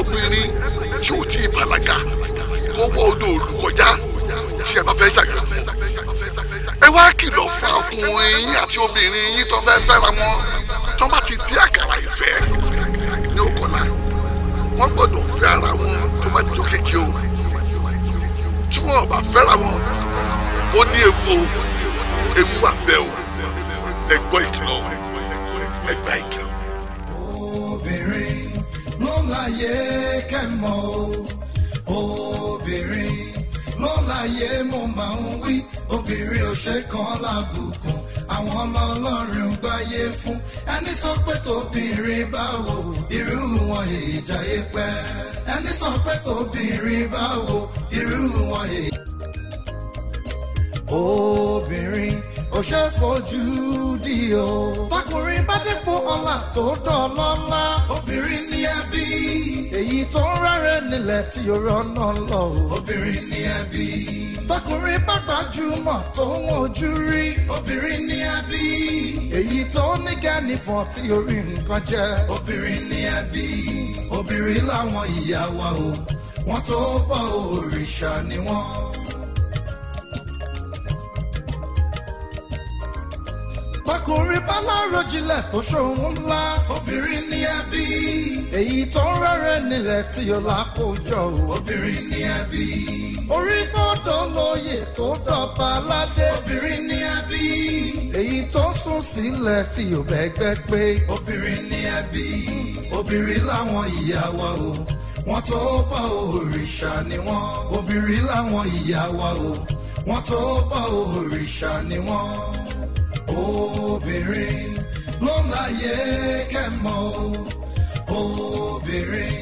obìnrin tí ò ti ì bàlágà kọ́wọ́ odò olùkọjá tí ẹ bá fẹ́ jàgbé ẹ wá kìlọ̀ fún ọkùnrin yín àti obìnrin yín tó fẹ́ fẹ́ra wọn tó bá ti di àkàrà ìfẹ́ ní òkọlá wọ́n gbọ́dọ̀ fẹ́ ara wọn tó bá dijọ́ kékeré o tí wọ́n bá fẹ́ra wọn ó ní ewu ewu wà o ẹ gbọ́ ìkìlọ̀ ẹ gba ìkìlọ̀ lọ́láyé kẹ́mọ̀ o obìnrin lọ́láyé mo máa ń wí obìnrin ò ṣe kan lábùkún àwọn ọlọ́run gbáyé fún ẹni sọ pé tóbìnrin báwo irú wọn ìjàyè pẹ́ ẹni sọ pé tóbìnrin báwo irú wọn ìjàyè pẹ́ obìnrin ò ṣe fojú di o. tọkùnrin bá dépò ọlá tó dán lọ́lá obìnrin ni ẹ bí. èyí tó ń rẹ́rẹ́ nílẹ̀ tí yóò rọ́nà lọ obìnrin ni ẹ bí. tọkùnrin bá gbajúmọ̀ tó ń wojú rí obìnrin ni ẹ bí. èyí tó ní kẹ́nìfọ̀n tí orí nǹkan jẹ́ obìnrin ni ẹ bí. obìnrin làwọn ìyá wa o wọ́n tó bọ̀ òrìṣà ni wọ́n. tọkùnrin bá láròjinlẹ̀ tó ṣòun ńlá. obìnrin ni a bí. èyí tó ń rẹ́rẹ́ nílẹ̀ tí yọlá kò jọ o. obìnrin ni a bí. orí tó dolóye tó dọba aládé. obìnrin ni a bí. èyí tó sùn sílẹ̀ tí yóò bẹ́gbẹ́ pé. obìnrin ni a bí. obìnrin láwọn ìyá wa o wọ́n tó bá òrìṣà ni wọ́n. obìnrin láwọn ìyá wa o wọ́n tó bá òrìṣà ni wọ́n obìnrin ló láyé kẹ́mọ́ obìnrin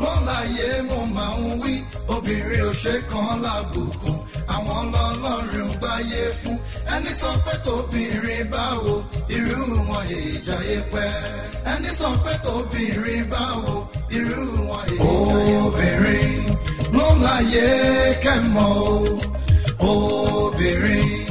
ló láyé mo máa ń wí obìnrin ò ṣe kan lábùkù àwọn ọlọ́run gbáyé fún ẹni sọ pé tóbìnrin báwo irú wọn ìjàyè pẹ́ ẹni sọ pé tóbìnrin báwo irú wọn ìjàyè pẹ́. obìnrin ló láyé kẹ́mọ́ obìnrin.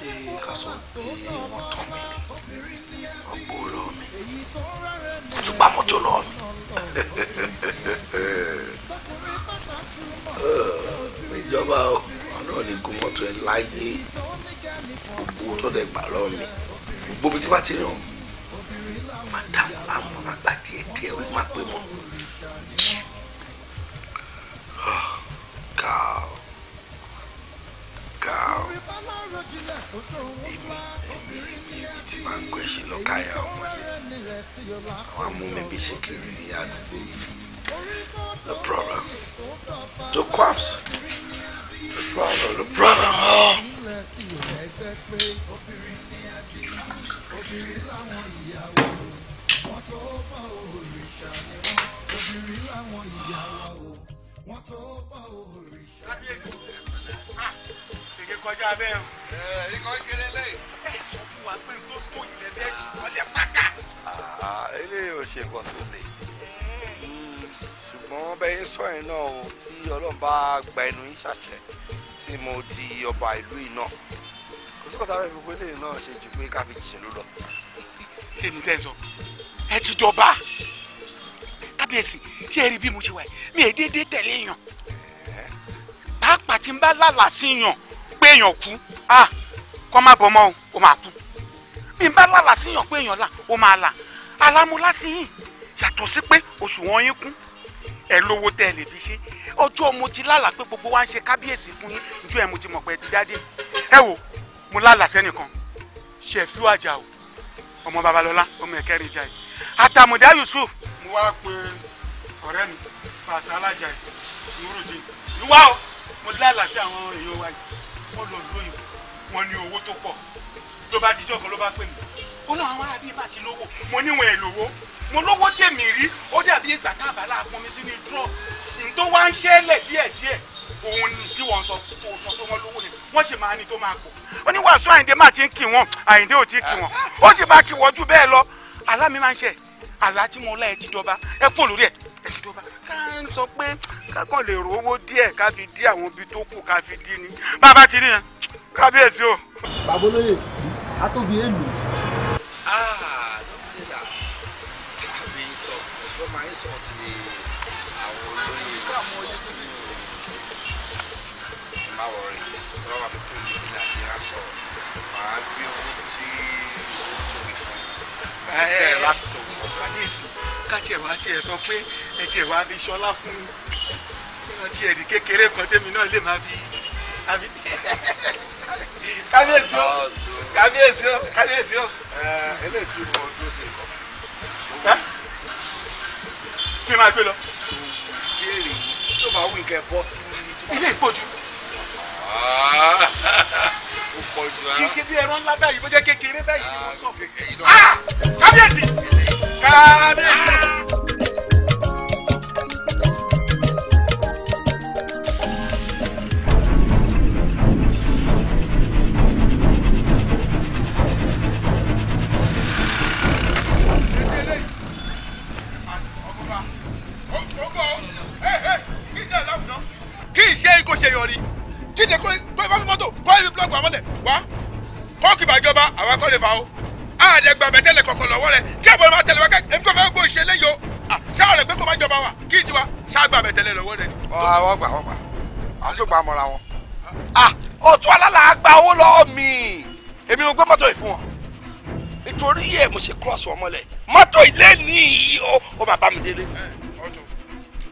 ṣé ká sọ pé wọ́n tàn mí ọ̀pọ̀ ọ̀rọ̀ mi wọ́n tún gba mọ́tò lọ́wọ́ mi. ìjọba ọ̀nà lè gun mọ́tò ẹ láyé gbogbo tó dẹ̀ gbà lọ́wọ́ mi gbogbo bí tí wàá ti rìn máa dá wọn láàmú máa gbà díẹ̀ díẹ̀ ó máa pè wọ́n. God ká o èmi èmi èmi tí máa ń gbé ṣe lọ́ka ẹ̀ ọmọ àwọn amúmẹ́bí ṣe kiri ní àdúgbò the problem the cops the problem the problem oh. obìnrin làwọn ìyàwó wọn tó bá òrìṣà ni obìnrin làwọn ìyàwó wọ́n tó bọ̀ orí. kábíyèsí ṣèké kọjá abẹ́ o. ẹ̀ẹ́dì kan kéré lẹ́yìn. ẹ sọ fún wa pé tó tó ilẹ̀ bẹ́ẹ̀ jù wọ́n lẹ̀ pàkà. eléyìí ò ṣe nǹkan tó le ṣùgbọ́n bẹ́ẹ̀ sọ yẹn náà o tí ọlọ́run bá gba ẹnu yín ṣàṣẹ tí mo di ọba ìlú yìí náà kò sí kọ́tà fẹ́ẹ́ fi pé náà ṣe jù pé ká fi jìn ló lọ. kí ni tẹ́ sọ ẹ ti jọba kábíyèsí ṣé ẹ rí bí mo ṣe wà yìí mi è déédéé tẹ̀lé yàn pàápàá tí n bá lálà sí yàn pé èèyàn kú kọ́ má bọ́ mọ́ o máa kú bí n bá lálà sí yàn pé èèyàn là o máa là alámúlá sí yìí yàtọ̀ sí pé òṣùwọ̀n yín kún ẹ lówó tẹ ẹ lè fi ṣe ọjọ́ mo ti lálà pé gbogbo wa ń ṣe kábíyèsí fún yín ju ẹ mo ti mọ̀ pé ẹ ti jáde ẹ wo mo lálà sẹ́nìkan ṣe é fíwájà o ọmọ babalọlá ọmọ ẹ̀kẹ́rin jà àtàmùdá Yusuf mo wá pe ọ̀rẹ́ mi pàṣẹ alájà yìí nurudin níwá o mo lálàsí àwọn èèyàn wa yìí wọ́n lọ lóyún wọ́n ní owó tó pọ̀ tó bá dijọ́ kan ló bá pè mí ó náà àwọn arábí bá ti lówó mo níwọ̀n ẹ̀ lówó mo lówó tèmi rí ó dàbí ìgbà tá a bá láàpọn mi sí ní dúró ntó wá ń ṣẹlẹ̀ díẹ̀díẹ̀ òun ni tí wọ́n sọ tó sọ tó wọ́n lówó ni wọ́n sì máa ní tó máa kó ó ní wàásù àyíndé má ti ń kì wọ́n àyíndé ò ti kì wọ́n ó sì máa kì wọ́n jù bẹ́ẹ̀ lọ alámi máa ń ṣe aláàjì ẹ ti dọba ẹ kú lórí ẹ ẹ ti dọba ká ń sọ pé kákan lè rówó díẹ̀ ká fi dí àwọn ibi tó kù ká fi dí ni bàbá ti rí yẹn kábíyèsí o. bàbá olóyè atóbi èlò. ah don't say that i be insult but my insult ni àwọn olóyè máa wọ̀rẹ̀ lọ́wọ́ àpapọ̀ ìdílé àti ìhásọ̀ máa gbé owó tí bẹ̀rẹ̀ láti tọ̀ wọ́n wá ní ìsìn ká tiẹ̀ wá tiẹ̀ sọ pé ẹ tiẹ̀ wá fi ṣọlá fún ọtí ẹ̀rí kékeré kan tẹ́mi náà lè máa fi kábíyèsí o kábíyèsí o kábíyèsí o. eléyìí tí mo dúró sí nǹkan. kí n máa gbé lọ. béèrè tó bá wí kẹ bọ́ sí ilé ìpọ́jú. Ah. ó pọ̀ jù á. kì í ṣe bí ẹran ńlá báyìí bó jẹ́ kékeré báyìí kábíyèsí kábíyèsí. kì í ṣe ikú ṣe yọrí kéde kó tó ìbá fi mọ́tò kó ibi búlọ́ọ̀gù àmọ́lẹ̀ wá pọ́ọ̀kì bàjọba àwọn akọ́lé fa o àdẹ̀gbà bẹ̀tẹ̀lẹ̀ kọ̀ọ̀kan lọ́wọ́ rẹ̀ kí àbọ̀lọ́ máa tẹ̀lé wá káàkiri èmi kò fẹ́ gbó ìṣẹ̀lẹ̀ yìí o ṣáà rẹ̀ pé kó má jọba wa kí ì tiwa ṣáà gbà bẹ̀tẹ̀lẹ̀ lọ́wọ́ rẹ̀ ni. àwọn gbà wọn gbà àwọn tó gbà mọ́ra wọn. ọ̀tún alálà gba owó lọ́wọ́ mi èmi ò gbé mọ́tò yìí fún wọn nítorí yẹ mo ṣe cross wọn mọ́lẹ̀ mọ́tò ilé ní ìyí ó máa bá mi délé. ọ̀tún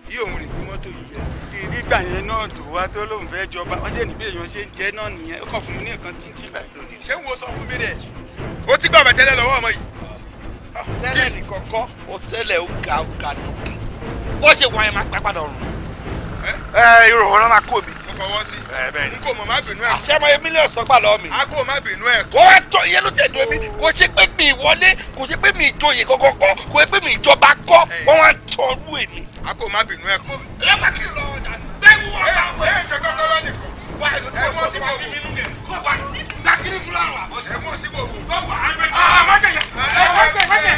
yìí òun rè gbé mọ́tò yìí yẹ nígbà yẹn náà tó wá tó lóun fẹ́ jọba wọ́n dẹ̀ níbi èèyàn ṣe ń jẹ́ náà nìyẹn ó kàn fún mi ní nǹkan títí báyìí lónìí. ṣé wo sọ fún mi rẹ o ti gbàgbé tẹ́lẹ̀ lọ́wọ́ ọmọ yìí. Ah, tẹ́lẹ̀ ní kọ́kọ́ o tẹ́lẹ̀ o ga o ga lókè bó ṣe wọ́n yẹn máa gbá padà ọ̀run. ẹ ẹ irun ọ̀rọ̀ máa kó mi. mo fọwọ́ sí n kò mọ̀ má bínú ẹ̀. àṣẹ mọ mílíọ̀nù sọ́gbà lọ́ọ́ mi. a kò má bínú ẹ̀. kó tọ iye ló tẹ̀ dùn mí kò ṣe pé mi ìwọlé kò ṣe pé mi ìjòyè kọ̀ọ̀kan kọ́ kò ṣe pé mi ìjọba kọ́ wọ́n wá tọrú èmi. a kò má bínú ẹ̀. ẹ má kí n lọ. Dakiri fulawa. Ẹ mọ̀ sí gbogbo. Gbogbo àgbẹ̀. Àwọn ọmọ jẹ̀yẹ̀. Ẹ mọ̀ jẹ̀yẹ̀.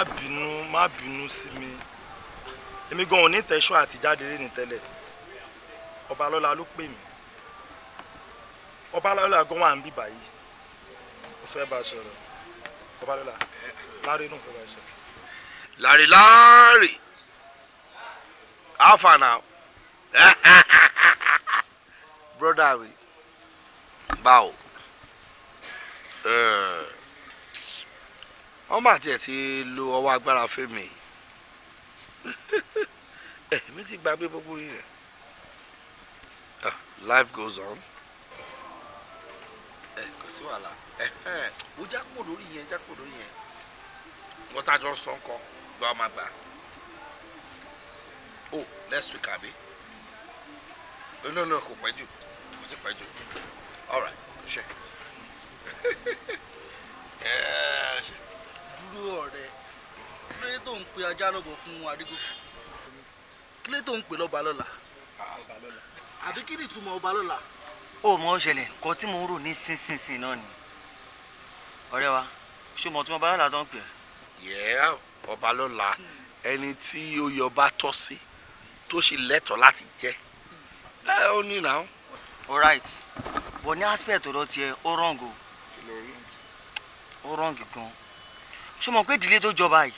má bínú má bínú sí mi èmi gan ò ní tẹ̀sán àtijáde lé ní tẹ́lẹ̀ ọba lọ́la ló pè mí ọba lọ́la gan wà ń bì báyìí mo fẹ́ bá a sọ̀rọ̀ ọba lọ́la láre nù fẹ́ bá a sọ̀rọ̀. láre láre alpha now brother mi báwo. Uh, wọ́n mà tiẹ̀ ti lo ọwọ́ agbára fẹ́mi eh, èmi ti gbàgbé gbogbo yẹn ah, life goes on ẹ eh, kò sí wàhálà ó já lórí yẹn já lórí yẹn wọ́n tá sọ nǹkan gba ọmọ àgbà oh next week àbí no no kò pẹ́ jù kò ti pẹ́ jù all right ṣe. yeah, dúró ọ̀rẹ́ kílé tó ń pe ajá lọ́bọ̀ fún Adégòkè kílé tó ń pe lọ́ba lọ́la àbí kí ni ìtumọ̀ ọba lọ́la. ó mọ ṣẹlẹ̀ kọ tí mò ń rò ní sínsìnsìn náà ni ọ̀rẹ́ wa ṣé mo tún ọba lọ́la tó ń pè. yẹ ọba lọ́la ẹni tí ó yọ ọba tọ́ sí tó ṣe lẹ́tọ̀ọ́ láti jẹ́ ẹ ó ní ìnáwó. all right but ní aspect ọ̀rọ̀ tiẹ̀ ó rọ̀ǹgò ó rọ̀ǹgì gan-an ṣé mo pé ìdílé tó jọba yìí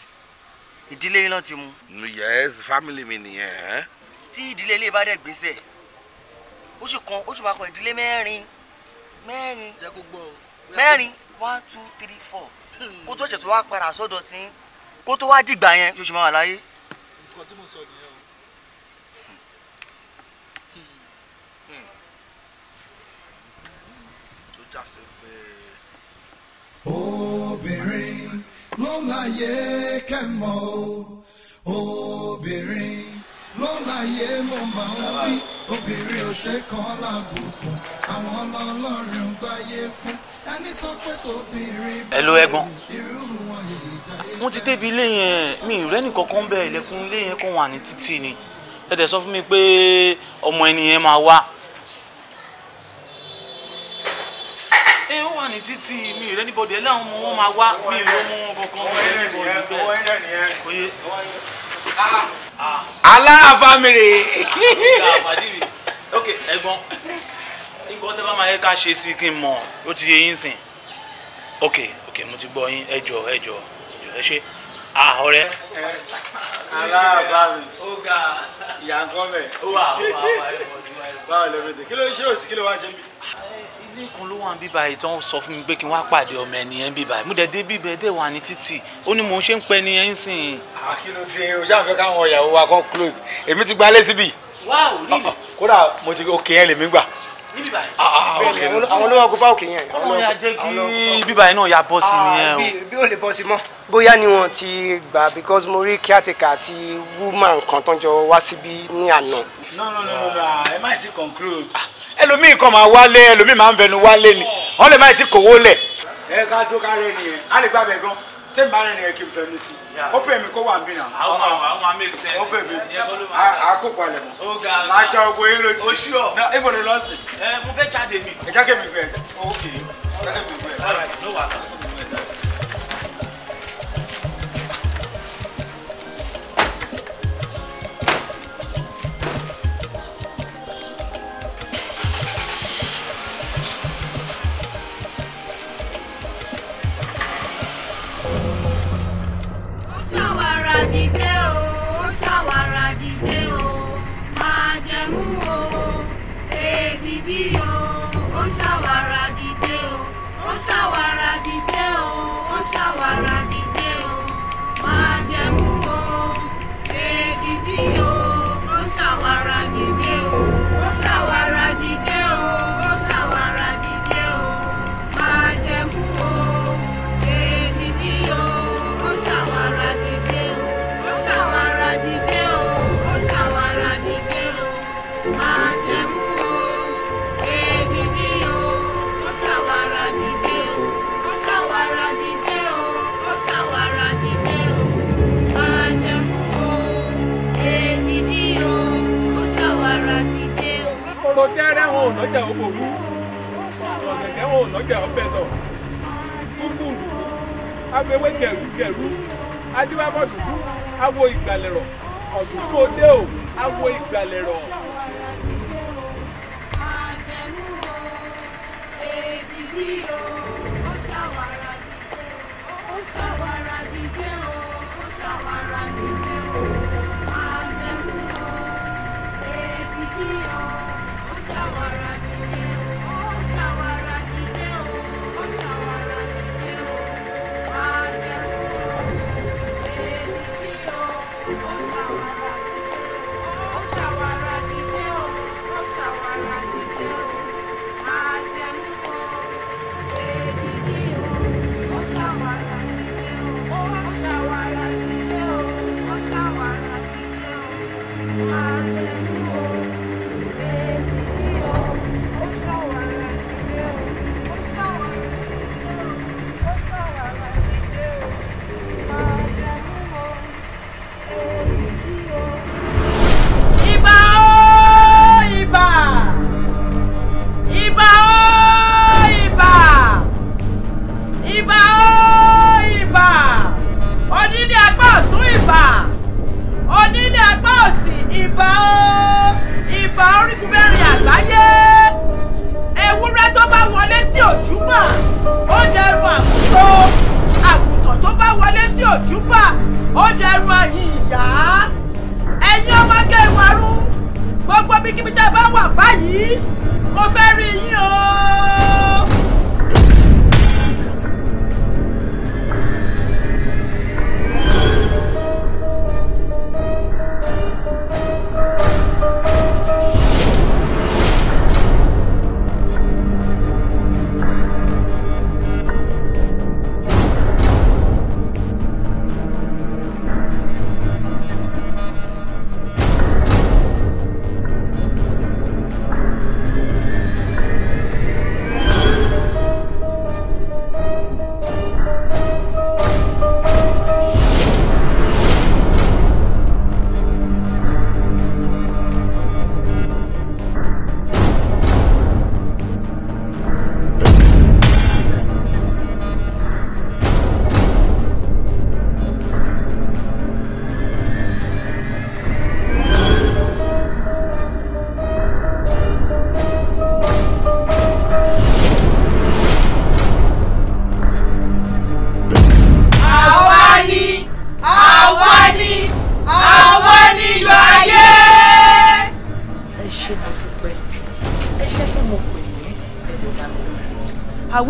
ìdílé yín náà ti mú. yes family mi nìyẹn. tí ìdílé ilé bá dẹ̀ gbèsè ó sì kan ó sì máa kan ìdílé mẹ́rin mẹ́rin mẹ́rin one two three four hmm. kó tó ṣètò wá padà sọ́dọ̀ tí kó tó wá dìgbà yẹn tó máa wà láyé. nǹkan tí mo sọ nìyẹn o. tó hmm. hmm. já pé. ó ló láyé kẹ́mọ̀ o obìnrin ló láyé mo máa ń wí obìnrin ò kan lábùkù àwọn ọlọ́run gbáyé fún ẹni sọ pé tóbìnrin hello ẹ̀gbọ́n mo ti débi ilé yẹn mi ì rẹ́nì kankan bẹ́ẹ̀ ilẹ̀kùn ilé yẹn kan wà ní títì ni ẹ̀dẹ̀ sọ fún mi pé ọmọ ẹni yẹn máa wá ẹ ó wà ní títì mi rẹ níbọdẹ láwọn ọmọ wọn máa wá mi ìwé ọmọ wọn kankan mi rẹ níbọdẹ bẹ́ẹ̀ oye. aláàfáà mi rè é. ok ẹ̀gbọ́n nǹkan tẹ́ bá máa yẹ ká ṣe sí kí n mọ̀ ó ti yẹ yín sìn ok ok mo ti gbọ́ yín ẹ jọ ẹ jọ ẹ ṣe ahọrẹ. aláàbáwí ìyá ń kọ́ bẹ̀. báwo lè rètè kí ló ń ṣe òsì kí ló wá ṣe ń ilé kan ló wà ń bíbá yìí tí wọ́n sọ fún mi pé kí wọ́n á pàdé ọmọ ẹnìyẹn bíbá yìí mo dẹ̀ dé bíbẹ̀ dé wà ní títì ó ní mò ń ṣe ń pẹ́ ẹnìyẹn ń sìn. àkínúdé o ṣáà fẹ́ káwọn ìyàwó wa kan close èmi ti gbalé síbì. wáò rí mi. kódà mo ti òkè yẹn lèmi gbà níbí báyìí. Ah, ah, ah, àwọn olówó ọkọ báwò kìíyàn. kọ́nà ya jẹ́ kí bíbá yìí náà ya bọ́ sí nìyẹn o. bí o lè bọ́ sí mọ́. bóyá ni wọn ti gbà because mo rí caretaker àti woman kan tó ń jọ wá síbí ní àná. no no no no ẹ má ti conclude. ẹlòmíì kan máa wálé ẹlòmíì máa ń fẹnu wálé ni wọn lè má ti kówó lẹ̀. ẹ ká dókárẹ́ nìyẹn á lè gbàgbẹ́ gan ten bari ni ekim fẹn si o mi ko wa mi na awo awo make sense mi a ko palẹ mọ ma ja o bo yin loti na e bolo lọ si. ẹ eh, mo fẹ́ jáde mi. ẹ jáde mi fẹ́ ok ẹ jáde mi fẹ́. oko tẹ́rẹ́ wọn ò lọ́jà ó bòmú ọ̀sán kẹ̀kẹ́ wọn ò lọ́jà ó bẹ̀sọ̀ kúkú afẹ́wé gẹ̀rú gẹ̀rú adébábọ̀ dúdú awo ìgbàlẹ̀rọ̀ ọ̀dùnkún òde o awo ìgbàlẹ̀rọ̀. Thank you. ibikíbi tẹ́ ẹ bá wà báyìí mo fẹ́ rí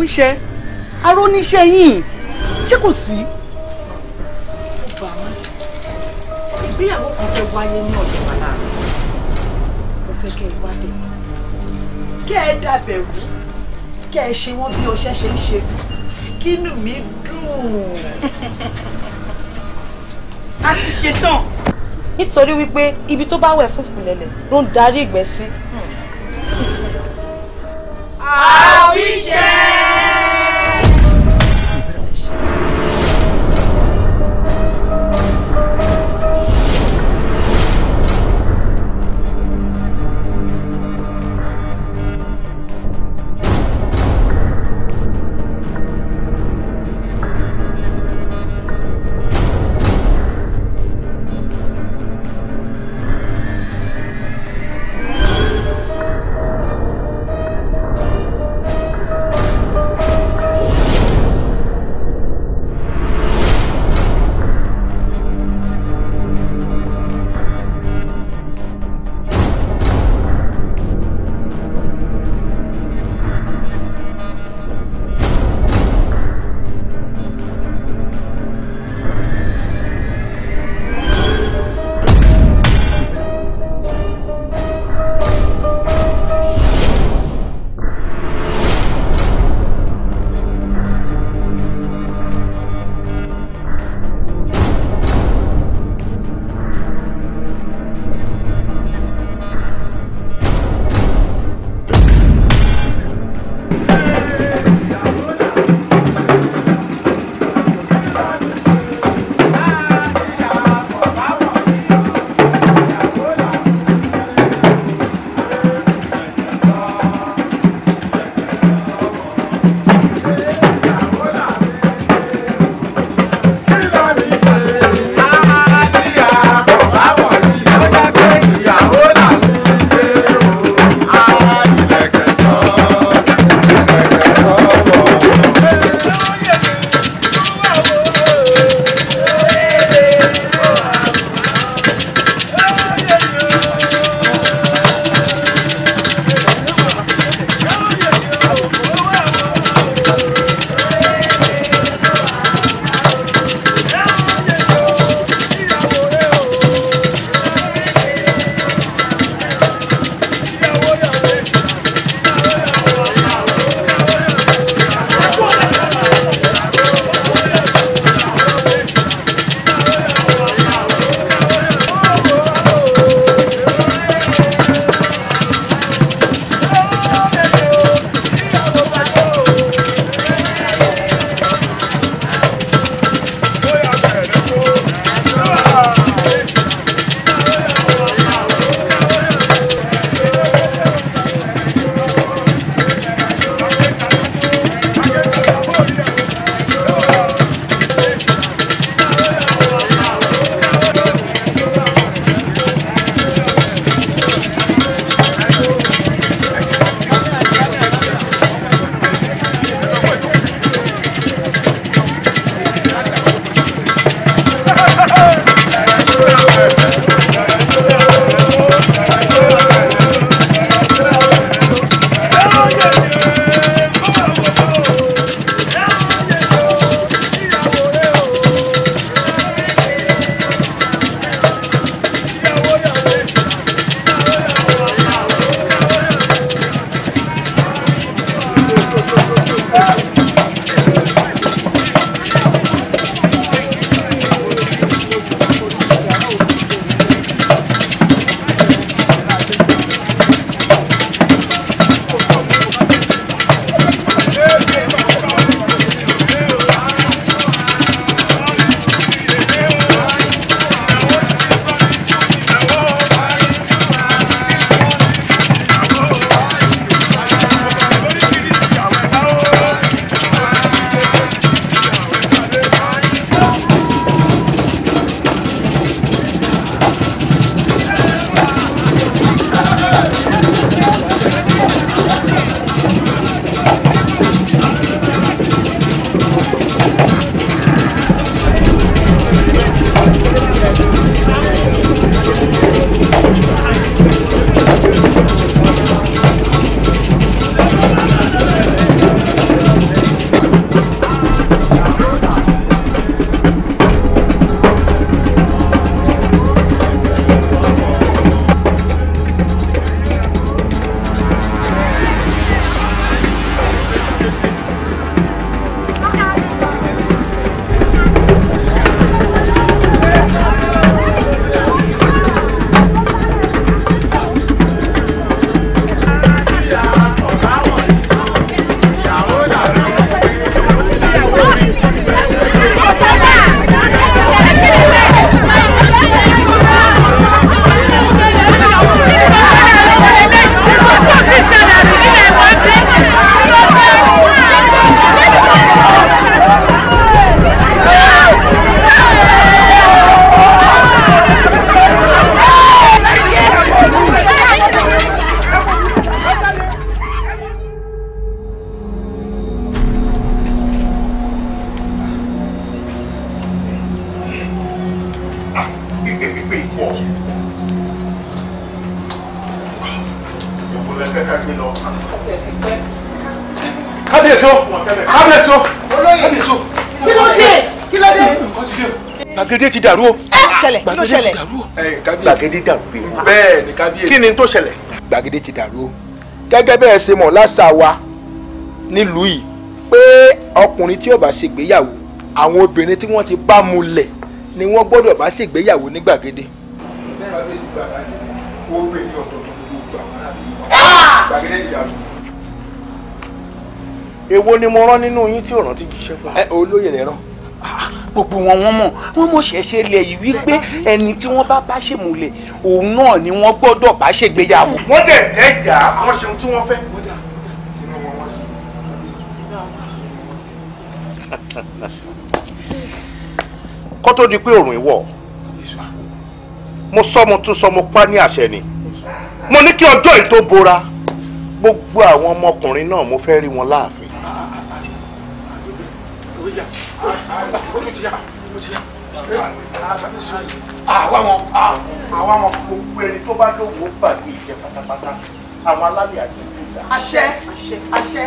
àwíṣẹ aró níṣẹ́ yìí ṣé kò sí. ọba amasi ìgbéyàwó kan fẹ́ wáyé ní ọ̀dọ̀ bàbá mi mo fẹ́ kẹ́ ẹ wá bẹ̀ kẹ́ ẹ dàbẹ̀rù kẹ́ ẹ ṣe wọ́n bí ọṣẹ ṣe ń ṣe kí inú mi dùn. a ti ṣetán nítorí wípé ibi tó bá wẹ̀ fúnfun lẹ̀lẹ̀ ló ń darí ìgbẹ́ sí. Si mẹ́ta gbé lọ. kábíyèsí o kábíyèsí o kábíyèsí o. kí ló dé kí ló dé. gbàgede ti dàrú o. ẹ ṣẹlẹ̀ kí ló ṣẹlẹ̀ gbàgede dàrú pé. bẹ́ẹ̀ ni kábíyèsí. kí ni tó ṣẹlẹ̀. gbàgede ti dàrú o gẹ́gẹ́ bẹ́ẹ̀ ṣe mọ̀ láṣà wa nílùú yìí pé ọkùnrin tí ó bá ṣègbéyàwó àwọn obìnrin tí wọ́n ti bá mulẹ̀ ni wọ́n gbọ́dọ̀ bá ṣègbéyàwó ní gbàgede. obìnrin ọ̀tọ̀ọ̀tọ̀ gbàgede ti dàrú. èwo ni mo rán nínú yín tí ò rántí jíṣẹ́ fún mi. ẹ olóyè lè rán gbogbo wọn wọn mọ wọn mọ ṣẹ̀ṣẹ̀ lẹ yìí wípé ẹni tí wọn bá bá ṣèmùlẹ̀ òun náà ni wọn gbọ́dọ̀ bá ṣègbéyàwó. wọn dẹ dẹjà àwọn ṣeun tí wọn fẹ́. kó tó di pé òrùn ìwọ mo sọ tún sọ pa ní àṣẹ ni mo ní kí ọjọ́ yìí bora gbogbo àwọn ọmọkùnrin náà mo fẹ́ rí wọn láàfin. àwa wọn àwa wọn gbogbo ẹni tó bá lówó gbàgbé ìjẹ pátápátá àwọn alálẹ̀ àjẹjù ìjà. àṣẹ àṣẹ àṣẹ.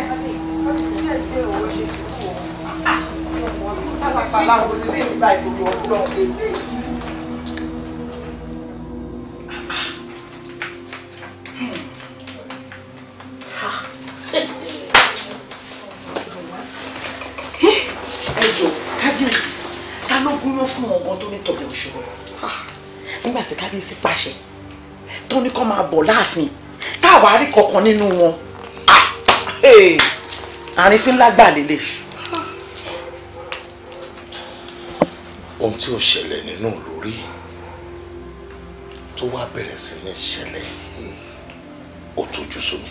ló gúnyán fún ọgbọ́n tó ní tọ̀bẹ̀ òṣòro nígbà tí kábíyèsí pàṣẹ tó ní kó máa bọ̀ láàfin táwa rí kọ̀ọ̀kan nínú wọn àárín fi ńlá gbà lélẹ̀. ohun tí ò ṣẹlẹ̀ nínú lórí tó wá bẹ̀rẹ̀ sí ní ṣẹlẹ̀ ó tójú sómi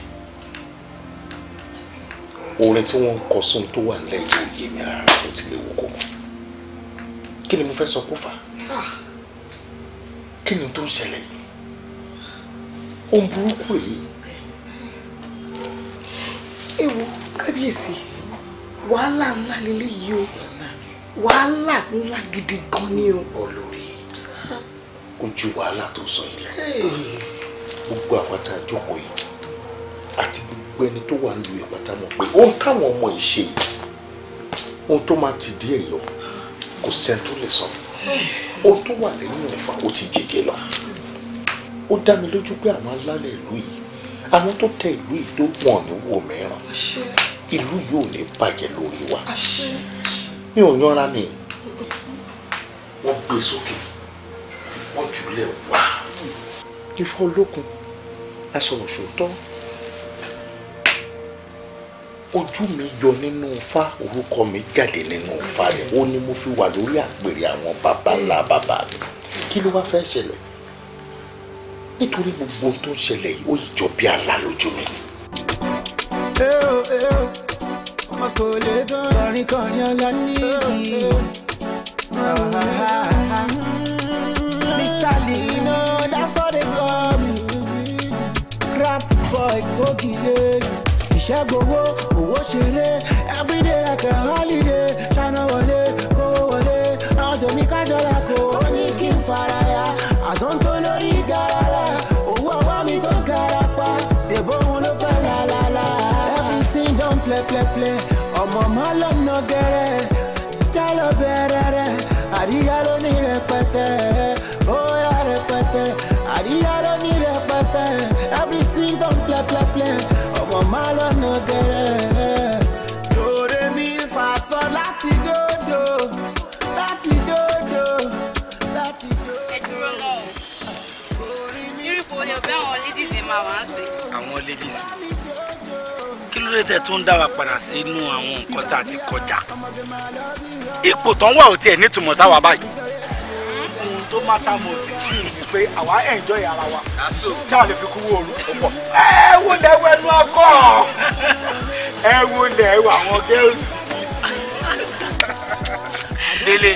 orin tí wọ́n ń kọ sóhun tó wà nílẹ̀ yóò yé mi rárá ti lè wò kó mọ́ kí ni mo fẹ́ sọ kó fà ah. kí ni tó ń ṣẹlẹ̀ yìí ohun burúkú yìí. ewu kábíyèsí wàhálà ńlá lélẹ́yìí o wàhálà ńlá gidi gan ni o. olórí ojú ah. wàhálà tó sọ yìí gbogbo àpáta àjọkọ yìí àti gbogbo ẹni tó wà ń lu ìpàtà mọ̀ pé ohun táwọn ọmọ yìí ṣe ohun tó máa ti díẹ̀ yọ kò sẹ́ni tó lè sọ ó tó wà lẹ́yìn ẹ̀fà ó ti gègé lọ ó dá mi lójú pé àwọn alálẹ̀ ìlú yìí àwọn tó tẹ ìlú yìí tó wọ̀n ní wò mìíràn ìlú yìí ò ní bàjẹ́ lórí wa mi ò yanra mi wọ́n gbé sókè wọ́n jùlẹ̀ wá. ifọ̀ olókun aṣọ òṣòótọ́ ojú mi yọ nínú ifá orúkọ mi jáde nínú ifá rẹ̀ ó ní mo fi wà lórí àpèrè àwọn baba ńlá baba mi kí ló wá fẹ́ ṣẹlẹ̀ nítorí gbogbo tó ń ṣẹlẹ̀ yìí ó jọ bí àlá lójú mi. eo eo ọmọ kò lè dán kọrin kọrin ọlá níyì Mr. Lino that's all they call me craft boy kókìlélẹ̀ iṣẹ́ gbowó owó ṣeré everyday like a holiday ṣáná wọlé kó wọlé àwọn tèmi ká dọ́là kó o ní kí n fara ya àtúntò. plẹplẹplẹ ọmọ máa lọ́nà gẹ́rẹ́ já lọ bẹ̀rẹ̀ rẹ̀ àríyá ló ní rẹpẹtẹ ó yá rẹpẹtẹ àríyá ló ní rẹpẹtẹ everything don plẹplẹplẹ màmá lọ́nà gẹ̀rẹ́. lóore mi fà sọ láti dòdò láti dòdò láti dòdò. ẹ dúró lọ o irú ipò olè ọbẹ àwọn ladies ni màá wá sí. àwọn ladies o kí ló dé tẹ tó ń dá wa padà sínú àwọn nǹkan tá a ti kọjá ipò tán wà ó tiẹ̀ nítumọ̀ sáwà báyìí hmm? ohun tó má tá mọ̀ sí kí pé àwa enjoy ara wa ṣáà lè fi kú wóoru púpọ̀ ẹ wo lẹ wọ ẹnu ẹ wo lẹ wọ àwọn girls. délé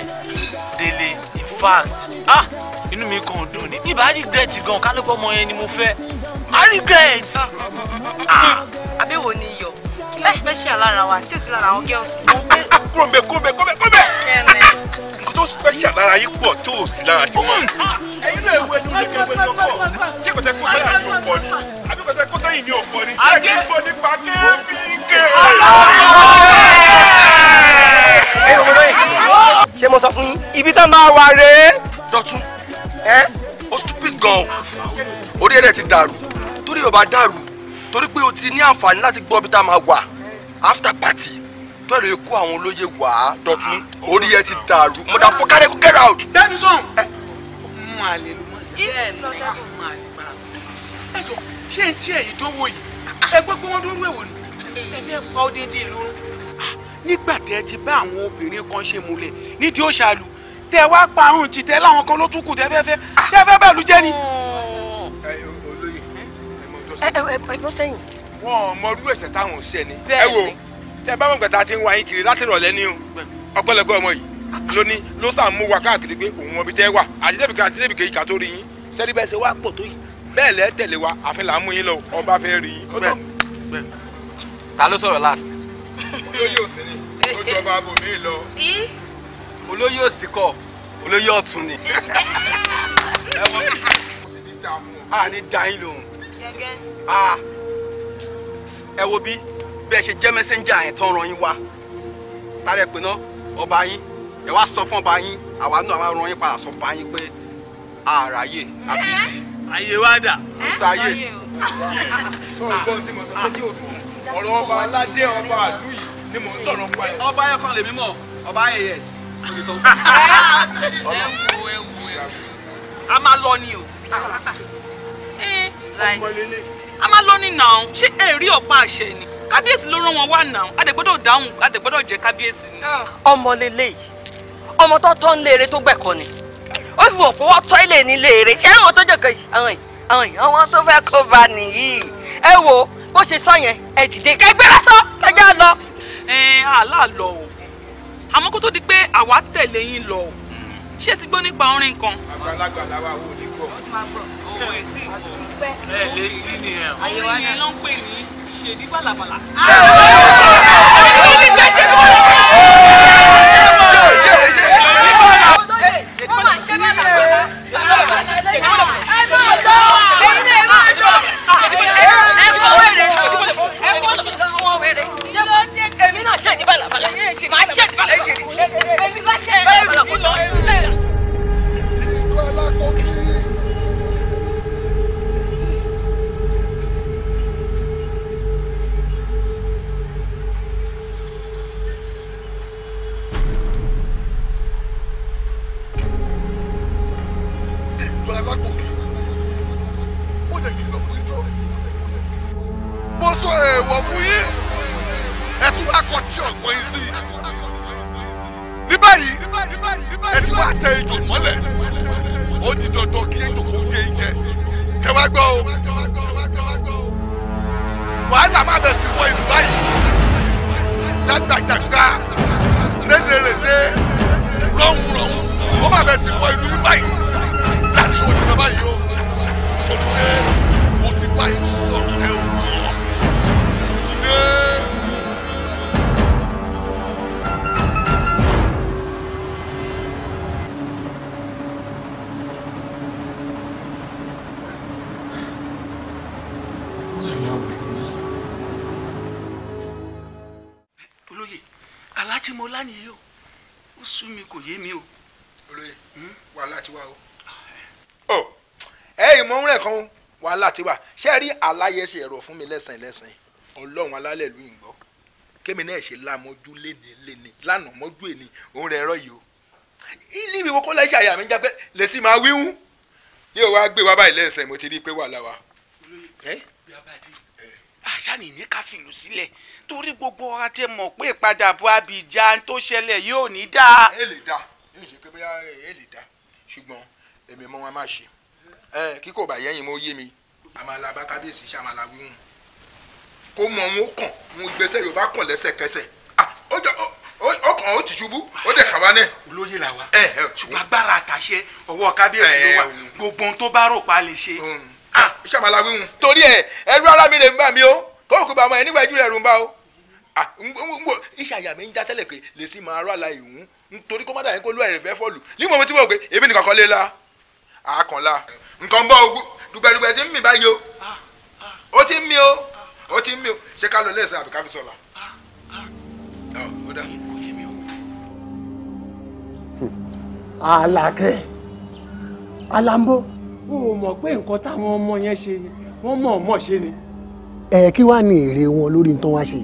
délé in fact ah inú mi kàn dùn ní ibà regret gan kálípọ̀ ọmọ yẹn ni mo fẹ́ i regret. àbẹ̀wò ni iyọ̀ kí ló fẹ́ ṣe àlára wa tí ò sí lára àwọn girls kúrò mbẹ kó mbẹ kó mbẹ kó mbẹ. nǹkan tó special lára yín pọ̀ tó o sì lára tó mọ̀. ẹyin náà ewu ẹni oníkẹ́ ewu ẹni ọkọ ṣé kò tẹ kó sẹ́yìn ní ọkọ ni àbí kò tẹ kó sẹ́yìn ní ọkọ ni. àjẹ́ ìbò nípa kébíkẹ́. ṣé mo sọ fún yín ibi tá a máa wà rèé. dọ̀tún ó stupid gan orí ẹ̀rẹ̀ ti dàrú torí ó bá dàrú torí pé o ti ní àǹfààní láti gbọ́ bí tá a máa wà after party tọ́lù yìí kó àwọn olóye wá dọ̀tún orí ẹ ti dàrú mo dà fọkàlẹ́ kó get out. bẹ́ẹ̀ni sọ̀n. mú àlè ló mọ̀ ní. ẹ jọ ṣé n tí èyí dánwò yìí ẹ gbọ́ pé wọ́n dúró ẹ̀wò ni ẹ̀mí ẹ̀ pa ó déédéé lórun. nígbà tẹ ẹ ti bá àwọn obìnrin kan ṣe múlẹ̀ nídìí ó ṣàlù tẹ wá pa àrùn láwọn kan ló tún kù tẹfẹfẹ tẹfẹ bẹ́ẹ̀ ló jẹ ni. olóyè ẹ mọ ọjọ́ sẹ́yìn. wọn mọ irú ẹ̀ṣẹ̀ táwọn ò ni. ẹ wo tẹ bá wọn gbẹ̀ta ti ń wá yín kiri láti rọ̀lẹ́ ní ọgbẹ́lẹ́gbẹ́ ọmọ yìí lóní ló sàn mú wa káàkiri pé òun mọbi tẹ́ wà àti débìkan àti débìkan yìí kà tó rí yín sẹ́ni bẹ́ẹ̀ ṣe wá pọ̀ tó yìí bẹ́ẹ̀ lẹ́ tẹ̀lé wa àfi là ń mú yín lọ ọba fẹ́ rí yín. ta ló sọ̀rọ̀ last. olóyè òsì ni eh, ó jọba eh. abòmí lọ. olóyè òsì kọ olóyè ọ̀tún ni. ẹ wọ́n mi a ní da lòun. Ah. ẹ wo bí bẹ́ẹ̀ ṣe jẹ́ mẹ́sẹ́ńjà yẹn tán ran yín wá tààrẹ pé ná ọba yín ẹ wá sọ fún ọba yín àwa náà wá ran yín padà sọ fún yín pé àràyè àbísí. ayé wa dà. ọ̀sáyé. sọ̀rọ̀ ọ̀rọ̀ ọba aládé ọba àlú yìí ni mò ń sọ̀rọ̀ pa ẹ̀. ọba ayọ̀ kan lèmi mọ̀ ọba ayẹyẹs. a máa lọ ni o. Ah. Eh, a máa lọ ni nà án ṣé ẹ rí ọ̀pá àṣẹ ni kábíyèsí ló rán wọn wá nà á dáhùn á dẹ̀ kábíyèsí ah. ọmọ lélẹ̀ yìí ọmọ tó tọ́ ń léèrè tó gbẹ̀kọ́ ni ó fi wọ̀ pé tọ́ ilé ní léèrè ṣé àwọn tó jẹ̀kọ̀ yìí yìí àwọn yìí àwọn tó fẹ́ kó ba nìyí ẹ wo bó ṣe sọ yẹn ẹ dìde kẹgbẹ́ lásán kẹjá lọ. ẹ àlá lọ o àmọ́ kó tó di pé àwa tẹ̀lé yín lọ o ṣé ti gbọ́ nípa orin kan. àgbàlagbà làwa ò ní gbọ́. ó ti máa gbọ́ òun ẹ̀ tí ì gbọ́. ẹ létí nìyẹn. àyẹ̀wò yẹn ṣe ní bàlàbàlà. àwọn ọmọ mi ti fẹ́ ṣe ní bàlàbàlà. aláyẹ ṣe ẹ̀rọ fún mi lẹ́sìn lẹ́sìn ọlọ́run alálẹ̀ ló ń gbọ́ kémi náà ṣe lámọ́jú léni léni lánàá mọ́jú èni òun rẹ̀ ẹ̀rọ yìí o ilé ìwé kọ́lá iṣẹ́ àyà mi já pé lèsì máa wíwú ní òun á gbé wa báyìí lẹ́sìn mo ti rí i pé wà láwa. àṣà nìyí ká fìlú sílẹ̀ torí gbogbo wa ti mọ̀ pé ìpadàbọ̀ Abidjan tó ṣẹlẹ̀ yóò ní dáa. ẹ lè dáa yóò ṣe pé bóyá ẹ lè dáa ṣùgbọ́n èmi mọ́ wọn máa ṣe kíkó bàyẹ́yìn mo yé mi àmàlà bá kábíyèsí ṣe àmàlà wíwùn kó mọ òun ó kàn òun gbèsè yorùbá kàn lẹ́sẹ̀kẹsẹ̀ ó kàn ó ti ṣubú ó dẹ̀ kàwá náà. olóyè là wa ṣùgbọ́n agbára àtàṣe ọwọ́ kábíyèsí ló wà gbogbo ohun tó bá rò pa lè ṣe. ṣé àmàlà wíwùn. torí ẹ ẹrú ara mi rè ń bà mí o kó òkú bàmọ ẹ nígbà ìjú rẹ rùn bá o. iṣẹ́ àyà mi ń já tẹ́lẹ̀ pé lè sí máa rọ́ àlàyé òun nítorí kó má dà yín kó lú ẹ̀rẹ̀ fẹ́ fọ́ọ̀lù nígbà mo ti wọ̀ pé èmi nìkan kọ́ lé la dùgbẹ̀dùgbẹ̀ ti ń mì báyìí o ó ti ń mì o ó ti ń o ṣé ká lọ lẹ́sẹ̀ àbí ká fi sọ̀la. Àlàkẹ́ Alambo o ò mọ̀ pé nǹkan táwọn ọmọ yẹn ṣe ni wọ́n mọ̀ ọ́ ṣe ni. ẹ kí wàá ní èrè wọn lórí nǹkan wá ṣe.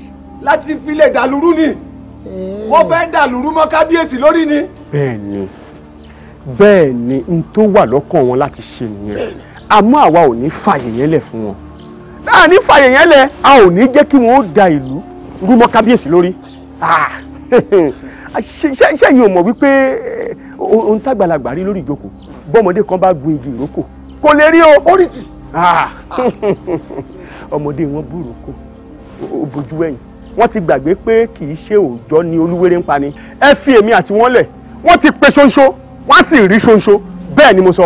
láti filẹ̀ dàlúrú ni wọ́n fẹ́ dàlúrú mọ́ kábíyèsí lórí ni. bẹ́ẹ̀ni bẹ́ẹ̀ni n tó wà lọ́kàn wọn láti ṣe nìyẹn àmọ́ àwa ò ní fààyè yẹn lẹ̀ fún wọn náà ní fààyè yẹn lẹ̀ a ò ní jẹ́ kí wọ́n ó da ìlú rúmọ́ kábíyèsí lórí ah, ṣẹ́yìn ò mọ̀ wípé eh, ohun tágbàlagbà rí lórí ìjókòó bọ́mọdé kan bá gun igi ìrókò kò lè rí o oríjì ah, ọmọdé wọn bú ìrókò ó bojú ẹ̀yìn wọ́n ti gbàgbé pé kì í ṣe òòjọ́ ni olúwéré ń pa ni ẹ fi èmi àti wọn lẹ̀ wọ́n ti pe ṣonṣo wọ́n sì rí ṣonṣo bẹ́ẹ̀ ni mo sọ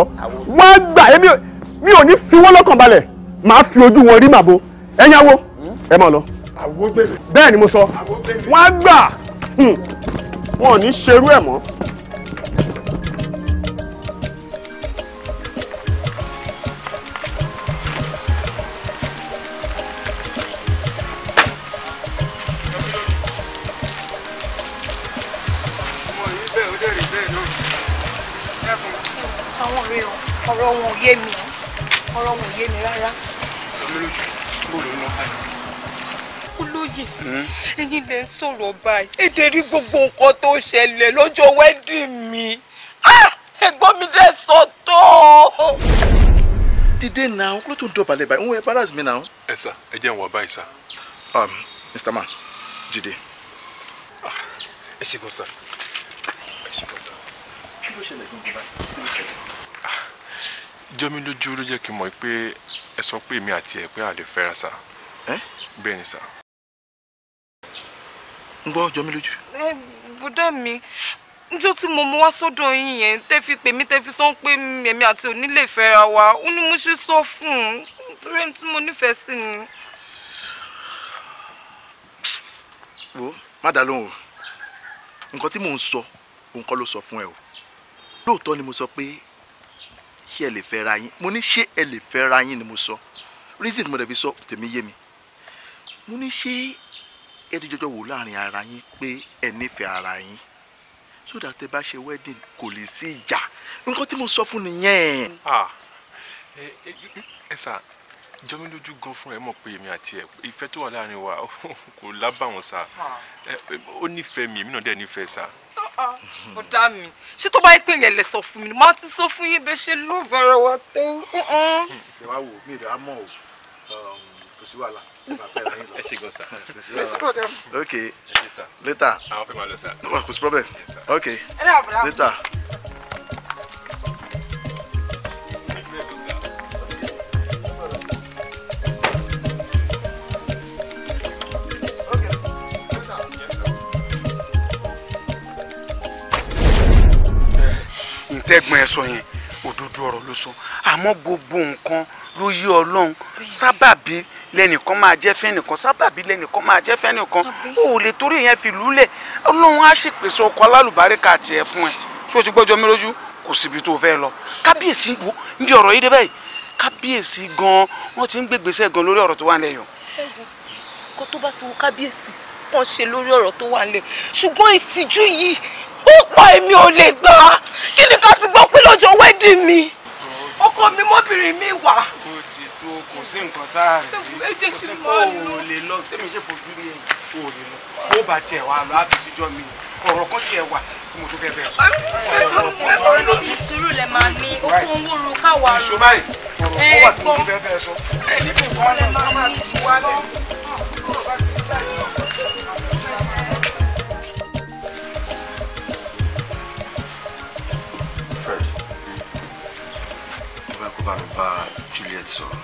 wọ́n gbà èmi mi ò ní fi wọ́n lọ́kàn balẹ̀ màá fi ojú wọn rí màbo ẹ̀yin awo ẹ máa lọ. àwo gbèrè. bẹ́ẹ̀ ni mo sọ wọ́n á gbà hm. wọn ò ní ṣerú ẹ̀ mọ́. yé mi rárá. olóyè kúrò ló ń báyìí. olóyè hmm? sọ̀rọ̀ báyìí èdè gbogbo nǹkan tó ṣẹlẹ̀ lọ́jọ́ wẹ́dìn mi ẹ̀gbọ́n mi dẹ̀ sọ tó. dídé náà kúrò tó ń dọ̀bálẹ̀ báyìí òun embarrass mi náà. ẹ sà ẹ jẹ́ ìwọ̀n báyìí sà. Mr. Um, Man jide. Ah, ẹ ṣe gan sà. ẹ ṣe gan sà. kí ló ṣẹlẹ̀ gbọ̀ngàn báyìí jọmí lójú ló jẹ́ kí n mọ̀ pé ẹ sọ pé èmi àti ẹ̀ pé àlè fẹ́ra sà. ẹ bẹ́ẹ̀ ni sà. ń gbọ́ jọmí lójú. ẹ bùdá mi njó tí mo mú wá sọ́dọ̀ yín yẹn tẹ́ fi pè mí tẹ́ fi sọ pé èmi àti òní lè fẹ́ra wa ó ní mo ṣe sọ fún un torí ẹni tí mo nífẹ̀ẹ́ sí ni. wo má dá lóhùn o nǹkan tí mò ń sọ òun kọ́ ló sọ fún ẹ o lóòótọ́ ni mo sọ pé ṣé ẹ lè fẹ́ ra yín mo ní ṣé ẹ lè fẹ́ ra yín ni mo sọ reason mo dẹ̀ fi sọ tèmi yé mi mo ní ṣé ẹ ti jọjọ wò láàrin ara yín pé ẹ nífẹ̀ẹ́ ara yín so that tẹ bá ṣe wedding kò lè sí ìjà nǹkan tí mo sọ fún nìyẹn. ẹ sà jọ mí lójú gan fún ẹ mọ̀ pé èmi àti ẹ ìfẹ́ tó wà láàrin wa kò lábàwọ́n sà ah. ó nífẹ̀ẹ́ mi èmi náà dẹ̀ nífẹ̀ẹ́ sà ọ̀dà ah, mi ṣé tó bá yẹ pé yẹn lè sọ fún mi ni màá ti sọ fún yín bẹ́ẹ̀ ṣe ló bẹ̀rẹ̀ wá tó. Hmm, ẹ wá wò mí ìdá mọ́ o um, kò sí wàhálà ẹ máa fẹ́ ra lọ. ẹ ṣe hmm, kò sí ok later àwọn fẹ́ máa lọ sa kò sí problem ok later. tẹ́gbọ́n ẹ sọ yẹn òdodo ọ̀rọ̀ ló sọ àmọ́ gbogbo nǹkan ló yí ọlọ́run sábàbí lẹ́nìkan máa jẹ́ fẹ́nìkan sábàbí lẹ́nìkan máa jẹ́ fẹ́nìkan ó ò lè torí yẹn fi lúlẹ̀ ọlọ́run á ṣèpèsè ọkọ̀ alálùbáríkà tiẹ̀ fún ẹ tí o ti gbọ́jọ́ mi lójú kò síbi tó fẹ́ lọ kábíyèsí wo níbi ọ̀rọ̀ yìí dé báyìí kábíyèsí gan wọ́n ti ń gbégbèsè gan lórí ọ̀rọ̀ tó wà nílẹ̀ yọ. kó tó bá ti wo kábíyèsí kàn ṣe lórí ọ̀rọ̀ tó wà nílẹ̀ ṣùgbọ́n ìtìjú yìí púpọ̀ èmi ò lè gbà kí ni ká ti gbọ́ pé lọ́jọ́ wẹ́dì mi ọkọ mi mọ́bìnrin mi wà. o ti tó kò sí nǹkan tá a rí kò sí kó o lè lọ tẹ́mi ṣe fojú ní ẹ̀yìn o lè lọ kó o bá tiẹ̀ wà lọ àbí síjọ́ mi ọ̀rọ̀ kan tiẹ̀ wà tí mo tún fẹ́ bẹ̀rẹ̀ sọ. ọ̀rọ̀ ló ti sùúrù lẹ̀ máa ní okun wúru káwa rò. ìṣòro báyìí ọ̀rọ̀ kan wà tí mo tún fẹ́ bẹ̀rẹ̀ sọ. ẹ̀ ní kò sọ́ọ́ lẹ̀ máa ní bá Juliet sọ̀rọ̀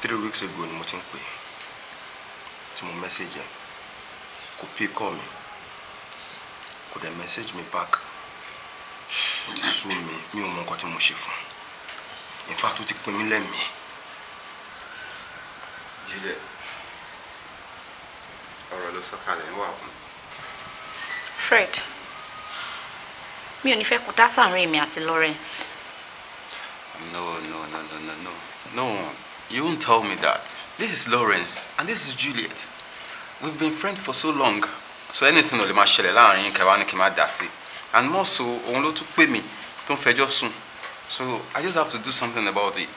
three weeks ago ni mo ti ń pè tí mo message ẹ kò pick call mi kò dẹ̀ message mi back ó ti sú mi mi ò mọ nǹkan tí mo ṣe fún in fact ó ti pin mí lẹ́mìí. Juliet ọ̀rọ̀ ló sọ kalẹ̀ ń wà fún. Fred mi ò ní fẹ́ kú dá sáàrin èmi àti Lawrence. no no no no no no no you won't tell me that this is Lawrence and this is Juliet we've been friends for so long so anything ò lè máa ṣẹlẹ̀ láàrin yín kẹwàá ni kí n máa dà sí and more so òun ló tún pè mí tó ń fẹjọ́ sùn so I just have to do something about it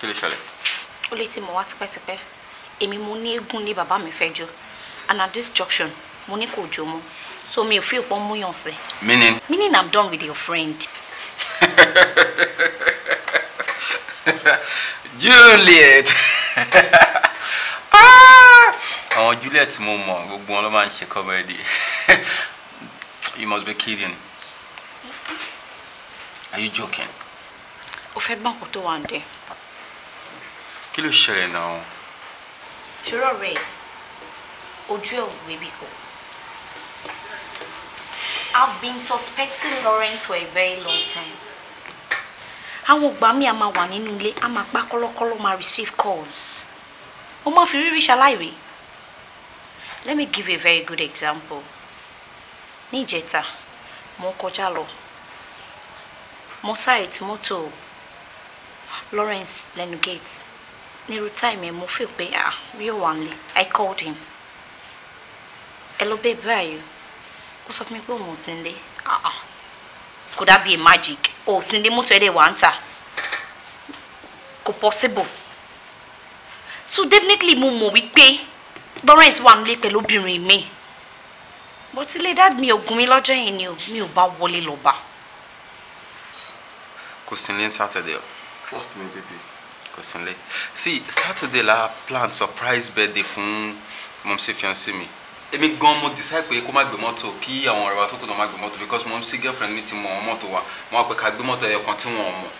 kí ló ṣẹlẹ̀. ó lè ti mọ̀ wá tipẹ́tipẹ́ èmi mo ní eégún ní bàbá mi fẹ́ jọ and at this junction mo ní kò jó mọ́ so me feel pon mu yon meaning. meaning i'm done with your friend. juliet Ah. Oh juliet mo mọ gbogbo wọn ló máa ń comedy you must be kidding are you joking. o fẹ́ gbọ́n kó tó wà ń dẹ. kí ló ṣẹlẹ̀ náà. ṣòro rẹ̀ ojú ẹ̀ ò wébi kò. I've been suspecting Lawrence for a very long time. Àwọn ògbà mi àmà wà nínú ilé, a máa pa kọ́lọ́kọ́lọ́ máa receive calls. Ó máa fi rírí ṣaláìrí. Let me give a very good example. Ní ìjẹta, mo kọjá lọ. Mo sáré tí mọ́tò Lawrence lẹ́nu gate. Nírú táìmù ẹ̀ mo fẹ́ pé ah, rí òwà nílé. I called him. Ẹ lọ bẹ́ẹ̀ báyìí kó sọ fún mi pé òun ò sí nílé could that be a magic ò sí nílé mọ́tò ẹ̀dẹ̀ wà ń tà kò possible so definitely mo mọ̀ wípé Lawrence wà nílé pẹ̀lú obìnrin mi But ti Dad, dá mi ògùn mi lọ́jọ́ yẹn ni mi ò bá wọlé lọ bá. kò sí nílé Saturday o. trust me baby. kò sí nílé see Saturday la plan surprise birthday fún mọ̀mísí fiancé mi èmi gan mo decide pé kó má gbé mọ́tò kí àwọn ọ̀rẹ́ wa tó kù náà má gbé mọ́tò because mo ń sí girlfriend mi ti mọ àwọn mọ́tò wa mo wá pé ká gbé mọ́tò ẹyọ tí wọ́n mọ̀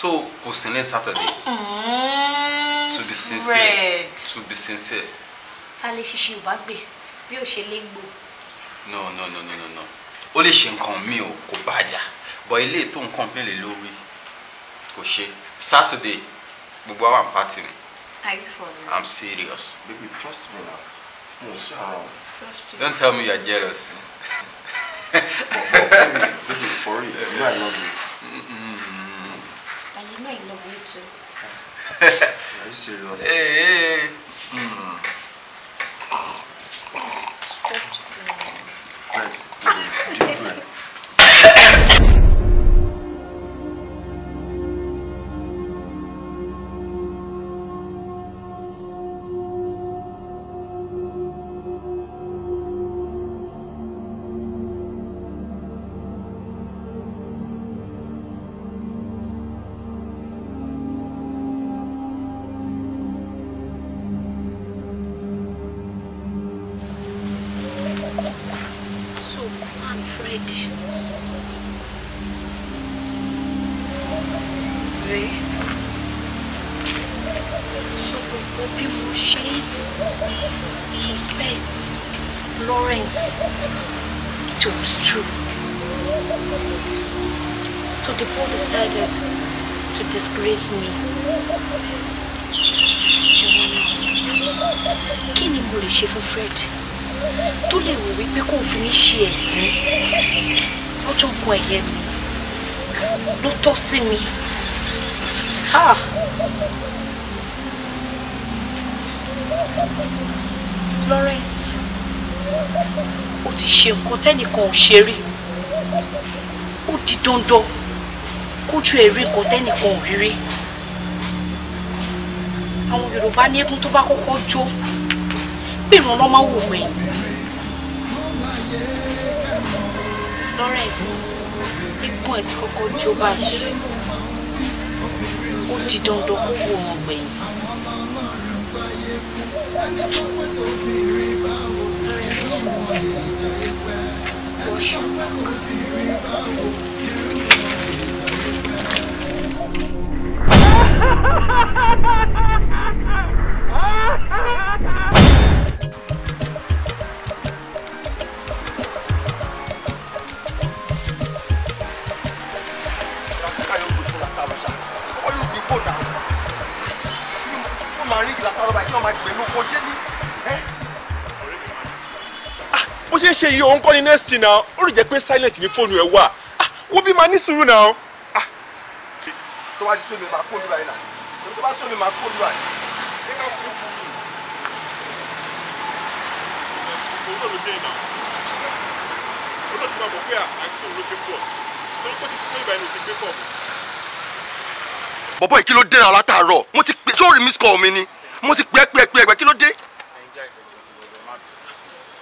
so kò sí ní Saturday mm-hmm. to be sincere to be sincere. ta lè ṣiṣẹ́ ò bá gbé bí ò ṣe lè gbò. no no no no no ó lè ṣe nǹkan mi ò kò bá a jà bọ̀ ilé tó nǹkan mi lè lórí kò ṣe Saturday gbogbo àwọn pàtì mi. are you for I'm serious. baby trust me now. Yes. Don't tell me you're jealous. well, well, for you, you know I love you. And you know I love you too. Are you serious? Hey, hey. Mm. lè ṣe fún Fred tó lè wò wípé kò fi mí ṣe ẹ̀sín lọ́jọ́ nǹkan ẹ̀yẹ mi ló tọ́ sí mi. Florence o ti ṣe nǹkan tẹ́nìkan ò ṣe rí ó di dandan kójú èrè nǹkan tẹ́nìkan ò rí rí àwọn Yorùbá ní eégún tó bá kọ́kọ́ jó bìrùn lọ́mọ wò wẹ̀yìn. Lawrence ikú ẹ̀ ti kọ́kọ́ jó báyìí ó di dandan kó wò wọ́n gbẹ̀yìn. Ha ha ha ha ha! ìlà kan ọba yìí ọmọ àgbẹ̀ ló kọjá ní. bó ṣe ń ṣe yìí òun kọ́ ni next náà ó lè jẹ́ pé silent ní fóònù ẹ̀ wà ah, wọ́n bí máa ní sùúrù ah. náà. tó bá ti sómi máa kó olúwa yìí náà tó bá sómi máa kó olúwa yìí ní ká kú fún mi. olóòlù dé iná olóòlù máa mọ̀ pé àìkú ló ṣe ń bọ̀ torí pé ti sún mọ́ ìbàyẹn ló ti gbé kọ̀. bọ̀bọ̀ ìkí ló dé ara mo ti pè sórí miss call mi ni mo ti pẹ́ pẹ́ pẹ́ kí ló dé.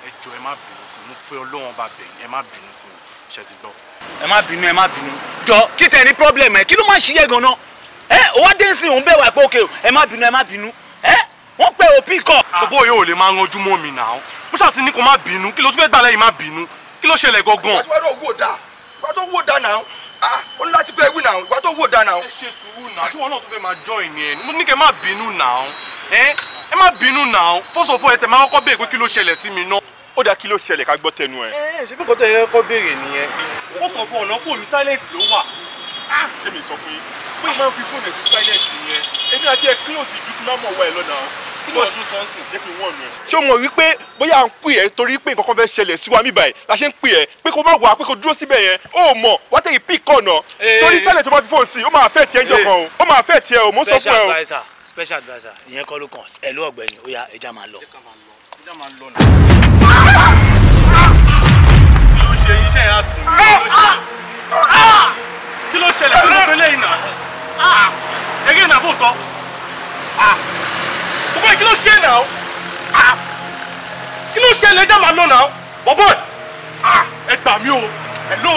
ẹ jọ̀ọ́ ẹ má bínú sí mo fẹ́ ọlọ́wọ́n bá bẹ̀yìn ẹ má bínú sí mi ṣe ti gbọ́. ẹ má bínú ẹ má bínú. jọ kí tẹ ní problem ẹ kí ló máa ń ṣiyẹ ganan ẹ wá dé sí òun bẹ́ẹ̀ wá pé òkè ẹ má bínú ẹ má bínú ẹ wọ́n pẹ́ òpin kọ. gbogbo yóò lè máa ranjú mọ́ mi náà mo ṣàṣì ní kó má bínú kí ló tún fẹ́ gbà lẹ́yìn má bínú kí ló ṣẹlẹ̀ gangan. ìgbà tó wò dáa ìgbà tó wò dáa náà ah, ó láti gbé ewu náà ìgbà tó wò dáa náà. ẹ ṣe sùúrù náà ṣé wọn náà tún fẹ́ máa join ni ẹ ní kẹ́ má bínú ẹ má bínú náà fọsọfọ ẹ tẹ máa kọ́kọ́ béèrè pé kí ló ṣẹlẹ̀ sí mi náà ó dáa kí ló ṣẹlẹ̀ ká gbọ́ tẹnu ẹ. ẹ ṣe bí kò tó yẹ kọ́ béèrè nìyẹn. fọsọfọ ọ̀nà fóònù silent ló wà ah, ṣé mi sọ fún yín pé máa ń fi fóònù ẹ̀sìn silent nìyẹn èmi àti ẹ close ìdúkú náà mọ̀ wá ẹ lọ́nà kílò ọdún sọ́ọ̀sì jẹ́ kí n wọ̀n nù ẹ. ṣé o mọ̀ wípé bóyá à ń pè ẹ́ torí pé nǹkan kan fẹ́ ṣẹlẹ̀ sí wa níbàyìí la ṣe ń pè ẹ́ pé kó má wà pé kó dúró síbẹ̀ yẹn ó mọ̀ wá tẹ̀yìn pík kọ̀ọ̀nà torí eh. sẹ́lẹ̀ tó bá fi fóònù sí ó máa fẹ́ tiẹ̀ jọ̀kan o ó máa fẹ́ tiẹ̀ o mo sọ fún ẹ o special adviser ìyẹn kọ́ ló kàn ẹ ló ọ̀gbẹ́ni ó yá ẹja máa lọ. ẹja máa lọ nà. kí ló ṣe iṣẹ́ yẹn àti fún mi kí ló ṣẹlẹ̀ kí ló fẹ́lẹ́ yìí nà ẹgẹ́ nà bò tọ́ gbogbo ah! kí ló ṣe nà ó ah! kí ló ṣẹlẹ̀ ẹja máa lọ nà ó bọ́bọ́ọ̀dì ah! ẹ gbà mí o ẹ lọ.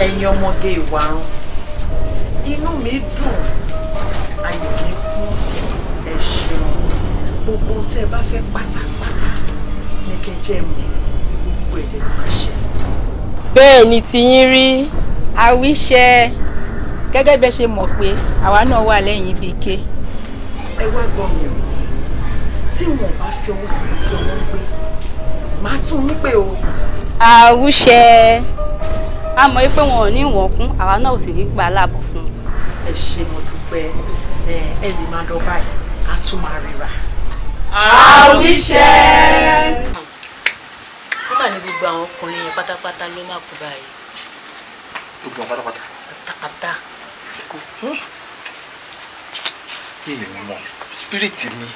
ẹ̀yin ọmọge ìwàrun inú mi dùn ayọ̀ mi kún ẹ ṣeun gbogbo ohun tẹ́ ẹ bá fẹ́ pátápátá ní kẹjẹ mi gbogbo ẹ̀ lè máa ṣe. bẹ́ẹ̀ ni tiyín rí àwíṣẹ gẹ́gẹ́ bẹ́ẹ̀ ṣe mọ̀ pé àwa náà wà lẹ́yìn ibi ike. ẹ wá gbọ́ mi o tí wọn bá fi ọwọ́ síbi tí ọwọ́ gbé màá tún un nípè o. àwùṣẹ a mọ̀ pé wọn ò ní ìwọ̀n kún àwa náà ò sì ní gba aláàbò fún un. ẹ ṣe mo dúpẹ́ ẹ lè máa lọ báyìí a tún máa ríra. àwíṣẹ́. ó mà ní gbogbo àwọn ọkùnrin yẹn pátápátá ló máa kú báyìí. gbogbo àwọn pátápátá. pátápátá. èèmọ̀ spiriti mi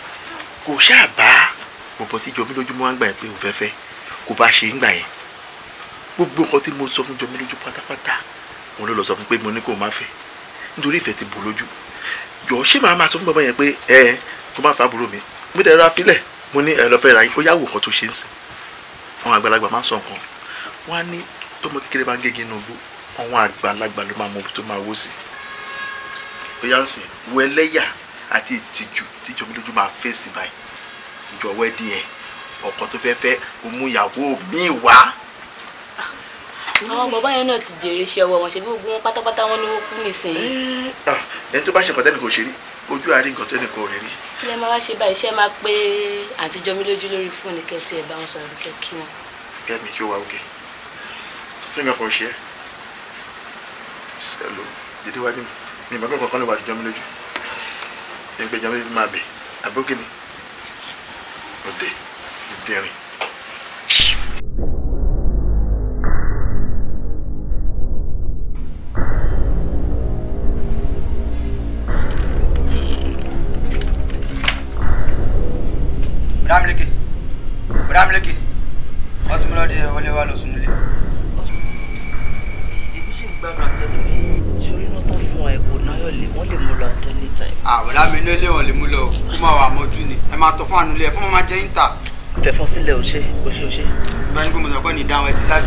kò ṣáà bá bọ̀bọ̀ tíjọ mi lójúmọ́ wá ń gbà yẹn pé òfẹ́fẹ́ kò bá ṣe ń gbà yẹn gbogbo nǹkan tí mo sọ fún jọmí lójú pátápátá òun ló lọ sọ fún pé mo ní kó o má fẹ́ nítorí ìfẹ́ ti bò lójú jọ ṣé màá máa sọ fún bàbá yẹn pé ẹ ẹ kó má fa àbúrò mi mo dẹ̀ ra filẹ̀ mo ní ẹ lọ fẹ́ ra yín ó yá wò nǹkan tó ṣe ń sìn àwọn àgbàlagbà máa ń sọ nǹkan wọn á ní tọmọ kékeré bá ń gègé inú igbó àwọn àgbàlagbà ló máa mọ ibi tó máa wó sí ó yá ń sìn wọ ẹlẹ́yà àti ìtìjú tí jọmí lójú máa fẹ́ sí báyìí ọkọ tó fẹ́ fẹ́ òmùyàwó mi wá àwọn bàbá yẹn náà ti jèrè iṣẹ́ ọwọ́ wọn ṣe bí gbogbo wọn pátápátá wọn ni wọ́n kú nísìnyí. Eh, ah, ẹni tó bá ṣe kọ́tẹ́nì kò ṣe rí ojú àárín nǹkan tẹ́nì kò rí rí. kí lẹ máa wá ṣe báyìí iṣẹ́ máa pé àǹtí jọmí lójú lórí fóònù kẹtì ẹ̀ bá wọn sọ̀rọ̀ kẹ kí wọn. kẹ́mi kí ó wá òkè kí nǹkan kan ṣe é sẹ́lò wájú mi ìmọ̀ kọ́kọ́ lè wá jọmí lójú ẹgbẹ́ jọmí máa bẹ̀ àbókè bùdá mílíkì bùdá mílíkì wọ́n sì mú lọ́dẹ wọlé wá lọ sùn nílé. èmi sì ń gbádùn àtẹnu mi sórí iná tó fún wa ẹ̀kọ́ náà yóò lè wọ́n lè mú lọ àtẹ níta. àbùdá mi inú ilé wọn lè mú lọ kó má wàá mọ́jú ni ẹ máa tọ́ fún àánú ilé ẹ fún mọ́ máa jẹ́ yín ta. tẹ̀fọ́ sílẹ̀ òṣè òṣè òṣè. báyìí gbọ́mọ̀ sọ pé ní ìdáhùn ẹ ti lájú.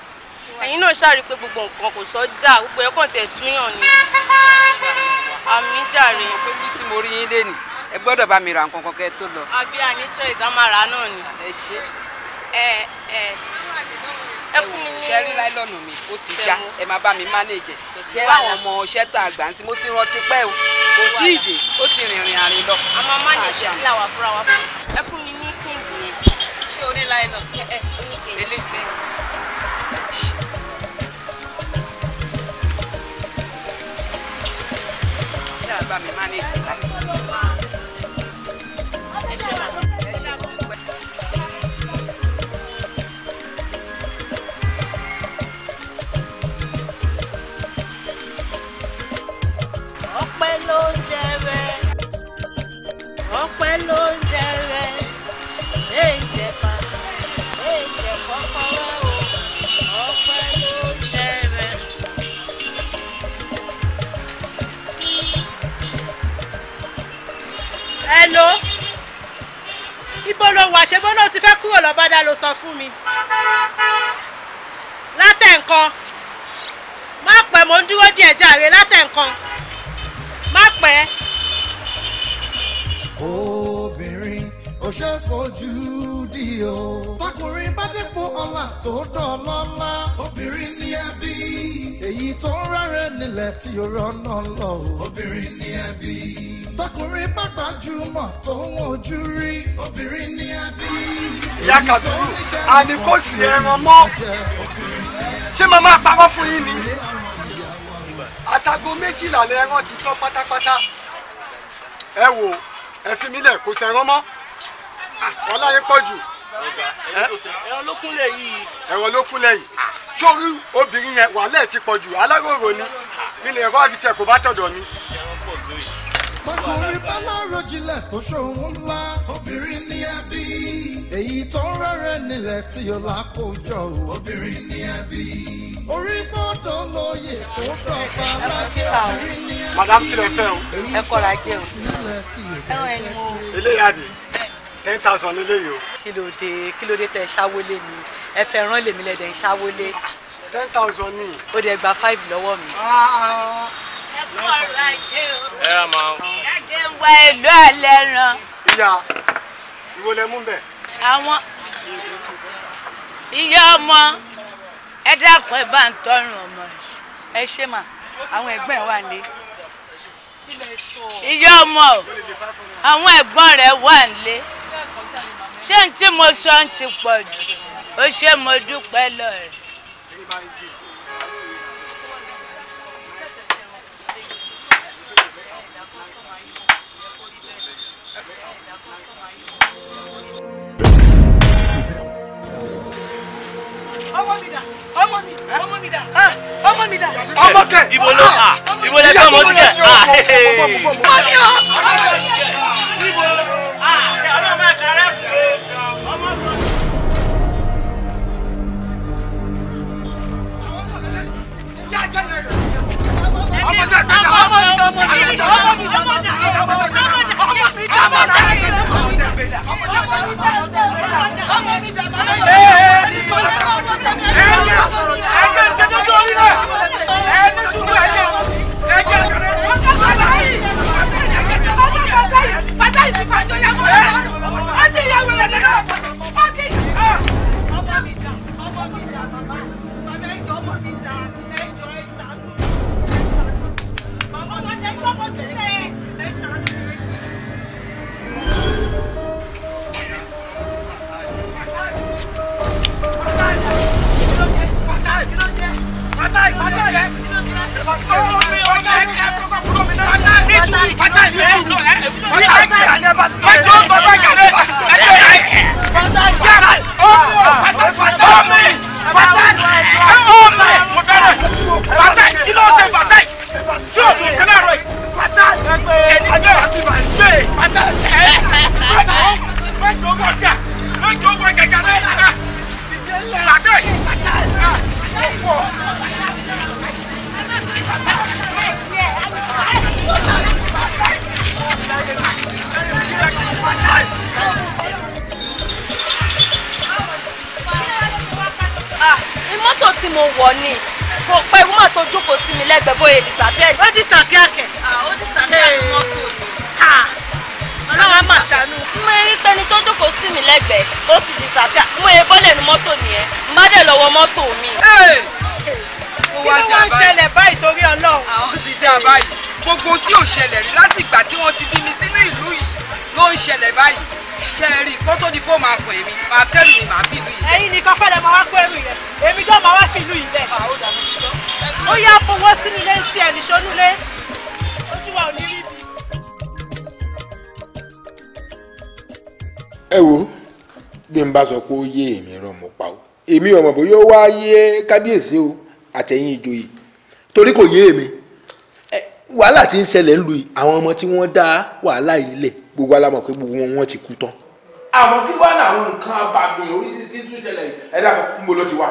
ẹ̀yin náà ṣàrí pé gbogbo nǹkan kò sọ́jà gbogbo ẹ̀kọ́ tẹ̀ súyàn ni àmì jàre. pé bí tí mo rí yín lénìí ẹ gbọ́dọ̀ bá mi ra nǹkan kan kẹ́ tó lọ. àbí àní choice náà ni. ẹ ṣe. ẹ ẹ ẹ fún mi ní. ṣẹ́rí láìlọ́nù mi ó ti já ẹ máa bá mi mánéèjì ṣẹ́ láwọn ọmọ iṣẹ́ tó àgbà ń sin mo ti rántí pẹ́ o kò tí ì dé ó ti rìnrìn àrìn lọ. a máa mánéèjì kí làwọn afúráwá fún ẹ fún mi ní kíngì yẹn. ṣé orí láìlọ́nù. ẹ ẹ oníkèé. bá mi money. níbo ló wà ṣe bọ́nà ti fẹ́ kúrò lọ́bàdà ló sọ fún mi látẹ̀ǹkan má pẹ́ mo ń dúró díẹ̀ jàre látẹ̀ǹkan má pẹ́. obìnrin ò ṣe fojú di o tọkùnrin bá dépò ọlá tó dán lọ́lá obìnrin ni a bí èyí tó ń rẹ́rẹ́ nílẹ̀ tí ó rọ́nà lọ obìnrin ni a bí tọkùnrin bá gbajúmọ̀ tó ń ojú rí obìnrin ní abí. ìyá kàdúrú àní kò sí ẹran mọ́ ṣé màá máa pamọ́ fún yín ni àtàgò méjìlá lẹ́ran ti tán pátápátá ẹ wò ẹ fi mí lẹ̀ kò sẹ́ran mọ́ ah, ọlá yín pọ̀ jù. ẹ̀wọ̀n ló kúnlẹ̀ yìí. ẹ̀wọ̀n ló kúnlẹ̀ yìí. sórí ah, obìnrin yẹn wàhálà ẹ̀ ti pọ̀ jù aláròrò ni mi lè rọ́ àfitì ẹ̀ bá tọ̀dọ̀ mi tọkùnrin bá láròjinlẹ̀ tó ṣòun ńlá obìnrin ni a èyí tó ń rẹ́rẹ́ nílẹ̀ tí yóò lákòjọ obìnrin ni a orí tó dán lóye tó dọ̀gba lájẹ́ obìnrin ni a madam kí lè fẹ́ o. ẹ kọ́ra jẹ́ o. ẹran ẹni mo. eléyà dé ten thousand lélẹ́yìí o. kí ló dé kí tẹ ṣáwólé mi ẹ fẹ́ rán lèmi lẹ́dẹ̀ ń ṣáwólé. ten thousand ni. ó dẹ̀ gba five lọ́wọ́ mi. Ah, ah, ah ọ̀rọ̀ ajé o. ẹ ẹ ma. jáde ń wá ìlú àlẹ́ ràn. ìyá ìwo lẹ mú bẹ. àwọn ìyá ọmọ ẹ dákun ẹ bá ń tọrùn ọmọ yìí. ẹ ṣe mà àwọn ẹ̀gbọ́n ẹ wà ní. ìyá ọmọ o àwọn ẹ̀gbọ́n rẹ wà nílé ṣé n tí mo sọ ń ti pọ̀ jù ó ṣe mo dúpẹ́ lọ́ọ̀rẹ́. ọmọ mi dà ọmọ mi ọmọ mi dà ọmọ mi dà. ọmọ kẹ ibo ló à ibo lẹ tọmọ sí kẹ à ọmọ mi o ọmọ mi kẹ ibo à ọmọ mi kẹrẹ fún ọmọ mi. ọmọ mi dà ọmọ mi dà ọmọ mi dà ọmọ mi dà ọmọ mi dà ọmọ mi dà ọmọ mi dà. Ọmọ mi dà, ọmọ mi dà, màmá, màmá ẹ̀jọ̀ ọmọ mi dà. ń bá sọ pé ó yé èmi rọ mọ̀ pa o èmi ọmọ bóyá ó wá yé kábíyèsí o àtẹ̀yìn ìjòyè torí kò yé èmi wàhálà tí ń ṣẹlẹ̀ ń lu àwọn ọmọ tí wọ́n dá wàhálà yìí lẹ̀ gbogbo alámọ̀ pé gbogbo wọn ti kú tán. àmọ́ kí wàá ní àwọn nǹkan àbàmì oríṣi tí tún ṣẹlẹ̀ ẹ dàbọ̀ ń bolo ti wá.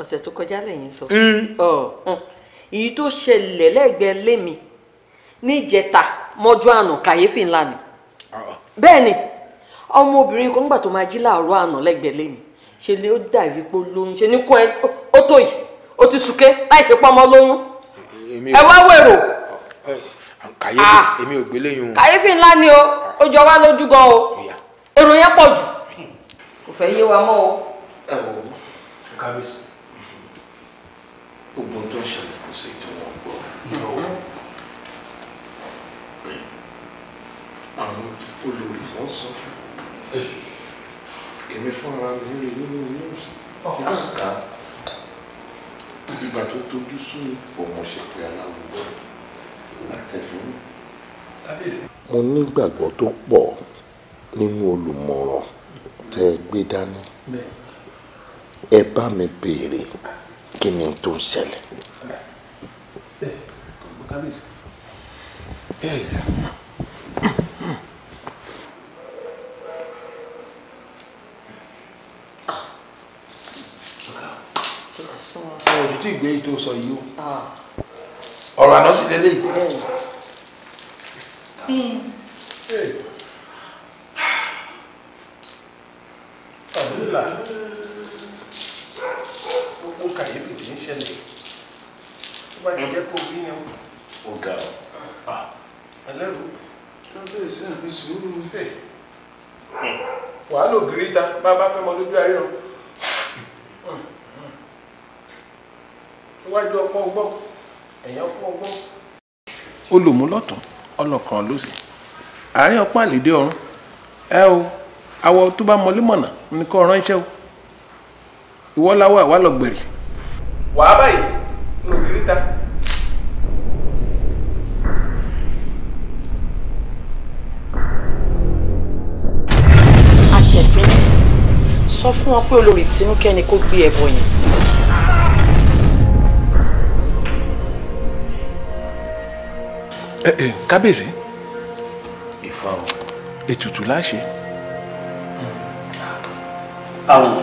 ọ̀sẹ̀ tó kọjá lẹ́yìn sọ mm. èyí tó ṣẹlẹ̀ lẹ́gbẹ̀ẹ́ lémi níjẹta mọ́jú àná kàyéfì ńlá ni ah, ah. bẹ́ẹ̀ ni ọmọbìnrin kan nígbà tó máa jí láàárọ̀ àná lẹ́gbẹ̀ẹ́ lẹ́nu ṣe lè ó dàbí pé lóyún ṣe ní kún ẹ ó tó yìí ó ti sùké láì ṣe pọ́nmọ́ lóyún ẹ wá wèrò. kàyéfì ah. kàyéfì ńlá ni o ó jọ wá lójú gan o èrò yẹn pọ̀ jù kò fẹ́ yé wa mọ́ o. ẹ wò ó kábíyèsí gbogbo ohun tó kò sí tí wọ́n gbọ́ àwọn olórí sọ fún èmi fúnra mi rí nínú news ọ̀ká ìgbà tó tójú sú mi òun ṣe pé aláwùjọ látẹ̀fín mi. mo nígbàgbọ́ tó pọ̀ nínú olùmọ̀ràn tẹ́ ẹ gbé dání ẹ bá mi béèrè kí ni tó ń ṣẹlẹ̀. bẹ́ẹ̀ ọgbọ́n kábíyèsí bẹ́ẹ̀ tí ì gbé ètò sọ yìí o ah. ọ̀rọ̀ àná sì lélẹ̀ yìí. Hmm. àbúlà gbogbo kàyéfì tí ń ṣẹlẹ̀ tó bá ti jẹ́ kó bí o, ó ga ọ. Ah. ẹlẹ́rù ló ń bẹ̀rẹ̀ sí àfi sùúrù rẹ̀. Hmm. wàá lò gírídà bá a bá fẹ́ mọ lójú ayé o. Hmm iwájú ọpọ ọgbọ́n ẹ̀yìn ọpọ ọgbọ́n. olùmúlọ̀tún ọlọ́kan lósì àárín ọpọ àlèdè ọ̀run ẹ o awọ tó bá mọlé mọ̀nà ní kò ránṣẹ́ o ìwọ láwọ àwa lọ gbèrè. wàá báyìí lògiri ta. àtẹ̀fín sọ fún wọn pé olórí tinúkẹ́ ni kó gbé ẹbọ yẹn. ẹ eh, ẹ eh, kábíyèsí ìfà o ètùtù láṣẹ. àwọn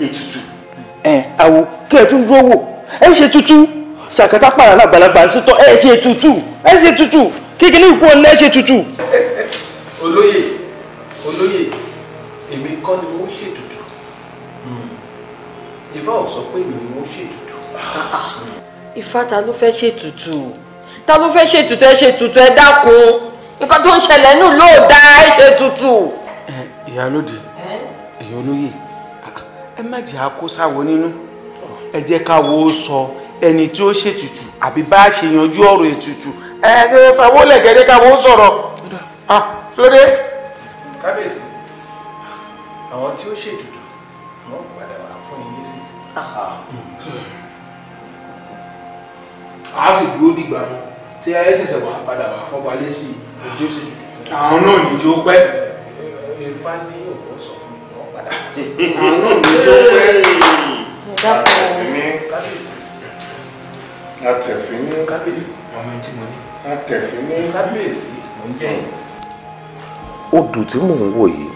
ètùtù ẹ àwò kí ẹ tún dúró wò ẹ ṣe tutù ṣàkátà pààrà náà balagba ń sọtọ ẹ ṣe tutù ẹ ṣe tutù kékeré ìkú ọ̀nà ẹ ṣe tutù. Eh, olóyè olóyè èmi kọ́ ni mo ṣe tutù hmm. Ifá ò sọ pé mi ni mo ṣe tutù. Ah, ah. Ifá ta ló fẹ́ ṣe tutù ta ló fẹ́ ṣe tutù ẹ ṣe tutù ẹ dákun nǹkan tó ń ṣẹlẹ̀ nù ló dá ẹ ṣe tutù. ìyálòdì èyí olóyè ẹ má jẹ́ àkó sáwo nínú ẹ jẹ́ ká wo sọ ẹni tí ó ṣètùtù àbí bá a ṣe yanjú ọ̀rọ̀ ètùtù ẹ ẹ fàwọ́ lẹ̀gẹ́dẹ́ ká wo sọ̀rọ̀ ah, lóde. kábíyèsí àwọn tí ó ṣètùtù wọn padà wà fún ilé sí i. a sì dúró dìgbà wọn tí ẹ ṣẹ̀ṣẹ̀ wà padà wà fọ́pọ̀ alẹ́ sí i ojú ó sì jù. àwọn náà ní jó pẹ́. ìfá ní òkú sọ fún mi wọ́n padà. àwọn náà ní jó pẹ́. atẹ̀fín ní kábíyèsí ọmọ ẹtí mo ní. atẹ̀fín ní kábíyèsí mo ń jẹ́ yìí. odù tí mò ń wò yìí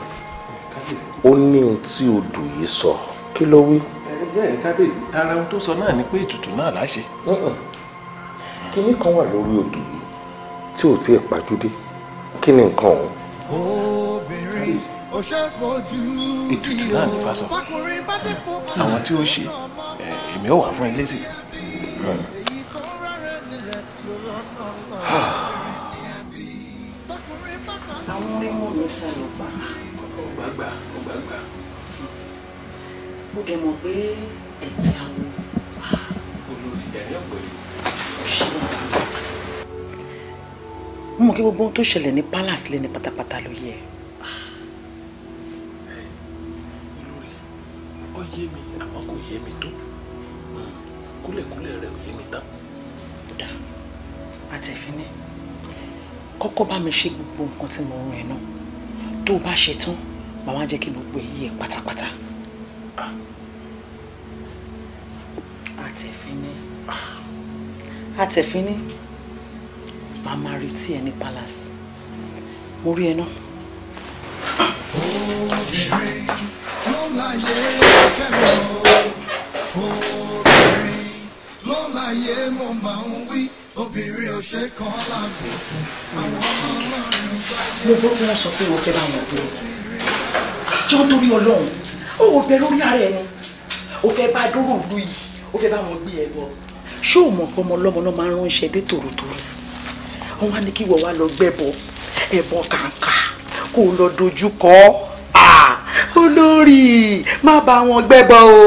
ó ní ohun tí odù yìí sọ kí ló wí. bẹ́ẹ̀ ni kábíyèsí ara ohun tó sọ náà ni pé ètùtù náà láṣẹ kíní kan wà lórí odò yìí tí ò tí ì pàjúdé kí ni nǹkan ọ̀hún. ìtùtù náà ní fásọ àwọn tí ó ṣe èmi ò wà fún ilé sí. àwọn ọmọ mi sàlọ pa. ọgbàgbà ọgbàgbà. mo dẹ̀ mọ̀ pé ẹ̀jẹ̀ àwọn. Ah, olórí ẹ̀rín ọ̀gbẹ̀rẹ̀ ṣe ní pàtàkì mo mọ̀ kí gbogbo ohun tó ṣẹlẹ̀ ní palace lé ní pátápátá ló yẹ. olórí ó yé mi àmọ́ kò yé mi tó kúlẹ̀kúlẹ̀ rẹ̀ ò yé mi tán. dà àtẹ̀fínní kọ́kọ́ bá mi ṣe gbogbo nǹkan tí mo rún náà tó o bá ṣe tán màá wá jẹ́ kí gbogbo èyí ẹ pátápátá. àtẹ̀fínní. Ah àtẹ̀fín ní màmá retí ẹ ní palace mo rí ẹ obìnrin ò ṣe kan lábùkù àwọn ọlọ́run bá yẹ. mo gbọ́ sọ pé wọ́n fẹ́ bá wọn gbé jọ torí ọlọ́run ó wò bẹ lórí ara ẹni ó fẹ́ bá dúró ìlú yìí ó fẹ́ bá wọn gbé ẹ bọ́ ṣó o mọ̀ pé ọmọ ọlọ́mọ náà máa ń ránṣẹ́ bí tòrótòró wọn wá ní kí wọ́n wá lọ gbẹ́bọ ẹ̀bọ kàǹkà kó o lọ dojú kọ olórí má bá wọn gbẹ́bọ o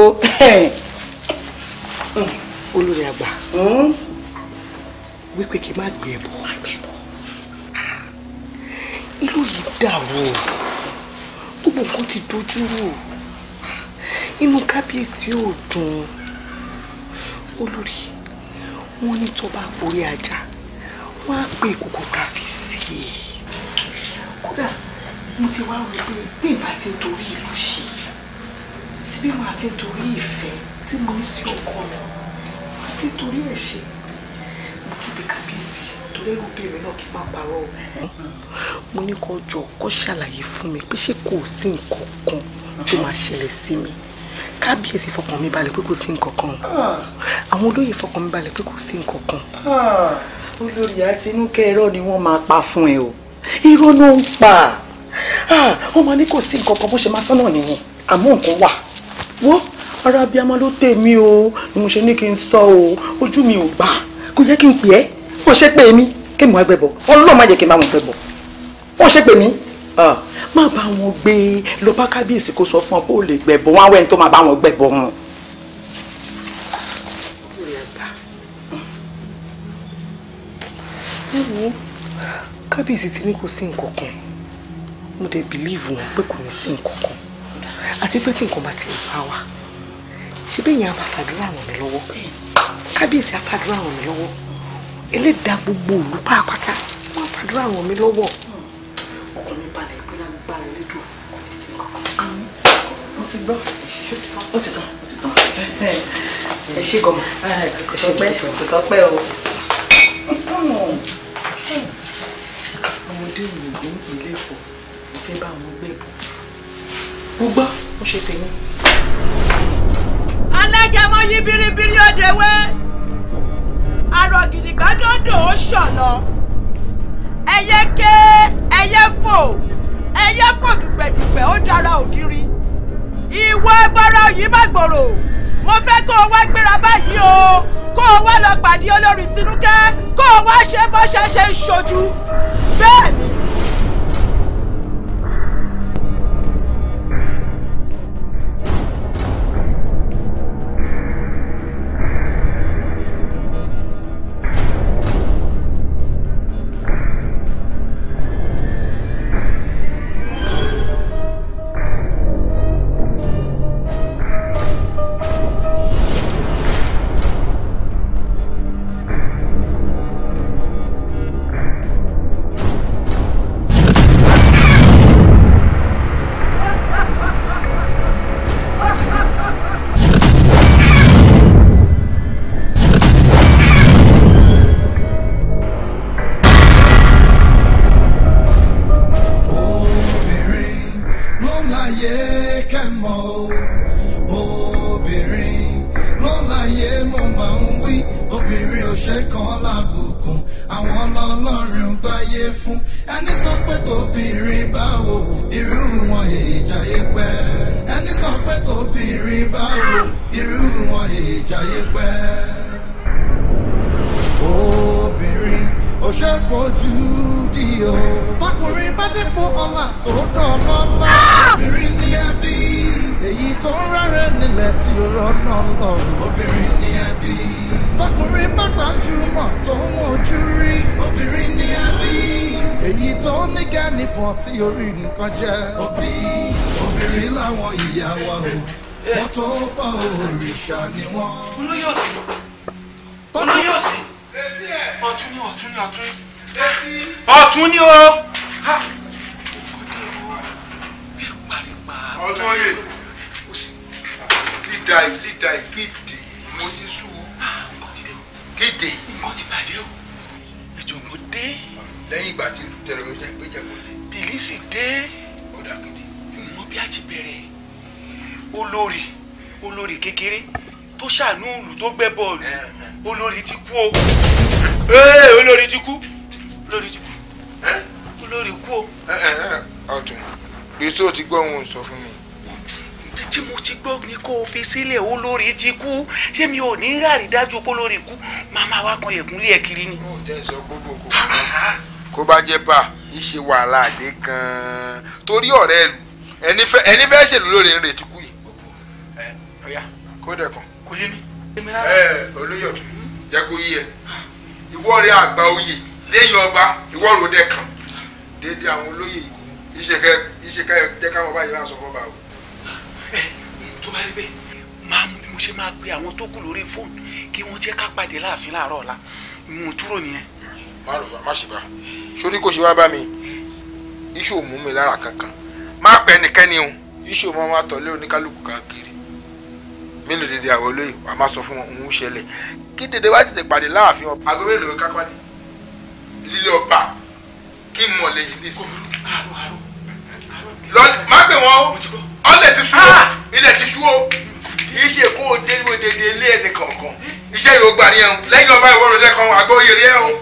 olórí àgbà wípé kí n má gbé ẹbọ ìlú yìí dàrú gbogbo nǹkan ti dojú rú inú kábíyèsí ò dùn olórí wọ́n ní tó bá borí ajá wọ́n á pè kòkò ká fi sí i kódà mo ti wá wí pé bí ìbá ti ń torí ìlú ṣe bí màá ti ń torí ìfẹ́ tí mo ń sí ọkọ mi màá ti torí ẹ̀ ṣe mo tún bí kábíyèsí torí ẹrù bèèrè náà kí n má parọ́ mo ní kó jọ kó ṣàlàyé fún mi pé ṣé kò sí nǹkan kan tó máa ṣẹlẹ̀ sí mi kábíyèsí fọkàn mi balẹ̀ pé kò sí nǹkan kan àwọn olóyè fọkàn mi balẹ̀ pé kò sí nǹkan olórí àtinúkẹ́ irọ́ ni wọ́n máa pa fún ẹ o irọ́ ló ń pa wọ́n máa ní kò sí nǹkan kan bó ṣe máa sánà nìyẹn àmọ́ nǹkan wà wọ́n ara abiyamọ ló tẹ̀ o ni mo ṣe ní kí n sọ o ojú mi ò gbà kò yẹ kí n pè ẹ́ wọ́n ṣe pé mi kí n mọ̀ ẹgbẹ́ bọ̀ ọlọ́ọ̀ má jẹ́ kí n bọ̀ wọ́n ṣe pé mi má bá wọn gbé lọ bá kábíyèsí kó sọ fún ọ pé ó lè gbẹ̀bọ wọn àwọn ẹni tó máa bá wọn gbẹ̀bọ wọn. ẹ wo kábíyèsí ti ní kò sí nǹkan kan mo dẹ̀ bìlíìfù wọn pé kò ní sí nǹkan kan àti pé tí nǹkan bá ti bá wa ṣe bí èèyàn àfàdúrà ràn mí lọ́wọ́ kábíyèsí àfàdúrà ràn mí lọ́wọ́ elédàá gbogbo òlú pàápàá wọn àfàdúrà ràn mí lọ́wọ́ ọkàn mi balẹ̀ ti gbọ́ ó ti tán ó ti tán ẹ ṣe gọmọ ẹ ṣe pẹ kò tán pẹ o. ọmọdé òyìnbó ilé ìfọ mo fẹ́ bá wọn gbé bọ̀ gbogbo ó ṣe tèmi. alágẹmọ yí biribiri òde wé arọ gidigbadodo ó ṣọlọ ẹyẹ ké ẹyẹ fò ẹyẹ fò dùgbẹdùgbẹ ó dára ògiri ìwọ ẹgbọrọ yìí má gbòòrò mo fẹ́ kó o wá gbéra báyìí o kó o wá lọ pàdé olórí tinúkẹ́ kó o wá ṣe bó ṣe ṣe ń ṣojú bẹ́ẹ̀ ni nílẹ̀ tí ó rọ́nà lọ. obìnrin ni a bí. tọkùnrin bá gbajúmọ̀ tó ń wojú rí. obìnrin ni a bí. èyí tó ní gẹ́nìfọ̀n tí orí nǹkan jẹ́. òbí obìnrin láwọn ìyá wa o wọ́n tó bá òrìṣà ni wọ́n. olóyè òsì olóyè òsì ọ̀tún ni ọ̀tún ni ọ̀tún ọ̀tún ni o. ọ̀tún yìí lída yìí lída yìí kéde mo ti sú o kéde. nǹkan ti bàjẹ́ o ìjọ̀gbọ́n dé. lẹ́yìn ìgbà tí tẹ̀rẹ̀ mi jẹ́ pé jẹ̀gbọ́n dé. bìlísì dé. ó dà gidi. ìmọ̀ bí a ti bẹ̀rẹ̀ olórí olórí kékeré tó ṣàánú ìlú tó gbẹ́ bọ́ọ̀lù olórí ti kú o olórí ti kú olórí ti kú olórí kú o. ọ̀tún gbèsè ò ti gbọ́ ohun sọ fún mi tí mo ti gbọ́ ni kó o fi sílẹ̀ ó lórí ti kú ṣé mi ò ní rárí dájú pé lórí kú màmá wa kan lẹ̀kún lé ẹ̀ kiri ni. ó tẹ́ sọ gbogbo kò kó bá jẹ́ bá ń ṣe wàhálà àdé gan-an torí ọ̀rẹ́ ẹni fẹ́ ṣèlú lórí ń retí kú yìí ọ̀yà kó dẹ̀kun. kò yé mi. ẹ olóyè ọ̀tún jẹ́ kó yé ẹ ìwọ rẹ àgbà oyè lẹ́yìn ọba ìwọ rò dẹ̀ kàn àwọn olóyè ìṣèkẹ́ ìṣèkẹ́ jẹ́ káwọn báyìí wá sọ fọ́ba o bẹ́ẹ̀ tó bá rí bẹ́ẹ̀ máa mú bí mo ṣe máa pe àwọn tó kù lórí fóònù kí wọ́n jẹ́ ká pàdé láàfin láàárọ̀ ọ̀la mo dúró nìyẹn. má rò bá má ṣe bá sórí kò ṣe wá bá mi iṣu mú mi lára kankan má pẹ́ ẹnikẹ́ni o iṣu máa wá tọ̀lé oníkálukú káàkiri mélòó dédé àwọn olóyè wàá má sọ fún wọn òun ṣẹlẹ̀ kí dédé wá tètè pàdé láàfin ọba àgọ́ mélòó ká pàdé lílé ọba kí n mọ̀ lẹ́yìn nísìnyí má pè wọ́n o ọlẹ ti sú o ah! ilẹ̀ ti sú o kì í ṣe kó o dé ní òdèdè ilé ẹni kọ̀ọ̀kan iṣẹ́ yóò gbà ní ẹ̀hún lẹ́yìn ọba ìwọ́rọ̀ lẹ́kan àgbọ̀ oyè rí ẹ̀hún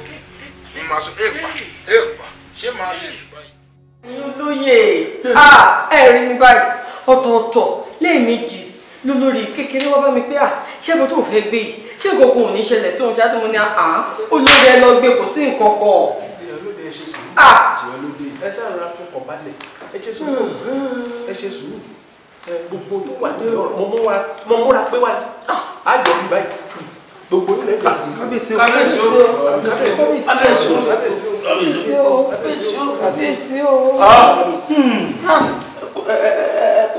ni màá sọ èèpà èèpà ṣé màá lè sùn báyìí. olóyè ẹ rí mi báyìí ọ̀tọ̀ọ̀tọ̀ lẹ́ẹ̀mejì lólórí kékeré wá bá mi pé à ṣé mo tó fẹ́ gbé yìí ṣé gbogbo ò ní ṣẹlẹ̀ sí ohun ṣáájú mo ní à olórí ẹ lọ gbé kò sí nǹkan kan. ìyá ló dé ṣe sùn. ìyá ló dé ẹ sáà rà fún kọ̀ ẹ ṣe sùúrù ẹ ṣe sùúrù gbogbo tó wà ní ọ̀rọ̀ mo múra mo múra pé wà ní àjọ mi báyìí gbogbo ilẹ̀ ìgbà kábíyèsí o kábíyèsí o kábíyèsí o kábíyèsí o kábíyèsí o kábíyèsí o kó ah, hmm. ah.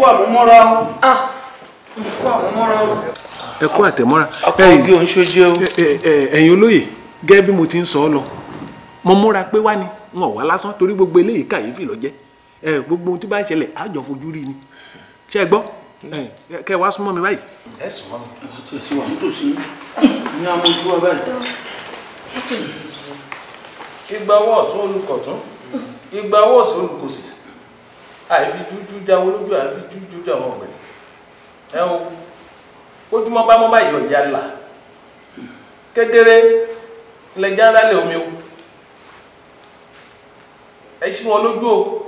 àmúmọ́ra ah. kó àmúmọ́ra ẹ kó àtẹ̀mọ́ra ẹ̀yin olóye gẹ́gẹ́ bí mo ti ń sọ ọ lọ mo múra pé wá ni wọn ò wá lásán torí gbogbo eléyìí kàyéfì ló jẹ́ gbogbo ohun tí bá ń ṣẹlẹ̀ á jọ fojú rí ni ṣe gbọ́ kẹ wá súnmọ́ mi báyìí. ẹ súnmọ́ mi ẹ ti ṣe wà nítòsí ní amójú wa báyìí. igba ọwọ́ ọ̀tún olùkọ̀tún igba ọwọ́ òsì olùkòsì àìfi jújú já lójú àìfi jújú jáwó ọ̀gbẹ́ ẹ o ojúmọ́ bá mọ́ báyìí ọ̀yà là kedere lẹ́jà ńlá lè omi o ẹ ṣí wọn lójú o.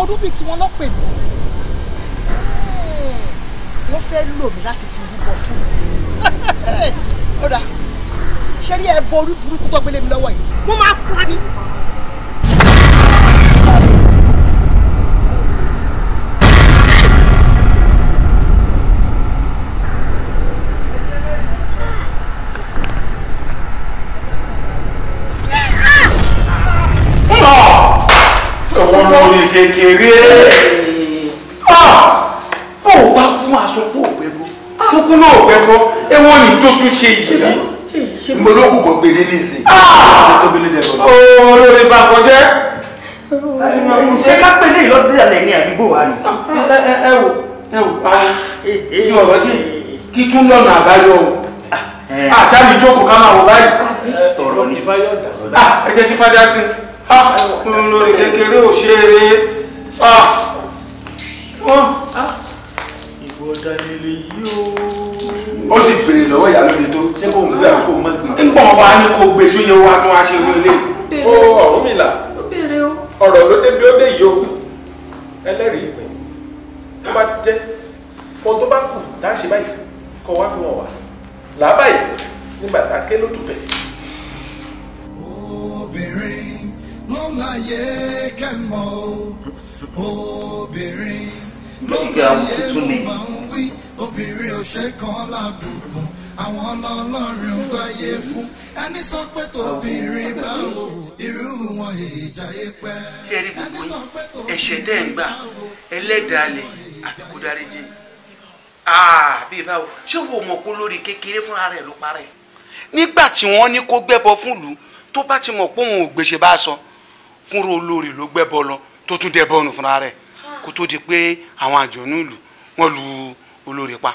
Mọ́dúnbì tí wọ́n lọ pè mí. Wọ́n fẹ́ lò mí láti fi rúbọ fún mi. Ó dà, ṣé rí ẹ bọ orí burúkú tó gbélé mi lọ́wọ́ yìí? Mo máa fọ́ ni. kékeré ah! ó bá kún aṣọ pé òpè bó kúkú ló òpè bó ewu ni tó tún ṣe yìí mo ah! ló kù kó gbèrè nísìnyí tó bílẹ̀ dẹ̀ bọ̀. olórí bá kọjá ṣé ká pé lè lọ́dún ìyàlẹ̀ ní àdúgbò wa ni. ẹ wò ẹ wò ní ah, ọ̀rọ̀ dé kí tún lọ́nà àbáyọ o àṣà mi jókòó ká máa wò báyìí. ọ̀rọ̀ ni ẹ jẹ́ kí fádá sí i ah olórí kékeré ò ṣe eré ah, ah. ìwọ dalẹ̀lẹ̀ yìí o. ó sì béèrè lọ́wọ́ ìyá lóde tó ṣé kò ń gbé àbí kò ń mọ̀ gbé. ń bọ̀ wá ní kò gbé sóyè wa tún wá ṣe ní ilé. ó ọ̀rùn mi là ọ̀rọ̀ ló débi ó dé yìí o ẹlẹ́rìí ìpín tó bá ti jẹ́ ohun tó bá kù tá a ṣe báyìí kọ́ wá fún wọn wá làá báyìí nígbà tá a ké lótùfẹ́. obìnrin ló ń láyé kẹ́mọ́ obìnrin ló ń láyé ló máa ń wí obìnrin ò ṣe kan lábùkún àwọn ọlọ́ọ̀lọ́rin ń gbáyé fún ẹni sọ pé tóbìnrin bá wò irú wọn ìjà yé pẹ́. tí ẹ rí gbogbo yín ẹ̀ṣẹ̀ dẹ́ ń gbà ẹlẹ́dàá lè bíi báwo ṣé wo mọ̀ pé lórí kékeré fúnra rẹ̀ ló parẹ́ nígbà tí wọ́n ní kó gbẹ́bọ fún ìlú tó bá ti mọ̀ pé òun ò gbèsè bá a sọ kúnrò olórí ló gbẹ́ bọ́ lọ tó tún dẹ bọ́ọ̀nù fúnra rẹ̀ ah. kó tó di pé àwọn àjọ̀nú ìlú wọn lu olórí pa.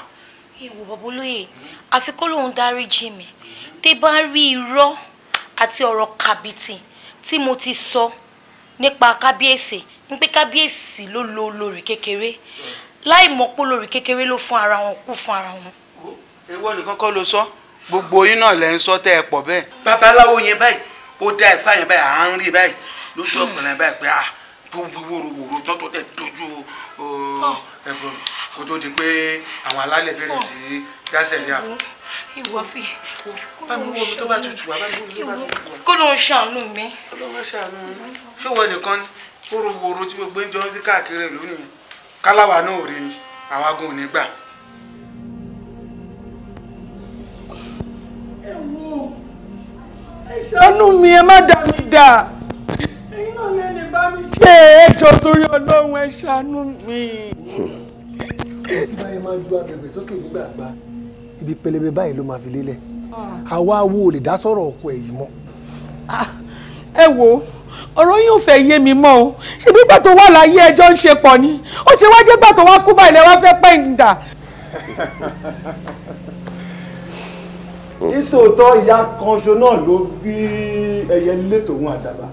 ìwò bàbá olóyè àfi kó lóun dárí jì mí tẹ bá rí irọ́ àti ọ̀rọ̀ kàbìtì tí mo ti sọ nípa kábíyèsí ń pé kábíyèsí ló lo olórí kékeré láì mọ̀ pé olórí kékeré ló fún ara wọn kú fún ara wọn. èwo nìkan kọ́ ló sọ gbogbo yín náà lẹ́ ń sọ tẹ́ ẹ pọ̀ bẹ́ẹ̀. babaláwo yẹn báyìí ó dá ẹ̀fọ́ yẹn báyìí à ń rí báyìí lójú ọ̀pẹ̀lẹ̀ báyìí pé ah tó wí wòrowòro tó tó dẹ̀ dojú ẹ̀bùn kó tó di pé àwọn alálẹ̀ bẹ̀rẹ̀ sí dáṣẹ̀ ní àfọ̀. ìwọ fi bámi wo omi tó bá tutù wá bámi wo omi tó bá tutù wá. kó ló ń ṣàánú mi. kó ló ń ṣàánú mi ṣé ìwọ nìkan wòrowòro tí gbogbo ń jọ ń fi káàkiri ìlú nìyẹn káláwa náà ò rí àwọn agun ò ní gbà. ẹ ṣàánú mi ẹ má dá mi dá ẹ̀yin náà lẹ́ni bá mi ṣe é jọ torí ọlọ́run ẹ ṣàánú mi. ìgbà yẹn máa ju abẹ̀bẹ̀ sókè nígbà àgbà ibi pẹlẹbẹ báyìí ló máa fi lélẹ̀ ah. àwa wo lè dá sọ̀rọ̀ ọkọ ẹ̀ yìí mọ́. Ah, ẹ wo ọ̀rọ̀ yóò fẹ́ yé mi mọ́ o ṣe bí gbàtọ̀ wà láyé ẹjọ́ ń ṣe pọ̀ ni ó ṣe wá jẹ́ gbàtọ̀ wá kú báyìí lẹ́wọ́ fẹ́ pẹ́ ń dà. nítòótọ́ ìyá kan ṣo náà ló bí ẹyẹ létòun àdàbà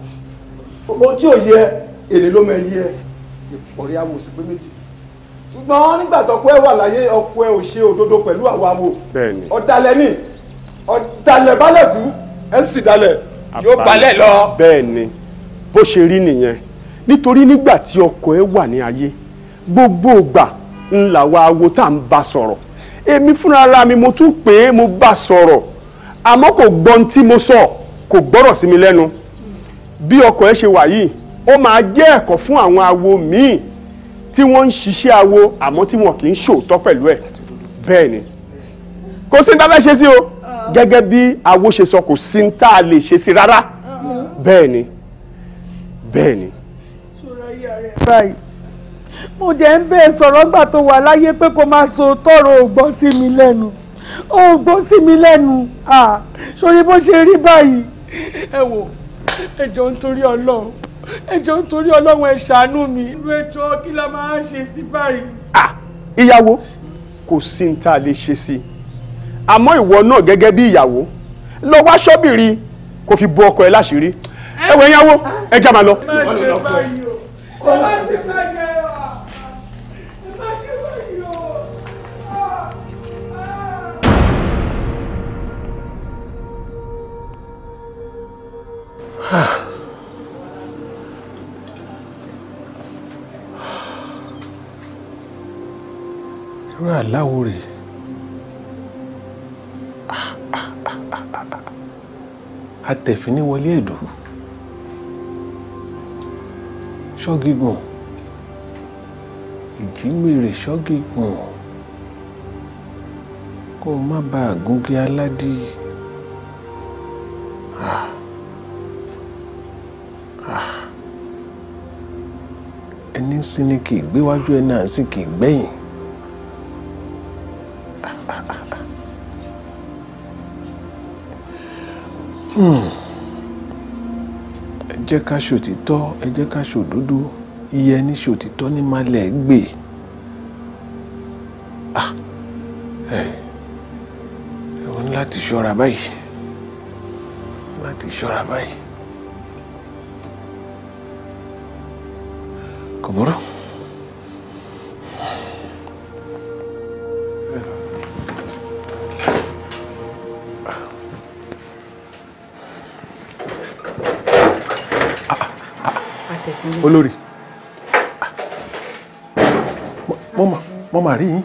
o tí ò yẹ èrè ló mọ ẹyẹ ọ̀rẹ́ awo sì pé méjì ṣùgbọ́n nígbà tọ́kọ ẹ wà láyé ọkọ ẹ ò ṣe òdodo pẹ̀lú àwọn awo ọ̀dàlẹ̀ ni ọ̀dàlẹ̀ balẹ̀ bú ẹ̀ sì dalẹ̀ yóò balẹ̀ lọ. bẹ́ẹ̀ ni bó ṣe rí nìyẹn nítorí nígbà tí ọkọ̀ ẹ wà ní ayé gbogbo ìgbà ńlá wa awo tá à ń bá sọ̀rọ̀ èmi fúnra mi mo tún pè é mo bá sọ̀rọ̀ àmọ́ kò gbọ́n tí mo sọ kò gbọ́rọ̀ sí mi lẹ́nu bí ọkọ ẹ ṣe wà yìí ó máa jẹ́ ẹ̀kọ́ fún àwọn awo míì tí wọ́n ń ṣiṣẹ́ awo àmọ́ tí wọn kì í ṣòótọ́ pẹ̀lú ẹ̀ bẹ́ẹ̀ ni kò sí tá a ṣe sí o gẹ́gẹ́ bí awo ṣe sọ kò sí tá a lè ṣe sí rárá bẹ́ẹ̀ ni bẹ́ẹ̀ ni. mo dẹ̀ ń bẹ́ẹ̀ sọ̀rọ̀ gbà tó wà láyé pé kó máa sọ tọrọ ògbọ́n sí mi lẹ́nu ògbọ́n sí mi lẹ́nu sórí bó ṣe rí báyìí ẹ wò ẹjọ nítorí Ọlọ́run ẹjọ nítorí Ọlọ́run ẹ ṣàánú mi irú ẹjọ kí la máa ṣe sí báyìí. Ah, ìyàwó kò sí ní tá a lè ṣe sí i àmọ́ ìwọ náà gẹ́gẹ́ bí ìyàwó lọ wá ṣọ́bìrì kò fi bo ọkọ ẹ láṣìírí ẹwọ ìyàwó ah, ẹ já máa lọ. ẹ má ṣe báyìí o ẹ má ṣe báyìí. irú àláwo rèé atẹ̀fín ní wọlé ẹ̀dù ṣọ́gígùn ìjímèrè ṣọ́gígùn kó o má bàa gúngé aládìí. Ah. ń sin ni kì í gbéwájú ẹ̀ náà sì kì í gbẹ̀yìn. Hmm. ẹ jẹ́ ká ṣòtítọ́ ẹ jẹ́ ká ṣòdodo iye ẹni ṣòtítọ́ ní malẹ̀ gbè. Ah, ẹ wọ́n ní láti ṣọ́ra báyìí láti ṣọ́ra báyìí. Komoro? olórí Mama, mọ́mà rí yín.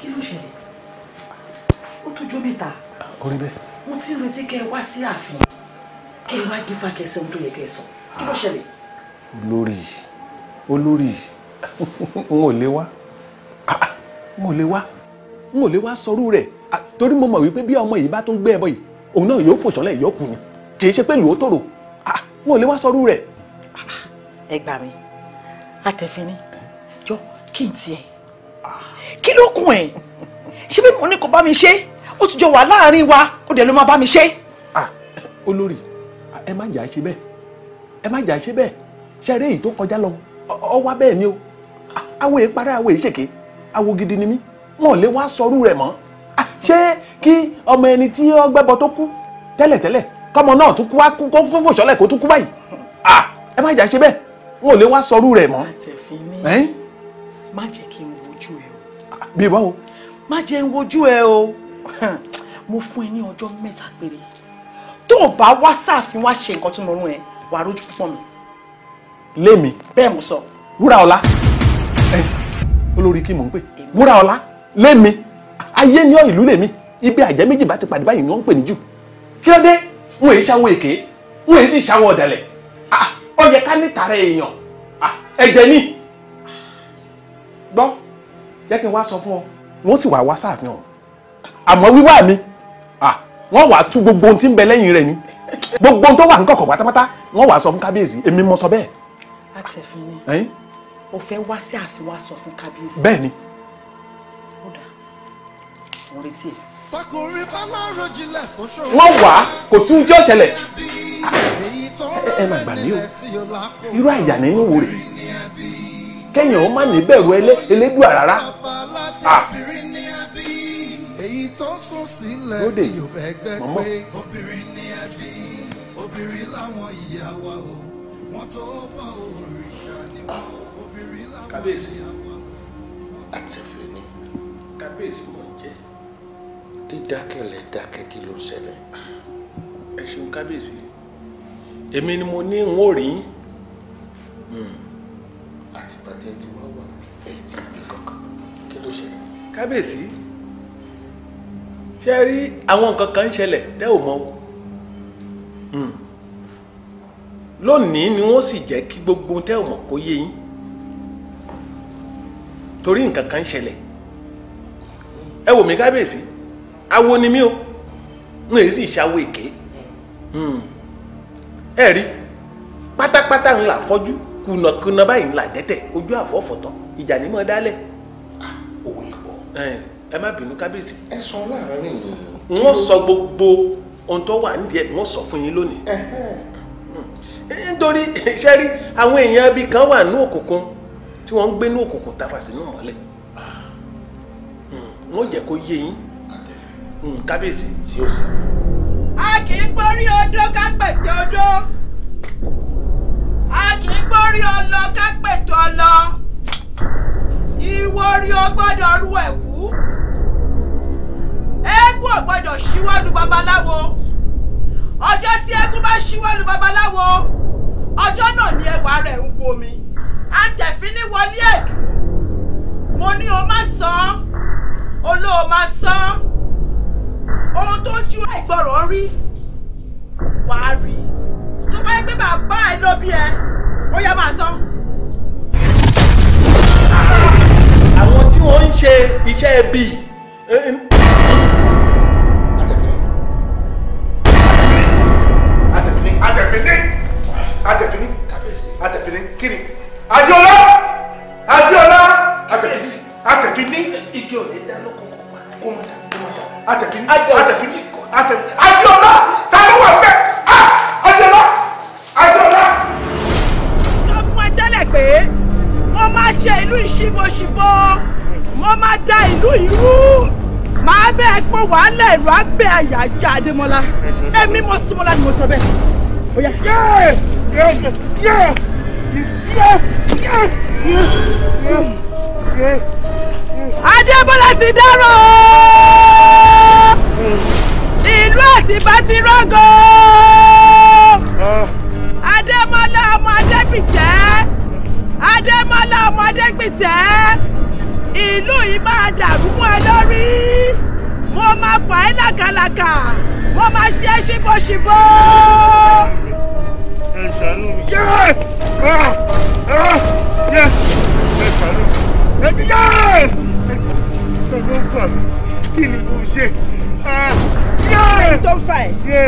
kí ló ṣẹlẹ̀ ó tó jó mẹ́ta. orí bẹ́ẹ̀. mo ti ń retí kẹ́ ẹ wá sí ààfin kẹ́ ẹ wá dín fàkẹ́sẹ̀ ohun tó yẹ kẹ́ ẹ sọ kí ló ṣẹlẹ̀ olórí ah, ah, n ò lè wá n ò lè wá n ò lè wá sọrú rẹ̀ ah, torí mo mọ̀ wípé bí ọmọ yìí bá tún gbé ẹbọ yìí òun náà yóò fòṣọlẹ̀ yóò kù ni kì í ṣe pé lòó tòrò n ò lè wá sọrú rẹ̀. ẹ gbà mí àtẹ̀fín ni jọ kí n tiẹ̀ kí ló kún ẹ̀ ṣé bí mo ní kó bá mi ṣe ó ti jọ wà láàrin wa ó dẹ̀ ló máa bá mi ṣe. olórí ẹ má jà ṣe bẹ́ẹ̀ ẹ má jà ṣe bẹ́ẹ̀ ṣe eré yìí tó kọjá lọ ọ wá bẹ́ẹ̀ ni o awo yìí parẹ́ awo yìí ṣèké awo gidi ni mí wọn ò lè wá sọrú rẹ̀ mọ́ ṣé kí ọmọ ẹni tí ó gbẹ́bọ tó kú tẹ́lẹ̀tẹ́lẹ̀ kọ́mọ náà tún kú wá kó fún fòṣọ́lẹ̀ kó tún kú báyìí ẹ má jà ṣe bẹ́ẹ̀ wọn ò lè wá sọrú rẹ̀ mọ́. má jẹ́ kí n wojú ẹ o. bí báwo. má jẹ́ n wojú ẹ o mo fún ẹ ní ọjọ́ mẹ́ta péré tó o bá wá sáàfin wá ṣe nǹkan tó mọ̀ ọ́n ẹ wàá rójú púpọ̀ mi lémi. bẹ́ẹ̀ mo sọ. wúrà ọlá olórí kí mò ń pè wúrà ọlá lémi ayé ní ìlú lèmi ibi àjẹ́ méjì bá ti pàdé báyìí ni wọ́n ń pè ní jù kí ló dé wọn èyí ṣàwọn èké wọn èyí sì ṣàwọn ọ̀dàlẹ̀ ó yẹ ká ní tààrà èèyàn ẹ̀jẹ̀ ni gbọ́ jẹ́ kí n wá sọ fún ọ wọ́n sì wá wá sáàfihàn àmọ́ wíwá mi wọ́n wàá tú gbogbo ohun tí ń bẹ lẹ́yìn rẹ̀ ni gbogbo ohun tó wà ń kọ̀kọ̀ pátápátá wọ́n wàá sọ fún kábíyèsí èmi mo sọ bẹ́ẹ̀ àtẹ̀fín ni o fẹ́ wá sí ààfin wa sọ fún kábíyèsí. bẹ́ẹ̀ni. ó dà mo retí ẹ. takùnrin bá lárò jinlẹ̀ tó ṣòro. wọ́n wà á kò sí ojú ọ̀tẹ̀lẹ̀. ẹ má gbà mí o irú àyà nínú wo rè kẹ́yìn ọ̀hún má ní bẹ̀rù elédùà rárá ah. èyí tó ń obìnrin ni ìyá wa o kábíyèsí àtẹ̀fẹ́ ni kábíyèsí mò ń jẹ́ dídákẹ́lẹ̀ dákẹ́ kí ló ń ṣẹlẹ̀. ẹ ṣeun kábíyèsí èmi ni mo ní n ó rí. Hmm. àti bàtẹ́ tí wọ́n wà èyí tí gbé kankan kí ló ṣẹlẹ̀. kábíyèsí ṣe rí àwọn nǹkan kan ń ṣẹlẹ̀ tẹ́ ò mọ̀ o. Hmm lónìí ni wọ́n sì jẹ́ kí gbogbo tẹ́ ò mọ̀ kó yé yín torí nǹkan kan ń ṣẹlẹ̀ ẹ wò mí kábíyèsí awo ni mí o n èyí sì ṣàwọ èké hmm. ẹ rí pátápátá ńlá fọ́jú kùnàkùnà báyìí ńlá dẹ́tẹ̀ ojú àfọ́fọ́tọ̀ ìjà ni mo dálẹ̀. Ah, òun ìbọn. ẹ má bínú kábíyèsí. ẹ sọ láàárín. wọ́n sọ gbogbo ohun tó wà nídìí ẹ̀ wọ́n sọ fún yín lónìí nítorí iṣẹ́ rí àwọn èèyàn ibi kan wà ní òkùnkùn tí wọ́n ń gbé ní òkùnkùn tàfà sínú mọ́lẹ̀ hmm, wọ́n jẹ́ kó yé yín hmm, kábíyèsí tí ó sì. a kì í gbórí odó ká pẹ̀tẹ̀ odó a kì í gbórí ọlọ ká pẹ̀tẹ̀ ọlọ ìwọ rí o gbọ́dọ̀ ru ẹ̀kú eégún ò gbọ́dọ̀ ṣíwọ́lu babaláwo ọjọ́ tí eégún bá ṣíwọ́ lu babaláwo ọjọ́ náà ni ẹwà rẹ̀ ń gbomi àtẹ̀fíní wọlé ẹ̀dù mo ní o má sọ olóò má sọ ohun tó ju àìgbọràn rí wàá rí tó bá yẹ pé bàbá ẹ ló bí ẹ ó yẹ máa sọ. àwọn tí wọ́n ń ṣe iṣẹ́ bíi. Eh, eh, àtẹ̀fínní àtẹ̀fínní àtẹ̀fínní kíni àdìọ́lá àdìọ́lá àtẹ̀fínní àtẹ̀fínní. igi ò ní dá lóko kó má kó má dá kó má dá àtẹ̀fínní àtẹ̀fínní àtẹ̀fínní àdìọ́lá ta ló wà bẹ́ẹ̀ àdìọ́lá ah! àdìọ́lá. sọ fún ẹ tẹ́lẹ̀ pé mo máa ṣe ìlú ìṣíbọṣíbọ mo máa da ìlú ìrú màá bẹ́ẹ̀ pọ̀ wàhálà ìlú àgbẹ̀ àyájá adémọ́lá èmi mo súnmọ́lá ni mo sọ bẹ́ẹ̀. Oh yeah. Yes! Yes! Yes! Yes! Yes! Yes! Yes! Yes! Adébọ́lá ti dárò! Ìlú Àtìbá ti rọ́gọ́! Ah. Adémọ́lá ọmọ Adégbìtẹ́! Adémọ́lá ọmọ Adégbìtẹ́! Ìlú yìí máa dàrú mọ́ ẹ lórí! Mo máa fà ẹ́ làkàlàkà! Mo máa ṣe é ṣíbọ̀ṣíbọ̀! ẹ ṣàánú mi. yẹ ẹ ṣàánú mi. ẹ ti yá ẹ ló ń fà mí kí ni mo ṣe. yẹ ẹ tó ń fà ẹ.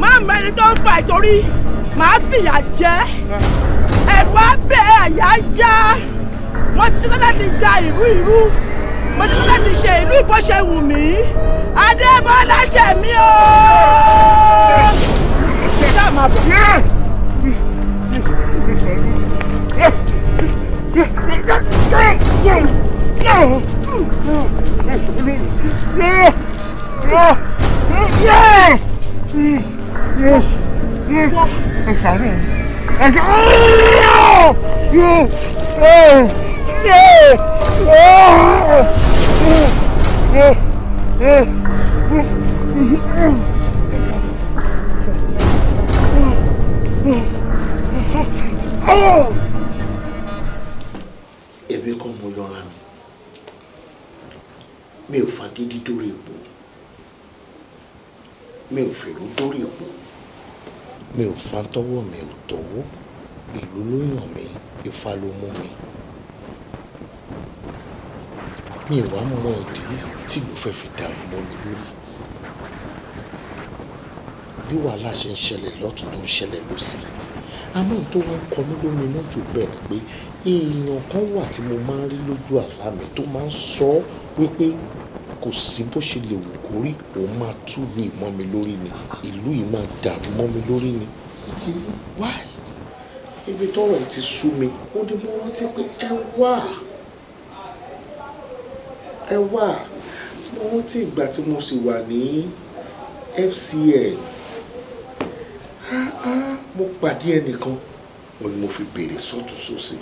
máa mẹ́rin tó ń fà ẹ torí màá fìyà jẹ ẹ̀rù abẹ́ àyà já wọ́n ti tún láti ja ìlú ìlú mo ti tún láti ṣe ìlú bó ṣe wù mí adébọ́lá ṣẹ̀mí o. ṣé àmàbọ̀. Oh! mi ò fagídí dórí ipò mi ò fèrò dórí ipò mi ò fa tọwọ́ mi ò tọ́wọ́ ìlú ló yàn mí ifá ló mú mi mi ìwà mọ ìdí tí ìlú fẹ́ fi dàrú mọ́ mi lórí bí wàhálà ṣe ń ṣẹlẹ̀ lọ́tún ló ń ṣẹlẹ̀ lọ́sì àmọ́ tó wọ́n kọ mí lóminú jù bẹ́ẹ̀ ni pé èèyàn kan wà tí mo máa ń rí lójú àlá mi tó máa ń sọ wípé kò sí bó ṣe lè wù kó rí òun máa tú ní ìmọ̀ mi lórí ni ìlú yìí máa dàrú mọ́ mi lórí ni. ìtì ní wáì ibi tọ́rọ̀ ti sú mi ó ní mo rántí pé ẹ wà ẹ wà mo rántí ìgbà tí mo sì wà ní FCL mo pàdé ẹnìkan mo ni mo fi béèrè sọ́tún sósì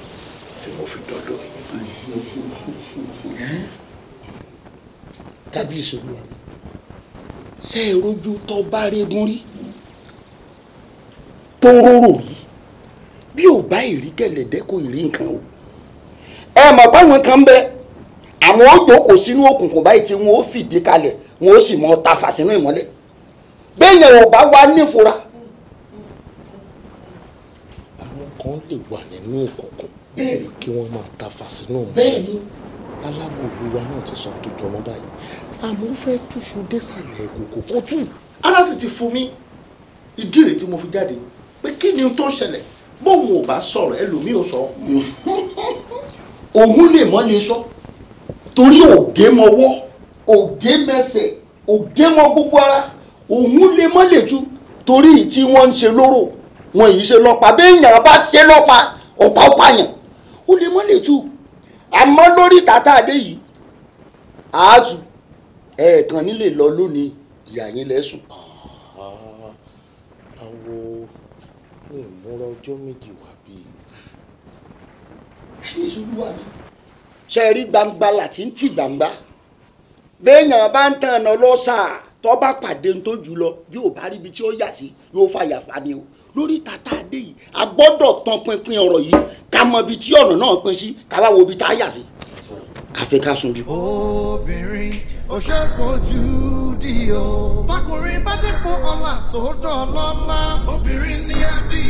tí mo fi dọ́dọ̀ yín báyìí kábíyèsí olúwa mi ṣe é rojú tó bá régún rí tó róró rí bí ò bá ìrí kẹlẹ̀dẹ́ ìrí nǹkan o ẹ mọ̀ báwọn kan bẹ àwọn ó jókòó sínú òkùnkùn báyìí tí wọn ó fìdí kalẹ̀ wọn ó sì mọ tafà sínú ìmọ́lẹ̀ bẹ́ẹ̀ ò bá wá nífura àwọn kan lè wà nínú òkùnkùn kí wọ́n máa tafà sínú ìmọ́lẹ̀ alábòòlù wa náà ti sọ àtòjọ́ ọmọ báyìí àmọ́ ó fẹ́ túṣu désàlẹ̀ kòkò kò tù ara sì ti fún mi ìdí rẹ̀ tí mo fi jáde pé kí ni tó ń ṣẹlẹ̀ bóun ò bá sọ̀rọ̀ ẹlòmíì ò sọ òun lè mọ́ lè sọ torí ògé mọ́wọ́ ògé mẹsẹ̀ ògé mọ́ gbogbo ara òun lè mọ́ lè tu torí tí wọ́n ń ṣe lóró wọn yìí ṣe lọ́pàá béèyàn bá ṣe lọ́pàá ọ̀pá ọ̀pá yàn ó lè mọ́ lè tu àmọ́ lórí tàtà àdé yìí àátù ẹ̀ẹ̀kan nílé lọ lónìí ìyá yín lẹ́sùn. àwo mi ò múra ọjọ́ méjì wá bí. ìṣòro wà mí. ṣe rí gbangba láti ń tì gbangba béèyàn bá ń tàn án lọ́sà tó bá pàdé ń tó jù lọ yóò bá ríbi tí ó yà sí yóò fàyà fani o lórí tata adé yìí a gbọ́dọ̀ tán pinpin ọ̀rọ̀ yìí ká mọ ibi tí ọ̀nà náà pín sí ká wá wo ibi tá a yà sí. àfi ká sunjú. obìnrin òṣè fojú di o. tọkùnrin bá dépò ọlá tó dán lọ́lá obìnrin ni a bí.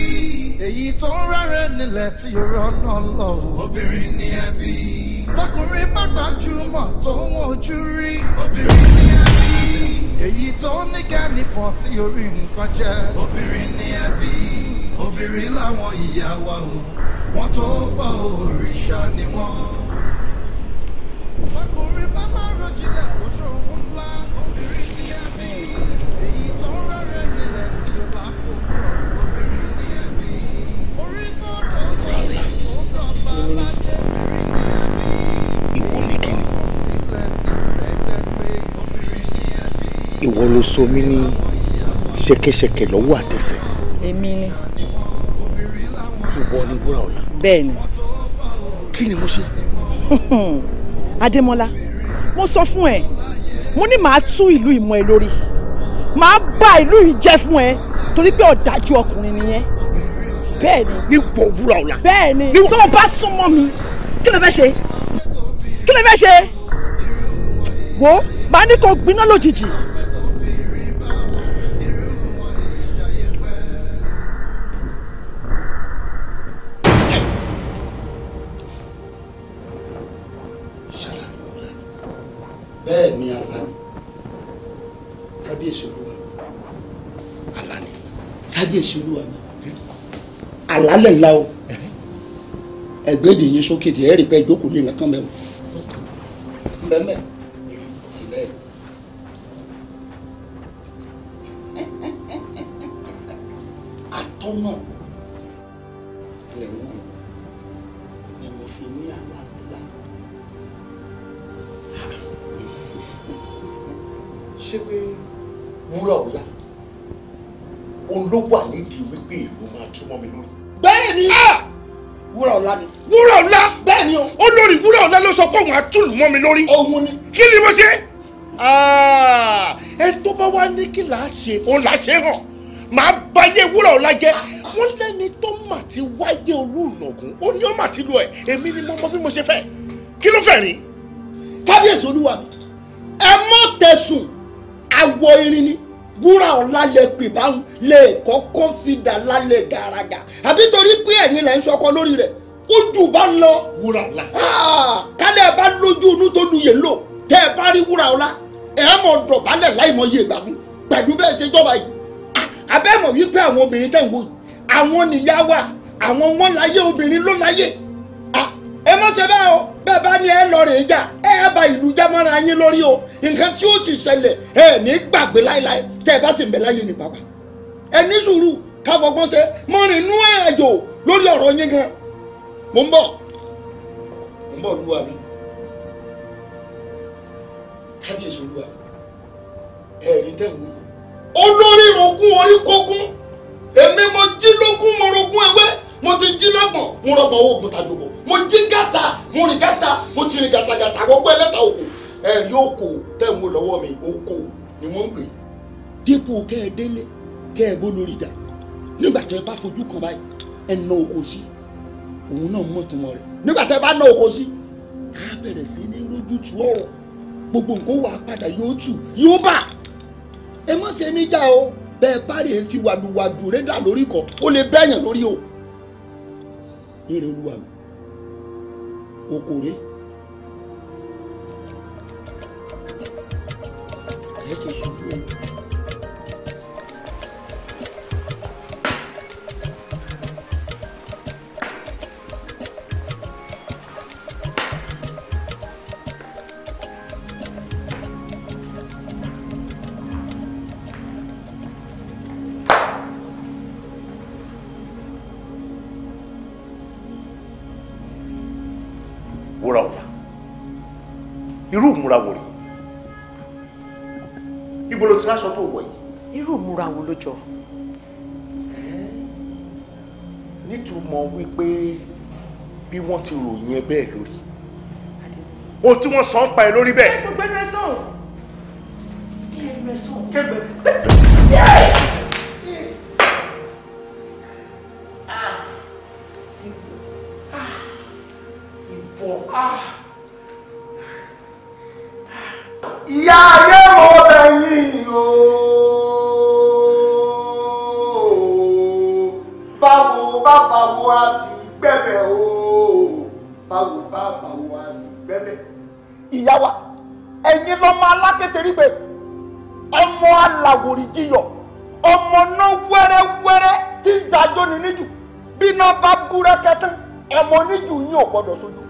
èyí tó ń rẹ́rẹ́ nílẹ̀ tí yọrọ náà lọ. obìnrin ni a bí. tọkùnrin bá gbajúmọ̀ tó wọn ojú rí. obìnrin ni a bí. èyí tó ní kẹ́nìfọ̀n tí orí nǹkan jẹ́. obìnrin ni a bí. obìnrin làwọn ìyá wa o wọ́n tó bá òrìṣà ni wọ́n ọkùnrin bá máa rojinlẹ̀ kó ṣòwò ńlá obìnrin ní ẹbí èyí tó ń rẹ́rẹ́ nílẹ̀ tí ó bá kó jọ obìnrin ní ẹbí orí tó dọ̀gbọ́ là tó dọ̀gbà aládé èmi ni. ìwọ ni wúrà ọ̀la. bẹ́ẹ̀ kí ni mo ṣe. adémọlá mo sọ fún ẹ mo ní màá tú ìlú ìmọ̀ ẹ lórí màá bà ìlú yìí jẹ́ fún ẹ torí pé ọ̀dájú ọkùnrin nìyẹn bẹ́ẹ̀ ni. ní wọ wúrà ọ̀la. bẹ́ẹ̀ ni tó o bá súnmọ́ mi kí ló fẹ́ ṣe kí ló fẹ́ ṣe wo màá ní kó gbiná lójijì kábíyèsí olúwa mi àlálẹ̀ ńlá o ẹgbẹ́dì yín sókè díẹ̀ rí pé ìjókòó ní nǹkan bẹ́ẹ̀ bẹ́ẹ̀ bẹ́ẹ̀. atọ́nà lẹ́wọ̀n ni mo fi ní àlá ńlá. ṣé pé wúrà ọ̀la òun ló wà nídìí wípé ìlú máa túmọ̀ mi lórí. bẹ́ẹ̀ ni ah! wúrà ọ̀la ni. wúrà ọ̀la. bẹ́ẹ̀ ni o. olórí wúrà ọ̀la ló sọ pé òun á túlù mọ́ mi lórí. òun ni. kí ni mo ṣe. Ah! ẹ tó bá wá ní kí là á ṣe òun là á ṣe hàn màá báyé wúrà ọ̀la jẹ́ wọ́n lẹ́ni tó mà ti wáyé olùnàgún ó ní ó mà ti lo ẹ̀ èmi ni mo mọ bí mo ṣe fẹ́ kí ló fẹ́ rí. kábíyèsí olúwa mi ẹ mọ̀ tẹ̀sùn àwọ̀ irin ni wúrà ọ̀la lẹ pè báwọn lè kọ́kọ́ fi dà lálẹ́ gàràgà àbí torí pé ẹ̀yin lẹ́ ń sọkọ lórí rẹ̀ ojú bá ń lọ wúrà ọ̀la. kálẹ̀ bá lójú inú tó lu yẹn lò tẹ́ ẹ bá rí wúrà ọ̀la ẹ̀ mọ̀ dọ̀bálẹ̀ láì mọ̀ yé ìgbà fún pẹ̀lú bẹ́ẹ̀ ṣe jọba yìí. àbẹ́ mọ̀ wípé àwọn obìnrin tẹ̀ ń wò yìí àwọn nìyá wa àwọn wọn láyé obìnrin ló láyé ẹ bá o bẹ́ẹ̀ bá ní ẹ lọ rè jà ẹ ìlú jámọ́ra lórí o nǹkan tí ó sì ṣẹlẹ̀ ẹ ní gbàgbé láéláé tẹ́ ẹ bá sì ń bẹ láyé ní bàbá ẹ ní sùúrù káfọgbọ́n ṣe rìn lórí ọ̀rọ̀ yín gan mo ń bọ̀ mo ń bọ̀ lúwa mi kábíyèsí olúwa ẹ tẹ̀wé olórí orí èmi mo jí mo ti jí lọ́gbọ̀n mo rọgbọ̀n owó ògùn tàjọ̀bọ̀ mo jí gàtà mo rìn gàtà mo ti rìn gàtàgàtà gbogbo ẹlẹ́ta òkò ẹ̀rí òkò tẹ̀ mo lọ́wọ́ mi òkò ni mo ń pè. dípò kẹ́ ẹ délé kẹ́ ẹ bó lórí ìjà nígbà tẹ́ ẹ bá fojú kan báyìí ẹ na òkò sí òun náà mọ̀ tó mọ̀ rẹ̀ nígbà tẹ́ ẹ bá na òkò sí á bẹ̀rẹ̀ sí ní rójútu ọ̀rọ̀ gbogbo nǹkan wà padà yóò tù yóò bà ẹ mọ̀ ṣe níjà o bẹ́ẹ̀ bá rè é fi wàdùwàdù rẹ́dà lórí kọ ó lè bẹ́ẹ̀yàn lórí o èrè olúwa okòrè ẹ ti ṣubú o. wọ́n ti ròyìn ẹ bẹ́ẹ̀ lórí ohun tí wọ́n sọ ń pa ẹ lórí bẹ́ẹ̀. gbọ́dọ̀ sójú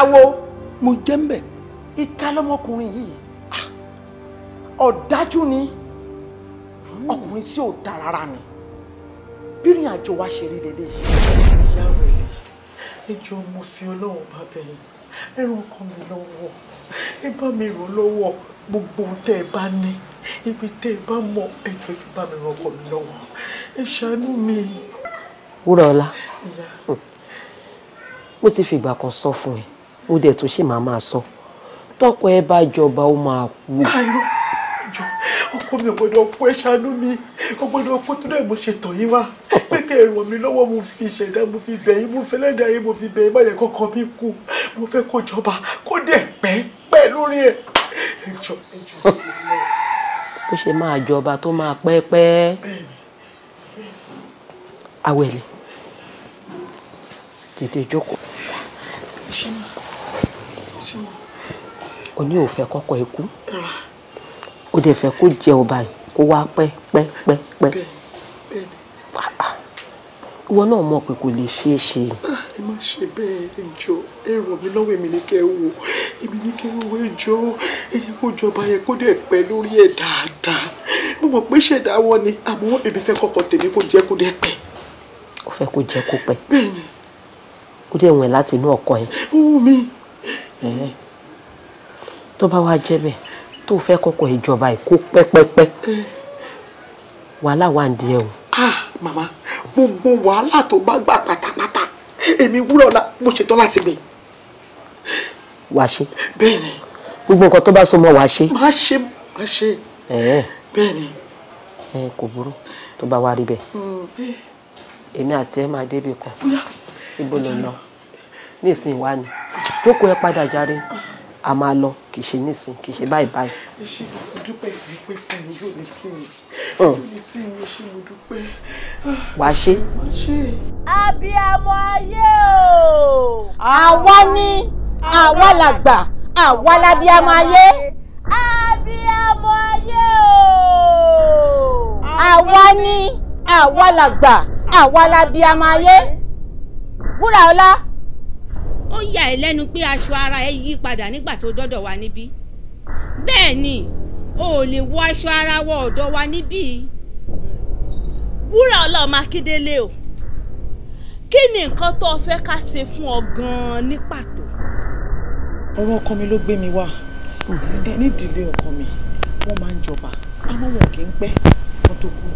awo mo jẹ́ ń bẹ̀ ìka lọ́mọkùnrin yìí ah, ọ̀dájú ni ọkùnrin tí ò da rárá ni bírin àjò wa ṣe rí lélẹ́yìí. ìyá rẹ̀ ẹ jọ mo fi ọlọ́run bá bẹ̀yìn ẹran ọkàn mi lọ́wọ́ ẹ bá mi ràn lọ́wọ́ gbogbo ohun tẹ́ ẹ bá ní ibi tẹ́ ẹ bá mọ ẹjọ́ ìfi bá mi ràn ọkàn mi lọ́wọ́ ẹ ṣàánú mi. wúrọ̀ ọ̀la mo ti fìgbà kan sọ fún ẹ ó dẹ̀ tún ṣì máa máa sọ tọkọ ẹ bá jọba ó máa kú. ayọ̀ ìjọ ọkọ mi ò gbọ́dọ̀ kú ẹ ṣàánú mi ò gbọ́dọ̀ kú tó dẹ̀ mo ṣe tọ̀ yín wá pé kẹ́ ẹ ràn mí lọ́wọ́ mo fi ìṣẹ̀dá mo fi bẹ̀yìn mo fẹ́ lẹ́dàá yín mo fi bẹ̀yìn báyẹn kọ́kọ́ mi kú mo fẹ́ kó jọba kó dẹ̀ pẹ́ lórí ẹ̀ ó ṣe máa jọba tó máa pẹ́ awẹ́lẹ̀ tètè jókòó o ní òfẹ́ kọ́kọ́ ẹ kú o dẹ̀ fẹ́ kó jẹ ọba yìí kó wá pẹ́ pẹ́ pẹ́ pẹ́ ìwọ náà mọ̀ pé kò lè ṣeé ṣe. Ah, ẹ má ṣe bẹ́ẹ̀ ẹ jọ ẹ ràn mí lọ́wọ́ èmi ní kẹ́ ẹ wò èmi ní kẹ́ ẹ wò ẹ jọ ẹ jẹ́ kó jọba yẹn kó dẹ̀ pẹ́ lórí ẹ̀ dáadáa mo mọ̀ pé ṣẹ̀dá wọn ni àmọ́ èmi fẹ́ kọ́kọ́ tèmi kó jẹ́ kó dẹ̀ pẹ́. o fẹ́ kó jẹ́ kó pẹ́. bẹ́ẹ̀ni. ó dẹ̀ wọ̀n láti inú ọkọ yẹn. ó wù tó bá wá jẹ́ bẹ́ẹ̀ tó fẹ́ kọ́kọ́ ìjọba ìkó pẹ́pẹ́pẹ́ wàhálà wà ń díẹ̀ o. ah màmá gbogbo wàhálà tó bá gbà pátápátá èmi wúrọ̀ la mo ṣetán láti gbìn. wàá ṣe. bẹ́ẹ̀ni. gbogbo nǹkan tó bá so mọ́ wàá ṣe. máa ṣe máa ṣe. bẹ́ẹ̀ni. ẹ kò burú tó bá wá rí bẹ́ẹ̀. Hmm, èmi àti ẹ máa débi kan ibo ló ń lọ nísìnyí wá ni jókòó ẹ padà jáde a máa lọ kì í ṣe nísìn kì í ṣe báyìí báyìí. ẹ ṣe mo dúpẹ́ dúpẹ́ fún mi yóò ní sí mi yóò ní sí mi ṣe mo dúpẹ́. wà ṣe. wà ṣe. abiyamọ ayé o. àwa ni àwa làgbà àwa labiyamọ ayé. abiyamọ ayé o. àwa ni àwa làgbà àwa labiyamọ ayé. wúrà ọlá ó yà ẹ́ lẹ́nu pé aṣọ ara ẹ yí padà nígbà tó dọ́dọ̀ wa níbí bẹ́ẹ̀ ni o ò lè wọ aṣọ ara wọ ọ̀dọ̀ wa níbí. wúrà ọlọ́mọ akíndélé o kí ni nǹkan tó o fẹ́ ká ṣe fún ọ gan-an ní pàtó. ọ̀rọ̀ ọkọ mi ló gbé mi wá ẹ nídìílé ọkọ mi wọ́n máa ń jọba àmọ́ wọn kì í pẹ́ wọ́n tó kú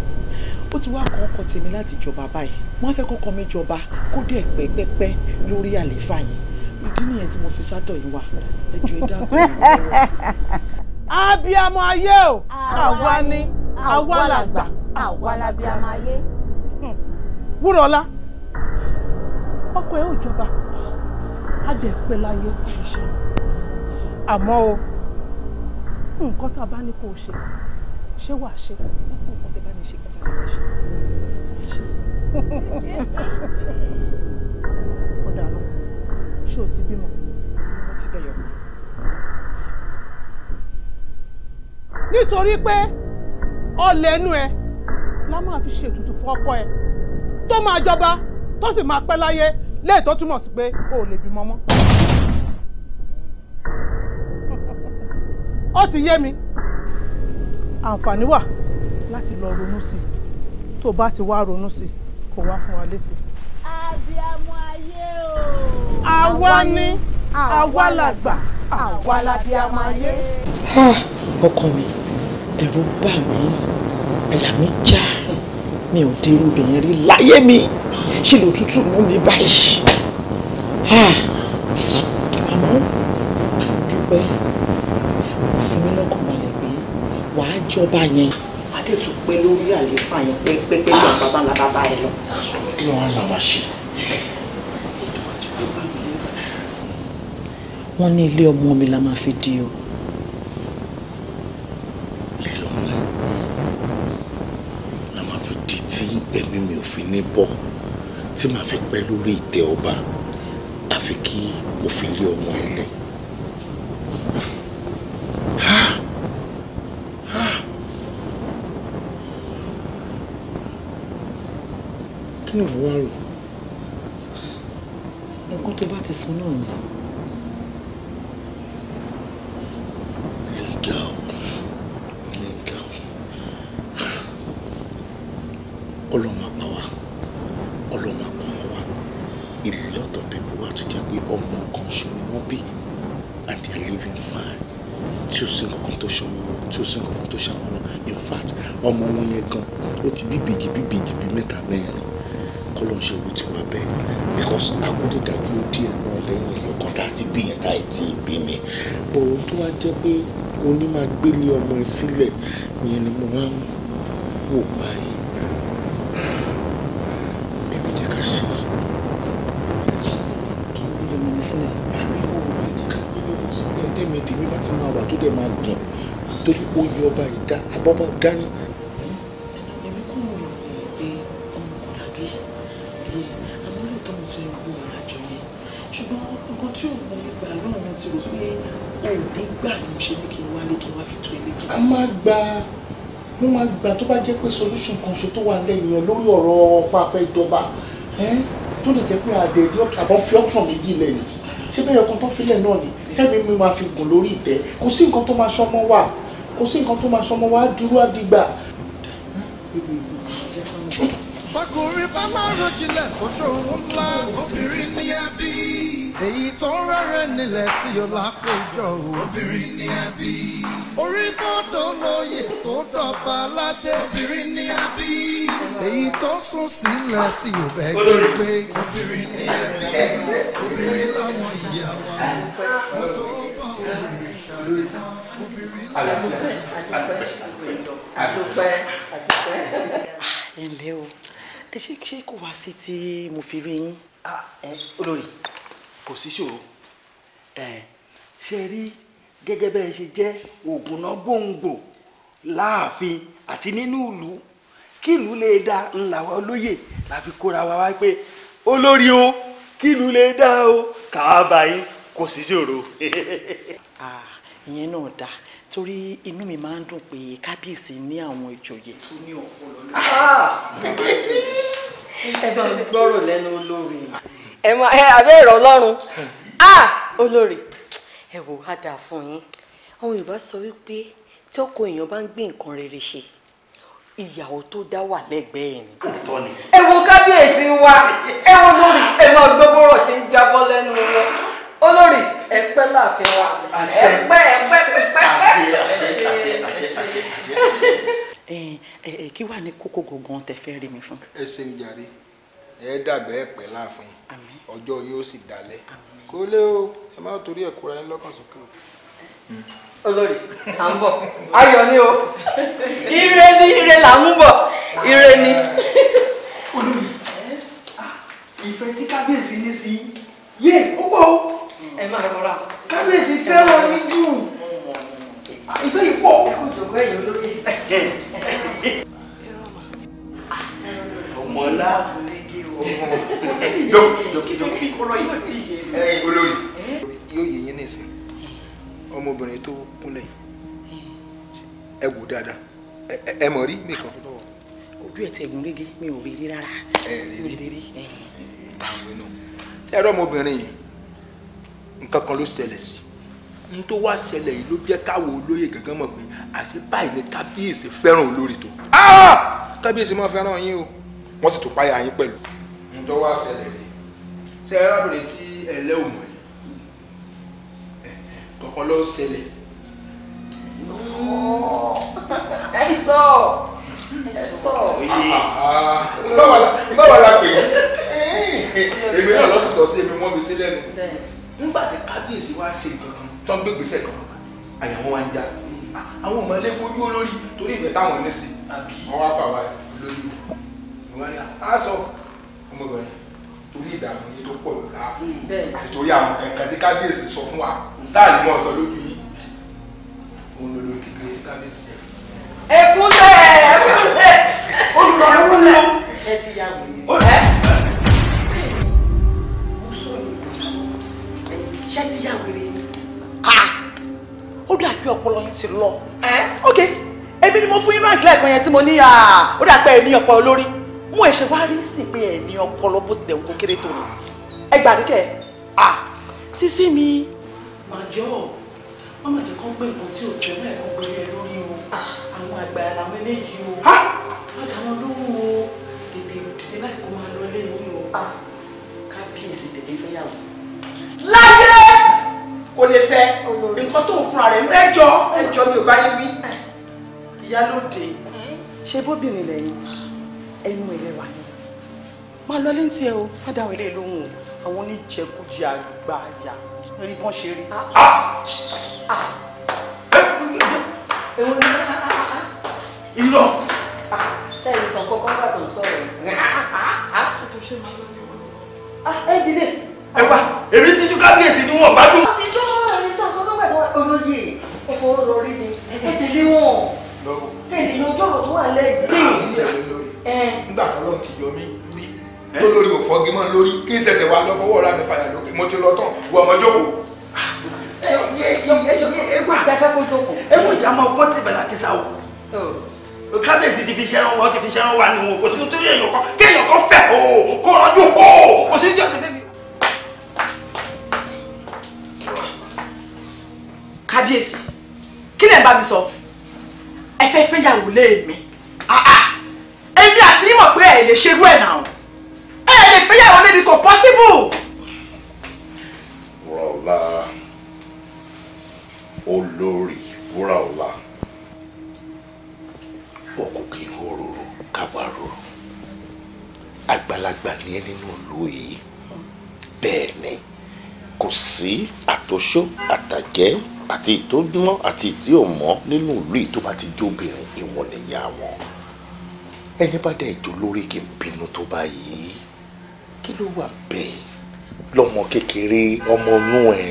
ó ti wá kọ́kọ́ tèmi láti jọba báyìí wọ́n fẹ́ kọ́kọ́ mi jọba kó dé pẹ́pẹ́pẹ́ lórí àlééfà yẹn ìdí nìyẹn tí mo fi sátọ̀ yìí wá ẹjọ́ ẹ dábọ̀. abiyamọ ayé o àwa ni àwa làgbà àwa labiyamọ ayé. wúrọ̀lá ọkọ ẹ ò jọba á dẹ̀ pẹ́ láyé àmọ́ o nǹkan tá a bá ní kó o ṣe ṣé wàá ṣe nǹkan tá a bá ní ṣe kí ó dáná ṣé o ti bímọ mo ti bẹ yọkọ. nítorí pé ọlẹ̀ ẹnu ẹ la máa fi ṣètùtù fún ọkọ ẹ tó máa jọba tó sì máa pẹ́ láyé lẹ́yìn tó túmọ̀ sí pé o ò lè bímọ mọ́. ó ti yé mi àǹfààní wà láti lọ ronú sí tó bá ti wá ronú sí i wá fún wa lésì. àbíamọ ayé o. àwa ni àwa làgbà àwa làbíamọ ayé. ọkọ mi ẹ̀rù bà mí àyà mi já mi ò dérú obìnrin rí láyé mi ṣe lè òtútù mú mi báyìí àmọ́ mo dúpẹ́ fún mi lọ́kàn balẹ̀ pé wàá jọba yẹn adé tún pẹ́ lórí àlééfà yẹn pẹ́pẹ́pẹ́ lọ ah. bàbá ńlá bàbá ẹ lọ. kí wọ́n á là wá ṣe. wọ́n ní ilé ọmọ mi la máa fi di o. ilé ọmọ la máa fi di tí ẹ̀mí mi ò fi ní bọ́ tí màá fi pẹ́ lórí ìtẹ́ ọba àfi kí mo lé ọmọ ẹ lẹ́yìn. kí ló ń wá rò nǹkan tó bá ti sọ náà ni. Yinka o Yinka o ọlọ́mọ apá wa ọlọ́mọ apá wa ilé ọ̀tọ̀ bíbí wa tó jẹ́ pé ọmọ and they living fine tí o sin kankan tó ṣan wọn in fact ọmọ wọn yẹn gan ó ti bí bèjì bí bèjì bí mẹ́ta mẹ́rin kọ́lọ̀ owó tí máa bẹ́ẹ̀ because amúdídájú díẹ̀ náà lẹ́yìn èèyàn kan dá ti bí yẹn táì tí ì bí mi bọ̀ ohun tó wá jẹ́ pé oní máa gbélé ọmọ ẹ sílẹ̀ yẹn ni mo máa ń wò báyìí. tèmi bá ti máa wà tó dẹ̀ máa gùn torí ó yẹ ọba ìdá abọ́bá dání ìgbà tó bá jẹ́ pé solution kan ṣe tó wà lẹ́yìn yẹn lórí ọ̀rọ̀ ọ̀pá afẹ́ ìjọba tó lè jẹ́ pé àdèdè àbọ̀ fi option méjì lẹ́yìn ṣé bẹ́ẹ̀ kan tó filẹ̀ náà ni kẹ́mi mi máa fi gùn lórí ìtẹ́ kò sí nǹkan tó máa ṣọmọ wà kò sí nǹkan tó máa ṣọmọ wà dúró àdìgbà. ọkùnrin bá láròjinlẹ̀ kò ṣòwò ńlá obìnrin ní ẹbí èyí tó ń rẹ́rẹ́ nílẹ̀ tí yọlá kò jọ o. obìnrin ni a bí. orí tó dolóye tó dọ̀ba aládé. obìnrin ni a bí. èyí tó sùn sílẹ̀ tí yóò bẹ́ gbégbé. obìnrin ni a bí. obìnrin láwọn ìyá wa o. mo tó bá òrìṣà ni wọn. obìnrin láwọn ìyá wa o. àdúpẹ́ àdúpẹ́. Ah, ẹ ǹlẹ́ o ẹ ṣe kí kò wá sí tí mo fi rí yín. Ah, olórí kò sí ṣòro ṣe rí gẹ́gẹ́ bẹ́ẹ̀ ṣe jẹ́ ògùnà gbòǹgbò láàfin àti nínú ìlú kí ìlú lè dá ńlá wa olóyè láfi kóra wa wá pé olórí o kí ìlú lè dá o káwá báyìí kò sí ṣòro. ìyẹn náà dáa torí inú mi máa ń dùn pé kábíyèsí ní àwọn ìjòyè. tó ní ọpọlọ lórí. ẹ bá gbọ́rọ̀ lẹ́nu olórí ẹ mọ ẹ abẹ́ ìrọ̀ ọlọ́run ah olórí ẹ wò á dáa fún yín àwọn yorùbá sọ wípé tí ọkọ èèyàn bá ń gbé nǹkan rere ṣe ìyàwó tó dá wà lẹ́gbẹ̀ẹ́ ẹ̀rín. òótọ́ ni. ẹ wo kábíyèsí wa ẹ wo lórí ẹ máa gbọ́ bọ́rọ̀ ṣe ń jábọ́ lẹ́nu wọn olórí ẹ pẹ́ láàfin wa ẹ pẹ́ ẹ pẹ́ pẹ́ pẹ́. kí wàá ní kókó gangan tẹ fẹ́ rí mi fún. ẹ ṣeun jàre ẹ dàgbẹ́ ẹ pẹ́ láàfin ọjọ́ yóò sì dalẹ̀ kó lé o ẹ má torí ẹ̀ kóra yín lọ́kàn sókè o. Hmm. olórí à ń bọ̀ ayọ̀ ni o ire ni ire là ń bọ̀ ire ni. olórí ìfẹ́ tí kábíyèsí ní sí yé ó pọ̀ o. ẹ má rọra. kábíyèsí fẹ́ràn yín jù ìfẹ́ yìí pọ̀. ìjọba ẹ̀yìn olóyè. ọmọlá dókítà kọlọ yóò tí ì yé mi. olórí yóò yé yín nísìn ọmọbìnrin tó kúnlẹ̀ ẹ wò dáadáa ẹ mọ̀ rí nìkan. ojú ẹ̀ tẹ̀gùn régé mi ò rí rí rárá mi rí rí. sẹ́rọ̀ ọmọbìnrin yìí nǹkan kan ló ṣẹlẹ̀ sí n tó wá ṣẹlẹ̀ yìí ló jẹ́ káwọ olóyè gangan mọ̀ pé àṣé báyìí ni kábíyèsí fẹ́ràn olórí tó. Ah! kábíyèsí máa fẹ́ràn yín o wọ́n sì tún páyà yín pẹ̀lú tó wá ṣẹlẹ̀ rè ṣe arábìnrin tí ẹlẹ́ òmù ẹ̀ kọ̀ọ̀kan ló ṣẹlẹ̀. ẹ sọ ẹ sọ. báwa la pè é èmi náà lọ́sọ̀tọ̀ sí èmi wọ́n mi sí lẹ́nu nígbà tí kábíyèsí wa ṣe ìtọ́kùn tó ń gbégbèsè kan àyàwó wa ń jà àwọn ọmọ ilé kojú olórí torí ìfẹ́ táwọn ní sí wọn wá bàbá lórí o ìwádìí á sọ ọmọbìnrin torí ìdààmú yìí tó pọ̀ lọ́la àti torí àwọn kankan tí kábíyèsí sọ fún wa láàrin mọ́ ọ̀sán lójú yìí òun ló lórí kékeré tí kábíyèsí ṣe. ẹkúnlẹ̀ ẹkúnlẹ̀ olùrọ̀ ẹ̀wọ̀n lọ. ẹ ti yà wò ó. ṣé ti yà wèrè ni. ó dà bí ọpọlọ yín ti lọ. ok èmi ni mo fún yín ránkì lẹ́ẹ̀kan yẹn tí mo ní ó dà pé ẹ ní ọpọlọ mo ẹ̀ṣẹ̀ wá rí sí pé ẹ̀ ní ọpọlọ bó tilẹ̀ òkú kéré tó ni ẹ gbà mí kẹ́ à sísí mi. màjọ wọn máa jẹ kán pé nǹkan tí ò jẹ náà kó gbélé ẹ lórí o àwọn àgbà làwọn eléyìí o wọn dà wọn lóhùn o tètè tètè báyìí kó máa lọ léyìn o kábíyèsí tètè fẹ́yàwó. láyé kò lè fẹ́ nǹkan tó ń fúnra rẹ̀ ń rẹ́jọ́ ẹjọ́ mi ò bá yín wí ìyá ló dé ṣe bóbìnrin lẹ́yìn ẹnu ìrẹwà ni máa lọ lé tiẹ o má dáhùn ilé lóhùn o àwọn oníjẹkújẹ àgbà àyà rí bọ́n ṣe rí. irọ́. sẹ́yìn sọ kọ́kọ́ bá tó ń sọ̀rọ̀ ẹ dìde. ẹ wá èmi tíjú kábíyèsí ni wọn bá dùn. Ah, àti tó ń rìn sọ kọ́kọ́ bá olóyè ẹ̀fọ́ lórí ni ẹ dìde wọn. kẹ́hìndínlójú ọ̀rọ̀ tó wà lẹ́yìn. Eh. nígbà tó lọ́n ti yọ mí rí eh? tó lórí òfọ́gi mọ́ lórí kí n ṣẹ̀ṣẹ̀ wá lọ fọwọ́ ra mi fàyà lókè mo ti lọ tán wọ ọmọ jókòó. ẹgbà ẹgbà ìjà máa pọ́n tẹ̀bẹ̀ lákísà o oh. Oh, kábíyèsí ti fi ṣẹ́ran wọ́n ti fi ṣẹ́ran wà nínú kò sí nítorí èèyàn kan kéèyàn kan fẹ́ o oh, kó rọ́jú o kò sí jọ́sìn débi. kábíyèsí kí lè bá mi sọ ẹ fẹ́ fẹ́ yàwó lé mi. Ah, ah èmi àti yín mọ̀ pé ẹ̀ lè ṣerú ẹ̀ náà ẹ̀ lè fẹ́yàwó lébi kò pọ́síbù. wúraọ̀la olórí wúraọ̀la òkú kì í hororo kábàárò àgbàlagbà ní ẹ nínú ìlú yìí bẹ́ẹ̀ ni kò sí àtòṣó àtàjẹ́ àti ìtòdúnmọ́ àti ìtí òmọ́ nínú ìlú yìí tó bá ti jóbìnrin ìwọ̀n nìyá wọn ẹni bá dẹ̀ jó lórí kí n bínú tó báyìí kí ló wà bẹ́ẹ̀ lọ́mọ kékeré ọmọ inú ẹ̀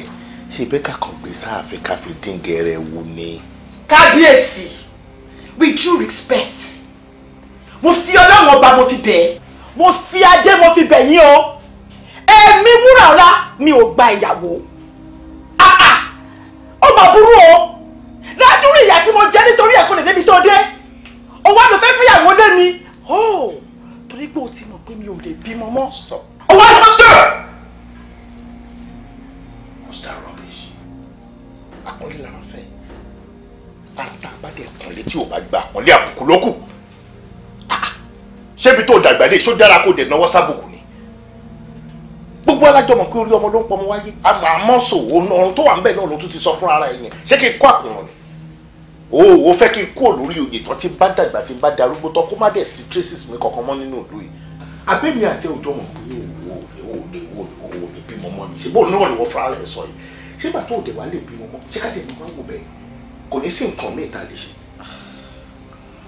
ṣe bẹ́ẹ̀ ká kàn gbé sáàfin ká fi díngẹ̀ rẹ̀ wù ni. kábíyèsí with due respect mo fi ọlọ́run ọba mo fi bẹ̀ẹ́ mo fi adé mo fi bẹ̀ yín o èmi wúrà ọlá mi ò gba ìyàwó ó mà o lájú rí ìyá tí mo jẹ́ nítorí ẹ̀kọ́ lè débi sọ́dẹ́ ó wá lọ fẹ́ fẹ́yàwó lé mi ó torí pé o ti mọ̀ pé mi ò lè bímọ mọ́ sọ. ó wá lọ sọ. what's that rubbish? àpọ́nlé làwọn fẹ́ àtà àbádẹ àpọ́nlé tí o bá gba àpọ́nlé àbùkù lókù ah, ṣébi tó dàgbà dé ṣó dára kó dẹ̀ náwó sábùkù ni gbogbo alájọ mọ̀ pé orí ọmọ ló ń pọmọ wáyé àmọ́ àmọ́ sòwò ọ̀run tó wà ń bẹ̀ náà ló tún ti sọ fún ara ẹ̀ yẹn ṣé kí n kó àpòrán ni o o fẹ́ kí n kúrò lórí oyè tán tí n bá dàgbà tí n bá darúgbó tán kó má dẹ̀ sí traces mi kankan mọ́ nínú ìlú yìí abẹ́mi àti ọjọ́ mọ̀ pé o ò lè o ò lè o ò lè bímọ mọ́ mi ṣe bó náà ni wọ́n fara rẹ̀ sọ yìí ṣé bàtà òde wa lè bímọ mọ́ ṣé káde mi máa wò bẹ́ẹ̀ kò ní sí nǹkan míì tá a lè ṣe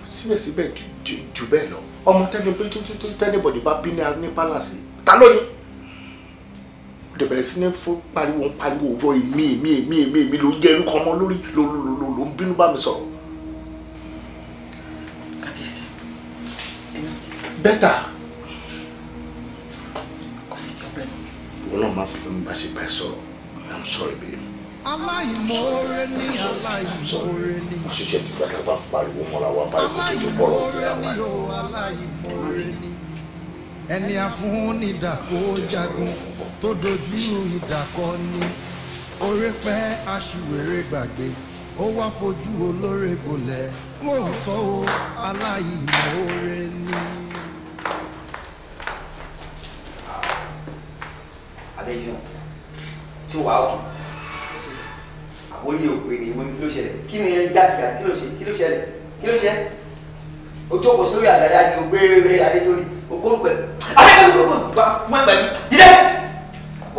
síbẹ̀síbẹ̀ jù bẹ́ẹ̀ lọ ọmọ tẹ́lẹ̀ bẹ́ẹ̀ tó tẹ́lẹ̀ bọ̀dẹ̀ bá bí ní pálásì ta ló ní dẹ̀bẹ̀rẹ̀ sí ní fún pariwo pariwo ọ̀rọ̀ èmi èmi èmi èmi èmi ló ń jẹ́ irúkọ lórí ló ló ló ló ń bínú bá mi sọ̀rọ̀. kábíyèsí ẹ̀mí. bẹ́tà. kò sí problem. wọn náà máa bínú bá ṣe bá ẹ sọ̀rọ̀ i'm sorry babe. aláìmoore ni aláìmoore ni. àṣìṣe ti gbàgbà bá pariwo mọ́ra wa pariwo tó ti bọ̀ lọ́wọ́ aláìmoore ni ẹni àfúnidà kó jagun tó dojú ìdàkọ ni oore pẹ́ aṣiwèrè gbàgbé ó wá fojú olóore bolẹ̀ lóòótọ́ o aláìmoore ni. àlejò tí wàá kì àbórí òpè ni ìwọ́n kí ló ṣẹlẹ̀ kí ni jákèjá kí ló ṣe kí ló ṣẹlẹ̀ kí ló ṣe ojú òkò sórí àgbàdá ni o gbé adé sórí okòrò pẹ̀lú. àbẹ̀wò ló ń gbà fún ẹgbẹ̀rún ìdẹ́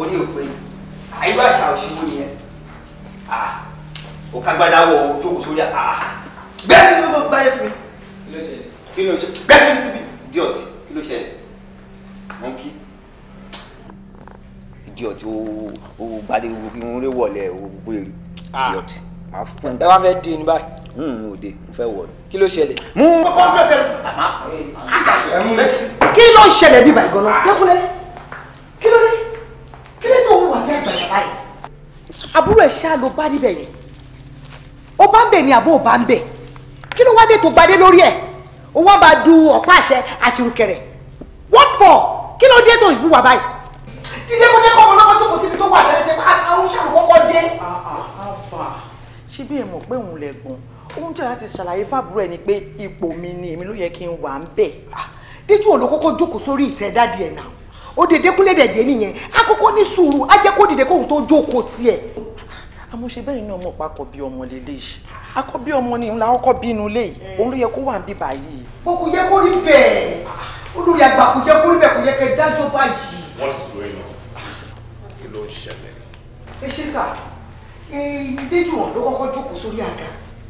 orí òpè àìrú àṣà òṣìwò nìyẹn ò kágbádá wọ ojókòó sórí bẹ́ẹ̀ ni ló gbáyé fún mi kí ló ṣẹlẹ̀ kí ló ṣẹlẹ̀ síbi idiot kí ló ṣẹlẹ̀ wọ́n kí idiot o gbadé mo lè wọlé o gbé rí idiot fún un. ẹ wá fẹ́ di ní báyìí. n ò de n fẹ́ wọ̀ ni. kí ló ṣẹlẹ̀. mú kókó bí ọ̀tẹ̀ fún mi. kí ló ṣẹlẹ̀ bí báyìí gan-an kí ló dé tó ń wà ní àgbàlá báyìí. àbúrò ẹ̀ ṣáà ló bá níbẹ̀ yẹn ó bá ń bẹ̀ ni àbó ò bá ń bẹ̀ kí ló wá dé tó gbadé lórí ẹ̀ ó wá bá du ọ̀pá àṣẹ àṣìrùkẹ̀rẹ̀ what for kí ló dé tó ń wà báyìí. ìdílé mo dẹ́kọ̀ ọ̀rọ̀ lọ́wọ́ tó kò síbi tó wà tẹ́lẹ̀ ṣe pé àwọn oníṣàlù kọ́kọ́ dé. ṣé bí ẹ mọ̀ pé òun lẹ̀ gùn òun jẹ́ láti ṣàlàyé fábùrọ̀ ẹ̀ ni pé ipò mi ni èmi ló yẹ kí n wà ń bẹ̀. Ah, díjú òun ló kọ́kọ́ jókòó sórí ìtẹ́ dáàdi ẹ̀ náà ó dèdè dẹ̀dẹ̀ nìyẹn akókó ní sùúrù á kó dìde kóhun tó jókòó tiẹ̀. àmọ́ bẹ́ẹ̀ ni ọmọ papọ̀ bí ọmọ lélẹ̀ yìí akọ ọmọ ni ńlá ọkọ bínú lé yìí òun ló yẹ kó wà ń bí báyìí. o kò yẹ kó rí bẹ́ẹ̀ olórí àgbà kò yẹ kó rí bẹ́ẹ̀ kò yẹ kẹ́ dájọ́ báyìí. wọ́n ti lóyún lọ kí ló ń ṣẹlẹ̀. ẹ ṣe sà Déjùwọ̀n ló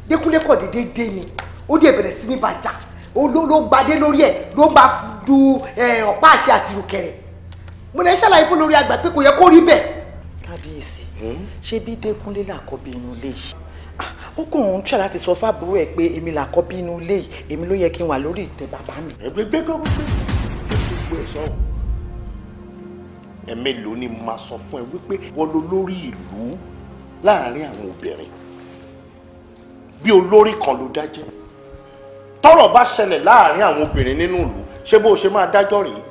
Dékúnlé kọ̀ déédéé dé ni ó dẹ̀ bẹ̀rẹ̀ sí ní bàjá ló gbadé lórí ẹ̀ ló máa du ọ̀pá àṣẹ àti ìrùkẹ̀rẹ̀ mo lè ṣàlàyé fún lórí àgbà pé kò yẹ kó rí bẹ́ẹ̀. kábíyèsí ṣé bí dẹkúnlé làkọ́bí inú ilé yìí ah, ó kàn ń ṣe láti sọ fábùrú ẹ pé èmi làkọ́bí inú ilé yìí èmi ló yẹ kí n wà lórí ìtẹ́ bàbá mi. ẹgbẹ́ gbẹ́ kọ́ gbogbo ẹ̀ sọ ẹ̀mẹ́ ló ní máa sọ fún ẹ wípé wọ́n lo lórí ìlú láàárín àwọn obìnrin bí olórí kan ló dájẹ́ tọ́rọ̀ bá ṣẹlẹ̀ láàárín àwọn obìnrin nínú ìlú ṣé bó ṣe máa dájọ́ rèé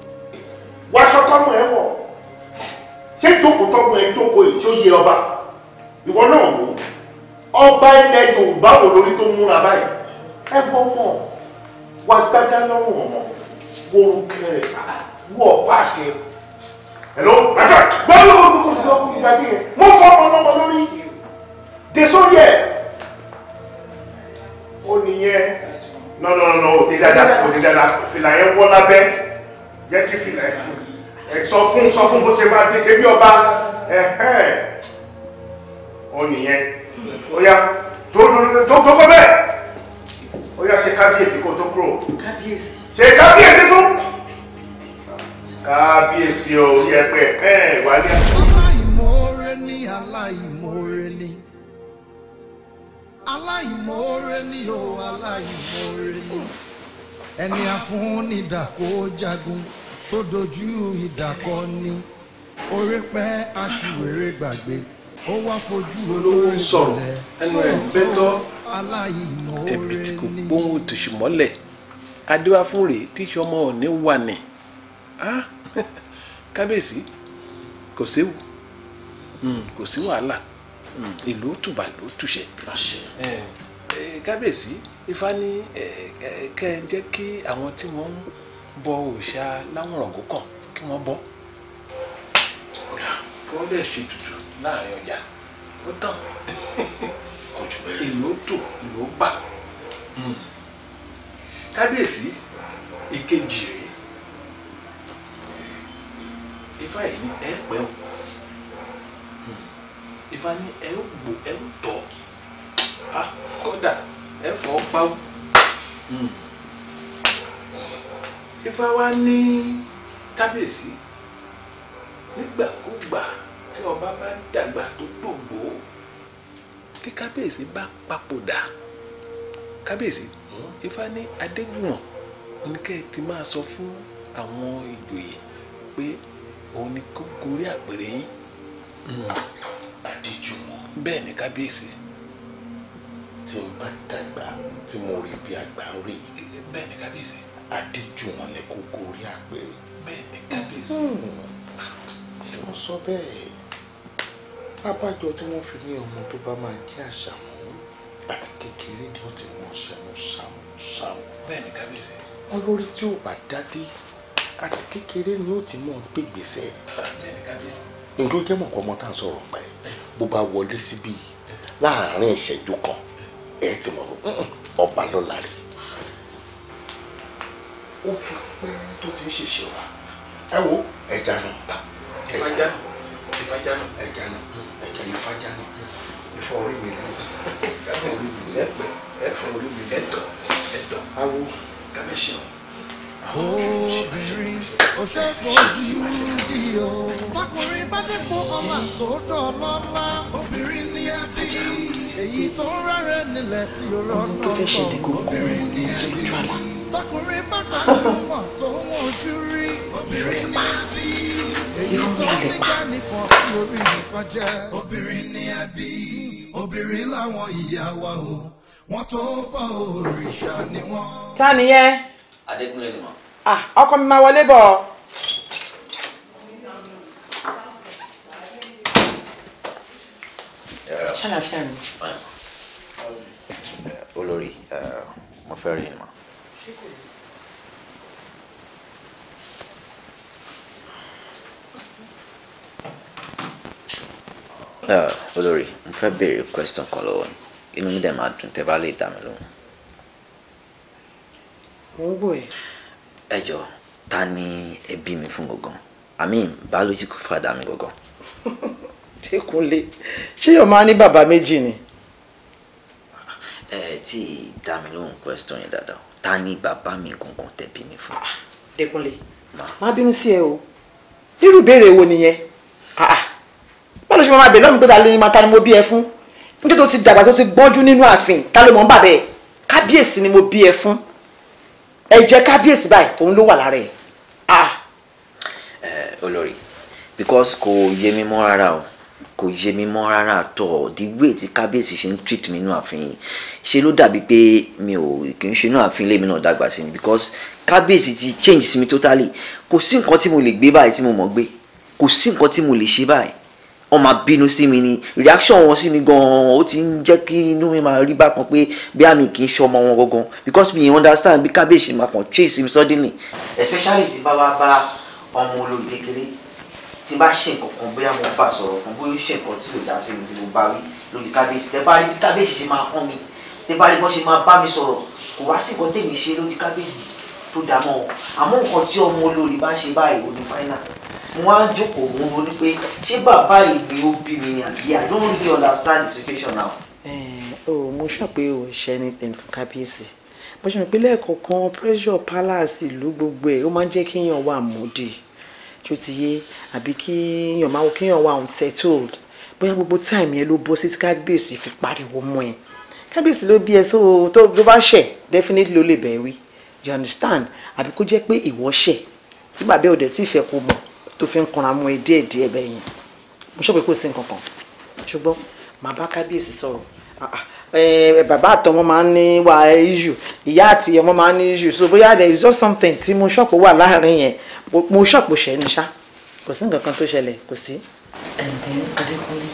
wàṣọ tọ́mọ ẹ wọ̀ ṣé jókòó tọ́mọ ẹ jókòó èyí tó yẹ ọba ìwọ náà wò ọba ilẹ̀ Yorùbá wò lórí tó múra báyìí ẹ gbọ́ mọ̀ wá sájà lọ́rùn ọmọ wọ́rùkẹ́ rẹ̀ wọ́ ọ̀pá àṣẹ hello ẹ̀fẹ̀ gbọ́dọ̀ olùkọ́ ìjọkùn ìgbàgbé yẹn mo fọ́ ọmọ ọmọ lórí dé sórí ẹ̀ ó nìyẹn nọ́nọ́nọ́ òde dáadáa òde dáadáa fìlà yẹn wọ́ lábẹ́ jẹ́ kí fìlà ẹ̀ ẹ̀ sọ fún sọ fún bó ṣe máa dé ṣe bí ọba ẹ̀hẹ́n ó nìyẹn ó yá tó tó kọ́ bẹ́ẹ̀ ó yá ṣe kábíyèsí kó tó kúrò kábíyèsí ṣe kábíyèsí fún kábíyèsí o yẹ pé ẹ̀hẹ́n wálé. aláìmoore ni aláìmoore ni aláìmoore ni o aláìmoore ni ẹni afún ìdàkọ jagun tó dojú ìdàkọ ní orí pẹ́ aṣiwèrè gbàgbé ó wá fojú olórí sọ̀rọ̀ ẹnu ẹ̀ bẹ́tọ́ èmi tí kò gbóhùn òtòṣì mọ́lẹ̀ adéwà fún rèé tíṣe ọmọ òní wà ní kábíyèsí kò séwu hmm, kò sí wàhálà hmm, ìlú tùbà ló túṣẹ kábíyèsí ifá ní kẹ́ ẹ jẹ́ kí àwọn tí wọ́n ń bọ òòṣà láwùrọ̀ǹgó kàn kí wọ́n bọ́ kó lè ṣe tutù láàrin ọjà ó tán ìlú tò ìlú bà hmm. kábíyèsí ìkejì rèé ifá yìí ní ẹ pẹ́ o hmm. ifá ní ẹ gbò ẹ tọ́ ah, kódà ẹ̀fọ́ pawú hmm. ifá wa ní kábíyèsí nígbàkúgbà tí ọba bá dàgbà tó dògbò tí kábíyèsí bá papòdà kábíyèsí hmm? ifá ní adégbùmọ̀ oníkẹ́ ti máa sọ fún àwọn ìjòyè pé òun ni kó gorí àpèrè yín. Hmm. adéjùmọ̀. bẹ́ẹ̀ ni kábíyèsí. Mm tí n bá dàgbà tí mo rí bí àgbà ń rí. bẹ́ẹ̀ ni kábíyèsí. adéjùmọ̀ ni kò gorí àpèrè. bẹ́ẹ̀ ni kábíyèsí. Hmm. ṣé wọ́n sọ bẹ́ẹ̀ abájọ tí wọ́n fi ní ọmọ tó bá máa jẹ́ àṣàmú àti kékeré ni ó ti mọ̀ ṣàmú ṣàmú ṣàmú. bẹ́ẹ̀ ni kábíyèsí. wọ́n lórí tí ò bá dádé àti kékeré ni ó ti mọ̀ gbégbèsè. bẹ́ẹ̀ ni kábíyèsí. ǹjọ́ jẹ́ mọ̀kọ́ tá à sọ̀rọ̀ nípa bó bá wọlé síbí láàárín ìṣẹ́jú kan ẹ ti mọ̀ ọba lọ́la rẹ̀ ó fi pẹ́ tó ti ń ṣèṣe wa ẹ wo ẹja náà ẹja náà ìfajà náà ẹja náà ẹja ìfajà náà ìfọ orí mi náà ẹfọ orí mi lẹpẹ ẹfọ orí mi lẹtọ ẹtọ awo ẹ bẹ ṣeun obìnrin òṣèfojú di o. takùnrin bá dẹ́kun ọlá tó dọ̀lọ́lá obìnrin ní ẹbí èyí tó ń rẹ́rẹ́ nílẹ̀ tí ó rọ́nà lọ obìnrin ní ẹbí. takùnrin bá gbàjúmọ̀ tó wọ́n ojú rí obìnrin ní ẹbí èyí tó ń nígbà nífọ̀ lórí nǹkan jẹ́ obìnrin ní ẹbí obìnrin láwọn ìyá wa o wọ́n tó bá òrìṣà ni wọ́n. ta ni yẹn. Adékúnlé ni mo. Ah, ọkọ mi máa wọlé bọ̀ ọ́. ṣàlàfíà ni. olórí mo fẹ́ rí ni mà. olórí mo fẹ́ béèrè question kan lọ́wọ́ ni inú mi dẹ̀ máa dùn tẹ́ bá lè dá mi lóhùn. mo ń gbọ́ ẹ̀ ẹ jọ ta ni ẹbí mi fún gangan i mean biological father mi gangan. Dékúnlé ṣé yóò máa ní bàbá méjì ni. ẹ tí dá mi lóhùn question yẹn dáadáa ta ni bàbá mi gangan tẹ́ bí mi fún. Dékúnlé má bínú sí ẹ o irú ìbéèrè wo nìyẹn ah, ah. báwo ṣe máa bẹ̀ lọ́mí pé ta ló ní máa ta ni mo bí ẹ fún nítorí tó ti dàgbà tó ti gbọ́njú nínú ààfin ta ló mọ̀ ń bàbẹ́ kábíyèsí ni mo bí ẹ fún ẹ̀jẹ̀ kábíyèsí báyìí òun ló wà lára ah. ẹ olórí because kò yé mi mọ́ rárá o kò yé mi mọ́ rárá tọ̀ the way tí kábíyèsí ṣe ń treat mi inú ààfin yìí ṣe ló dàbí pé mi ò kì í ṣe inú ààfin ilé mi náà dàgbà sí ni because kábíyèsí ti change sí mi totally kò sí nǹkan tí mo lè gbé báyìí tí mo mọ̀ gbé kò sí nǹkan tí mo lè ṣe báyìí wọ́n máa bínú sí mi ni reaction wọn sí mi gan-an ó ti ń jẹ́ kí inú mi máa rí bákan pé bí àmì kì í ṣe wọn gangan because mi understand bí kábíyèsí máa kàn chase mi suddenly. especially tí bá wá bá ọmọ olórí kékeré tí bá ṣe nǹkan kan bóyá mo bá sọ̀rọ̀ fún bóyá ó ṣe nǹkan tí ò dá sí mi tí mo bá rí lórí kábíyèsí tẹ bá rí bí kábíyèsí ṣe máa hàn mi tẹ bá rí bó ṣe máa bá mi sọ̀rọ̀ kò wá sí nǹkan tèmi ṣe lórí kábíyèsí tó dá mọ́ àmọ́ nǹkan tí ọmọ olórí bá ṣe báyìí final mo wá jókòó mo ronú pé ṣé bàbá ìgbé ó bí mi ni àbí i don't really understand the situation now. o mo sọ pé o ṣe anything fún kábíyèsí mo ṣe mọ̀ pé lẹ́ẹ̀kọ̀ọ̀kan pressure palace ìlú gbogbo ẹ̀ ó máa ń jẹ́ kéèyàn wà moody tó ti yé àbí kéèyàn máa wọ kéèyàn wà unsettled bóyá gbogbo time yẹn ló bọ́ sí tí kábíyèsí fi pariwo mọ́ ẹ kábíyèsí ló bí ẹ so tó bá ṣẹ̀ definitely ló lè bẹ̀ wí you understand àbí kó jẹ́ pé ìwọ ṣẹ̀ tí bàbá ò dẹ̀ sì fẹ́ kó mọ̀ tó fi ń kanra mú ẹ díẹ̀ díẹ̀ bẹ́ẹ̀ yẹn mo ṣọ́ pé kò sí nǹkan kan ṣùgbọ́n màá bá kábíyèsí sọ̀rọ̀ ah, ah, eh, bàbá àtọmọ máa ń ní wà issue ìyá àti ọmọ máa ń ní issue so bóyá there is just something tí mo ṣọ́pù wà láàrin yẹn mo ṣọ́pù ṣẹ́ ni ṣá kò sí nǹkan kan tó ṣẹlẹ̀ kò sí. ẹ̀ǹdẹ̀ adékúnlé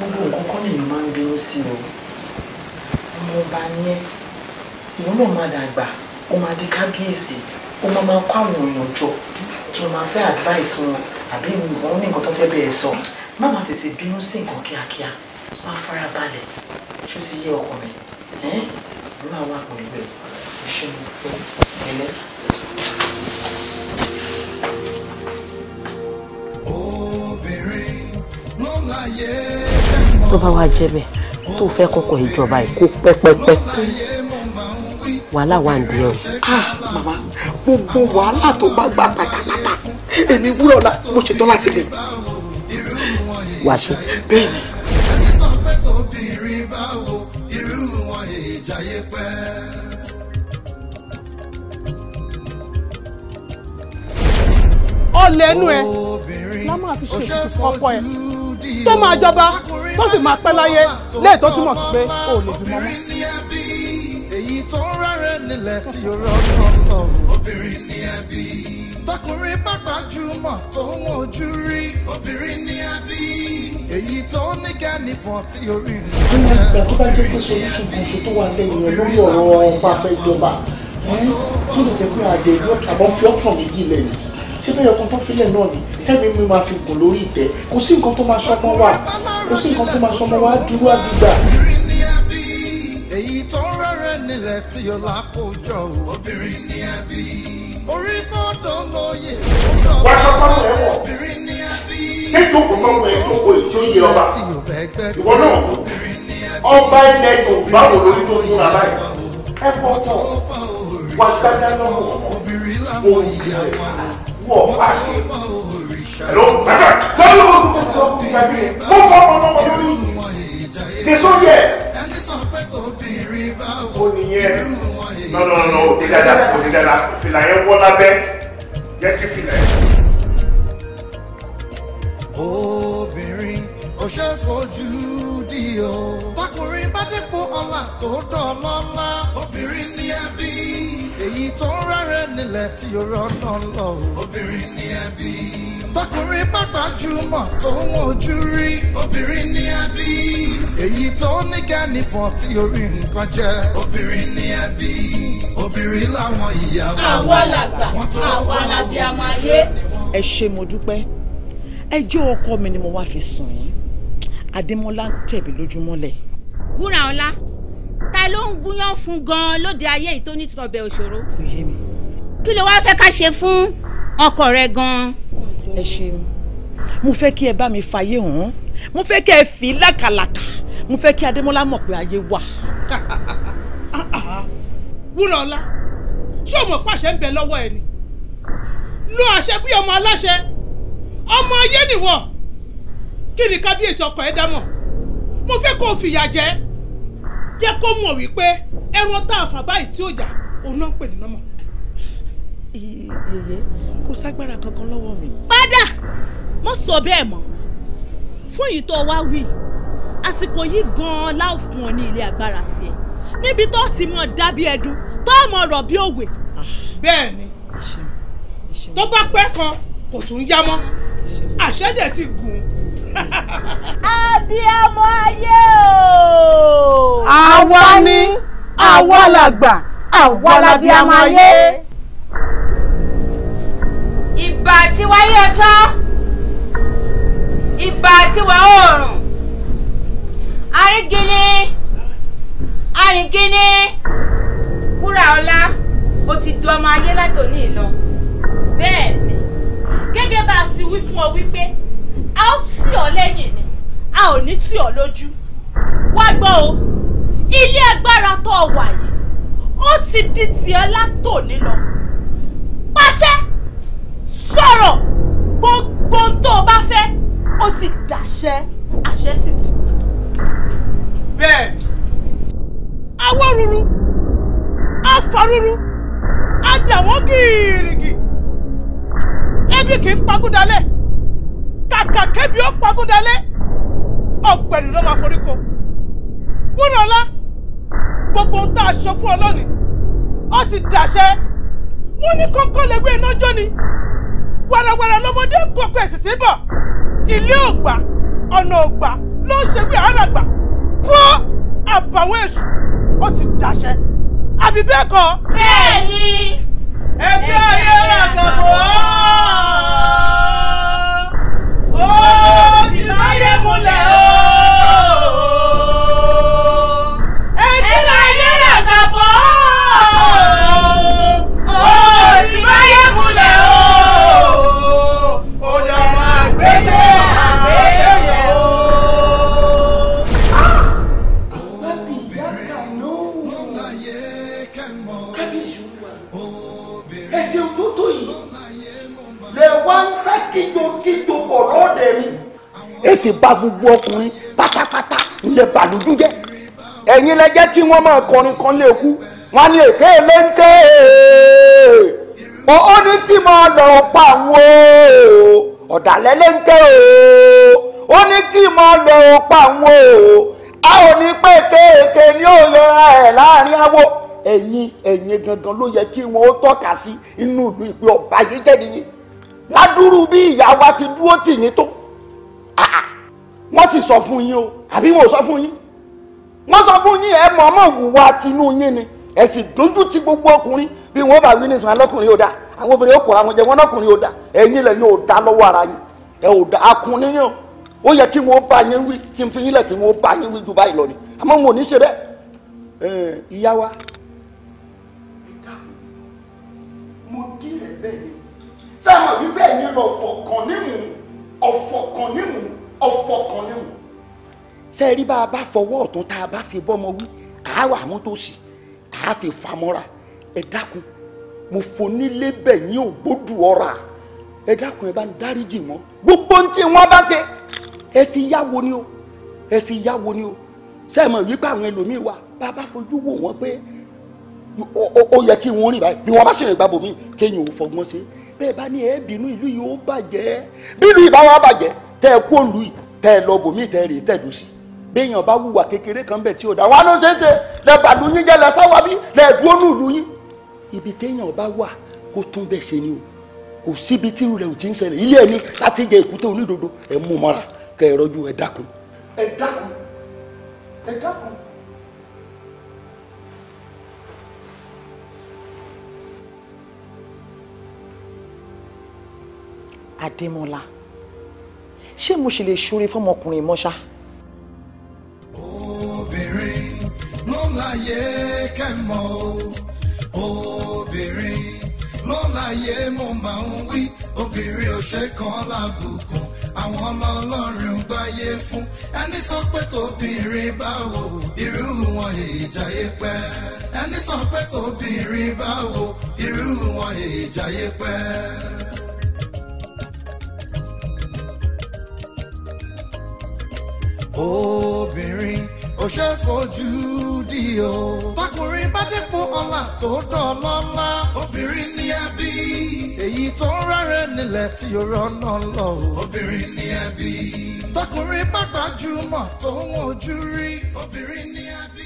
gbogbo nǹkan kan lèmi máa ń bínú sí o ọmọ ọba ni ẹ ìwọ náà máa dàgbà ó máa di kábíyèsí ó máa máa kó àwọn èèyàn jọ tó máa fẹ́ advice wọn àbí wọn ní nǹkan tó fẹ́ bẹ́ẹ̀ sọ má má tètè bínú sí nǹkan kíákíá má fara balẹ̀ ṣó ti yé ọkọ mi ló àwọn àpòlùgbẹ ìṣẹ́nu pé ẹlẹ́. tó bá wá jẹ́ bẹ́ẹ̀ tó fẹ́ kọ́kọ́ ìjọba yìí kó pẹ́pẹ́pẹ́ wàhálà wà ń díẹ̀ o. Ah, màmá gbogbo wàhálà tó bá gbà pátápátá èmi wúrọ̀ la mo ṣetán láti lè. wàá ṣe bẹ́ẹ̀ ni. ọlẹ́nu ẹ̀ la máa fi ṣe ọkọ ẹ̀ tó máa jọba tó sì máa pẹ́ láyé lẹ́ẹ̀tọ́ túmọ̀ sí pé o lè bímọ mọ́ tó ń rẹ́rẹ́ nílẹ̀ tí ó rọ́kọ̀ lọ. obìnrin ni a bí. tọkùnrin bàtà jùmọ̀ tó ń ojú rí. obìnrin ni a bí. èyí tó ní gẹ́ni fún tí orí mi. nínú ìgbà tó bá jẹ́ pé solution kan ṣe tó wà lẹ́yìn ẹ̀ lórí ọ̀rọ̀ ọ̀pá fẹ́ jọba tó lè jẹ́ pé àjẹ ìlú àbọ̀ fi ọ̀tún méjì lẹ́yìn ṣé bẹ́ẹ̀ ọkàn tó filẹ̀ náà ni tẹ́mi mi máa fi gùn lórí ìtẹ́ kò sí nǹkan tó máa sọmọ wá kò sí nǹkan tó máa sọmọ wá dúró àdìgbà èyí tó ń rẹ́rẹ́ nílẹ̀ tí yóò lákòjọ o. obìnrin ni a orí tó dolóye ó dọ̀bà lọ́wọ́ obìnrin ni a bí. ṣé ìjókòó máa ń wọ ìjókòó ìsóye ọba ìwọ náà ọba ilẹ̀ yorùbá wo lórí tó múra báyìí ẹ pọ̀ pọ̀ wá gbádá lọ́wọ́ wọ ìyá wọ pàṣẹ ẹ̀rọ gbàgbà lọ́wọ́ mo kọ́ ọmọ ọmọ lórí ìdè sóye ó nìyẹn nọ́nọ́nọ́ òbí dada òbí dada fìlà yẹn wọ́ lábẹ́ jẹ́ kí fìlà yẹn. obìnrin ò ṣe fojú di o. bákùnrin bá dépò ọlá tó dọ̀lọ́ ńlá obìnrin ni a bí. èyí tó ń rẹ́rẹ́ nílẹ̀ tí yóò rọ́nà lọ. obìnrin ni a bí tọkùnrin bá gbajúmọ̀ tó ń ojú rí obìnrin ní abí. èyí tó ní kẹ́nìfọ̀n tí orí nǹkan jẹ́ obìnrin ní abí. obìnrin làwọn ìyàwó àwa làgbà àwa làbí àmàyé. ẹ ṣé mo dúpẹ́ ẹjọ́ ọkọ mi ni mo wá fi sùn yín adémọlá ń tẹ̀mí lójúmọ́lẹ̀. wúrà ọlá ta ló ń gúnyán fún gan-an lóde ayé yìí tó ní tọbẹ̀ òṣòro. kò yé mi. kí ló wáá fẹ́ ká ṣe fún ọkọ rẹ gan-an ẹ ṣeun mo fẹ́ kí ẹ bá mi fàyè hàn mo fẹ́ kí ẹ fi lákàlàkà mo fẹ́ kí Adémọ́lá mọ̀ pé ayé wà. wúrọ̀ ọ̀la ṣé o mọ̀ pàṣẹ ń bẹ lọ́wọ́ ẹ ni lo àṣẹ bí ọmọ aláṣẹ ọmọ ayé nìwọ kí ni kábíyèsí ọkọ ẹ dámọ̀ mo fẹ́ kó o fìyà jẹ jẹ́ kó mọ̀ wípé ẹran tá a fà báyìí tí ó jà òun náà ń pè ní nọ́mọ̀ yèyé kò ságbára kankan lọ́wọ́ mi. padà mo sọ bẹ́ẹ̀ mọ́ fún èyí tó wá wí àsìkò yìí gan-an láò ọ ní ilé agbára tiẹ̀ níbi tó ti mọ dábí ẹdun tó mọ rọ̀ bí òwe. bẹ́ẹ̀ ni tó bá pẹ́ kan kò tún yá mọ́ àṣẹ́dẹ̀ ti gùn. abiyamọ ayé o. àwa ni àwa làgbà àwa làbíamọ ayé ìbà àti wáyé ọjọ́ ìbà àti wà oòrùn arígini arígini wúrà ọlá ó ti du ọmọ ayé látòní lọ. bẹ́ẹ̀ ni gẹ́gẹ́ bá a ti wí fún ọ wípé a ó tì ọ́ lẹ́yìn ni a ò ní tì ọ́ lójú wá gbọ́ o ilé agbára tó wà yìí ó ti di tiẹ̀ látòní lọ pàṣẹ sọ̀rọ̀ gbogbo tó o bá fẹ́ ó ti dàṣẹ àṣẹ sì ti. bẹ́ẹ̀ awọ ruru afa ruru adàwọ̀ gírígì ebi kì í pagúdalẹ̀ kàkà kébi ó pagúdalẹ̀ ọ̀gbẹ̀rì ló máa forí ko wúrọ̀lá gbogbo ohun tá a sọ fún ọ lónìí ó ti dàṣẹ wọn ní kọ́kọ́ lè gbé iná jó ni warawara lọmọdé ń kọkọ ẹ̀sìsì bọ̀ ilé ògbà ọ̀nà ògbà ló ń ṣe wí àràgbà fún àbàwọn èṣù ó ti dàṣẹ àbí bẹ́ẹ̀ kọ́. bẹ́ẹ̀ni. ẹgbẹ́ ayé àgàbọ̀ ó ti máyé múlẹ̀ o. ṣe bá gbogbo ọkùnrin pátápátá ilẹ̀ bàlújú jẹ́ ẹ̀yin lẹ jẹ́ kí wọ́n máa kọrin kan lé kú wọn ní èké léńté o ó ní kí máa lọ pa àwọn ọ̀dàlẹ̀ léńté o ó ní kí máa lọ pa àwọn a ò ní pé kéèké ni ó yọra ẹ̀ láàrin awo ẹ̀yin ẹ̀yin gangan ló yẹ kí wọ́n ó tọ́ka sí inú ìlú ìpè ọ̀bàyéjẹ́ nìyí ládùúrú bí ìyá wa ti dúró tì yín tó wọ́n sì sọ fún yín o àbí wọn ò sọ fún yín wọ́n sọ fún yín ẹ mọ̀ ọmọ ìwà tinú yín ni ẹ sì dojú ti gbogbo ọkùnrin bí wọ́n bá wí ní sùn alọ́kùnrin ò dáa àwọn obìnrin ó kọ̀ra wọn jẹ wọn lọ́kùnrin ò dáa ẹ̀yin lẹ́yìn ò dáa lọ́wọ́ ara yín ẹ ò dáa akun níyàn ó yẹ kí wọ́n bá yín wí kí n fi yín lẹ̀ kí wọ́n bá yín wí ju báyìí lọ ni àmọ́ wọn ò ní ṣe bẹ́ẹ̀ ìyá wa mo dín rẹ̀ bẹ́ẹ̀ ni sáà mọ̀ wí bẹ́ẹ̀ ni lọ fọkàn nímú ọ̀fọ̀ kan nímú ọ̀fọ̀ kan nímú. ṣé ẹ rí bá a bá fọwọ́ ọ̀tún tá a bá fi bọ́mọ wí àáwọ̀ àmú tó sì àá fi famọ́ra ẹ dákun mo fonílé bẹ̀ yín ò gbódù ọ̀rà ẹ dákun ẹ bá ń dáríjì wọn gbogbo ohun tí wọn bá ṣe ẹ fi yáwo ni o ẹ fi yáwo ni o ṣé ẹ mọ̀ wípé àwọn ẹlòmíín wà bá a bá fojú wò wọ́n pé o yẹ kí wọ́n rìn báyìí bí wọ́n bá sì rìn gbàbọ̀ mí kéèyàn ò fọgbọ́n ṣe bẹ́ẹ̀ bá ní ẹ̀ẹ́bìnú ìlú yìí ó bàjẹ́ bí ìlú ìbá wa bàjẹ́ tẹ́ ẹ kó lù yìí tẹ́ ẹ lọ bòmí tẹ́ ẹ rè tẹ̀dù sí béèyàn bá wùwà kékeré kan bẹ̀ tí ò dá wa ló ṣeé ṣe lẹ bàlú yín jẹ́ lẹ sáwà bí lẹ dúró ní ìlú yín ibi téèyàn bá wà kó tún bẹ́ẹ̀ ṣe ni o kò síbi tí irú rẹ̀ ò ti ń ṣẹlẹ̀ ilé ẹni láti jẹ èkúté onídodo ẹ mú mọ́ra kẹ Adémọ́lá ṣé mo ṣe lè ṣoore fọmọkùnrin mọ́ṣá. obìnrin ló láyé kẹ́mọ́ obìnrin ló láyé mo máa ń wí obìnrin ò ṣe kan lábùkún àwọn ọlọ́run gbáyé fún ẹni sọ pé tóbìnrin báwo irú wọn ìjàyè pẹ́ ẹni sọ pé tóbìnrin báwo irú wọn ìjàyè pẹ́. obìnrin ò ṣe fojú di o. tọkùnrin bá dépò ọlá tó dọ̀lọ́lá obìnrin ni a bí. èyí tó ń rẹ́rẹ́ nílẹ̀ tí ó rọ́nà lọ obìnrin ni a bí. tọkùnrin bá gbajúmọ̀ tó ń wojú rí obìnrin ni a bí.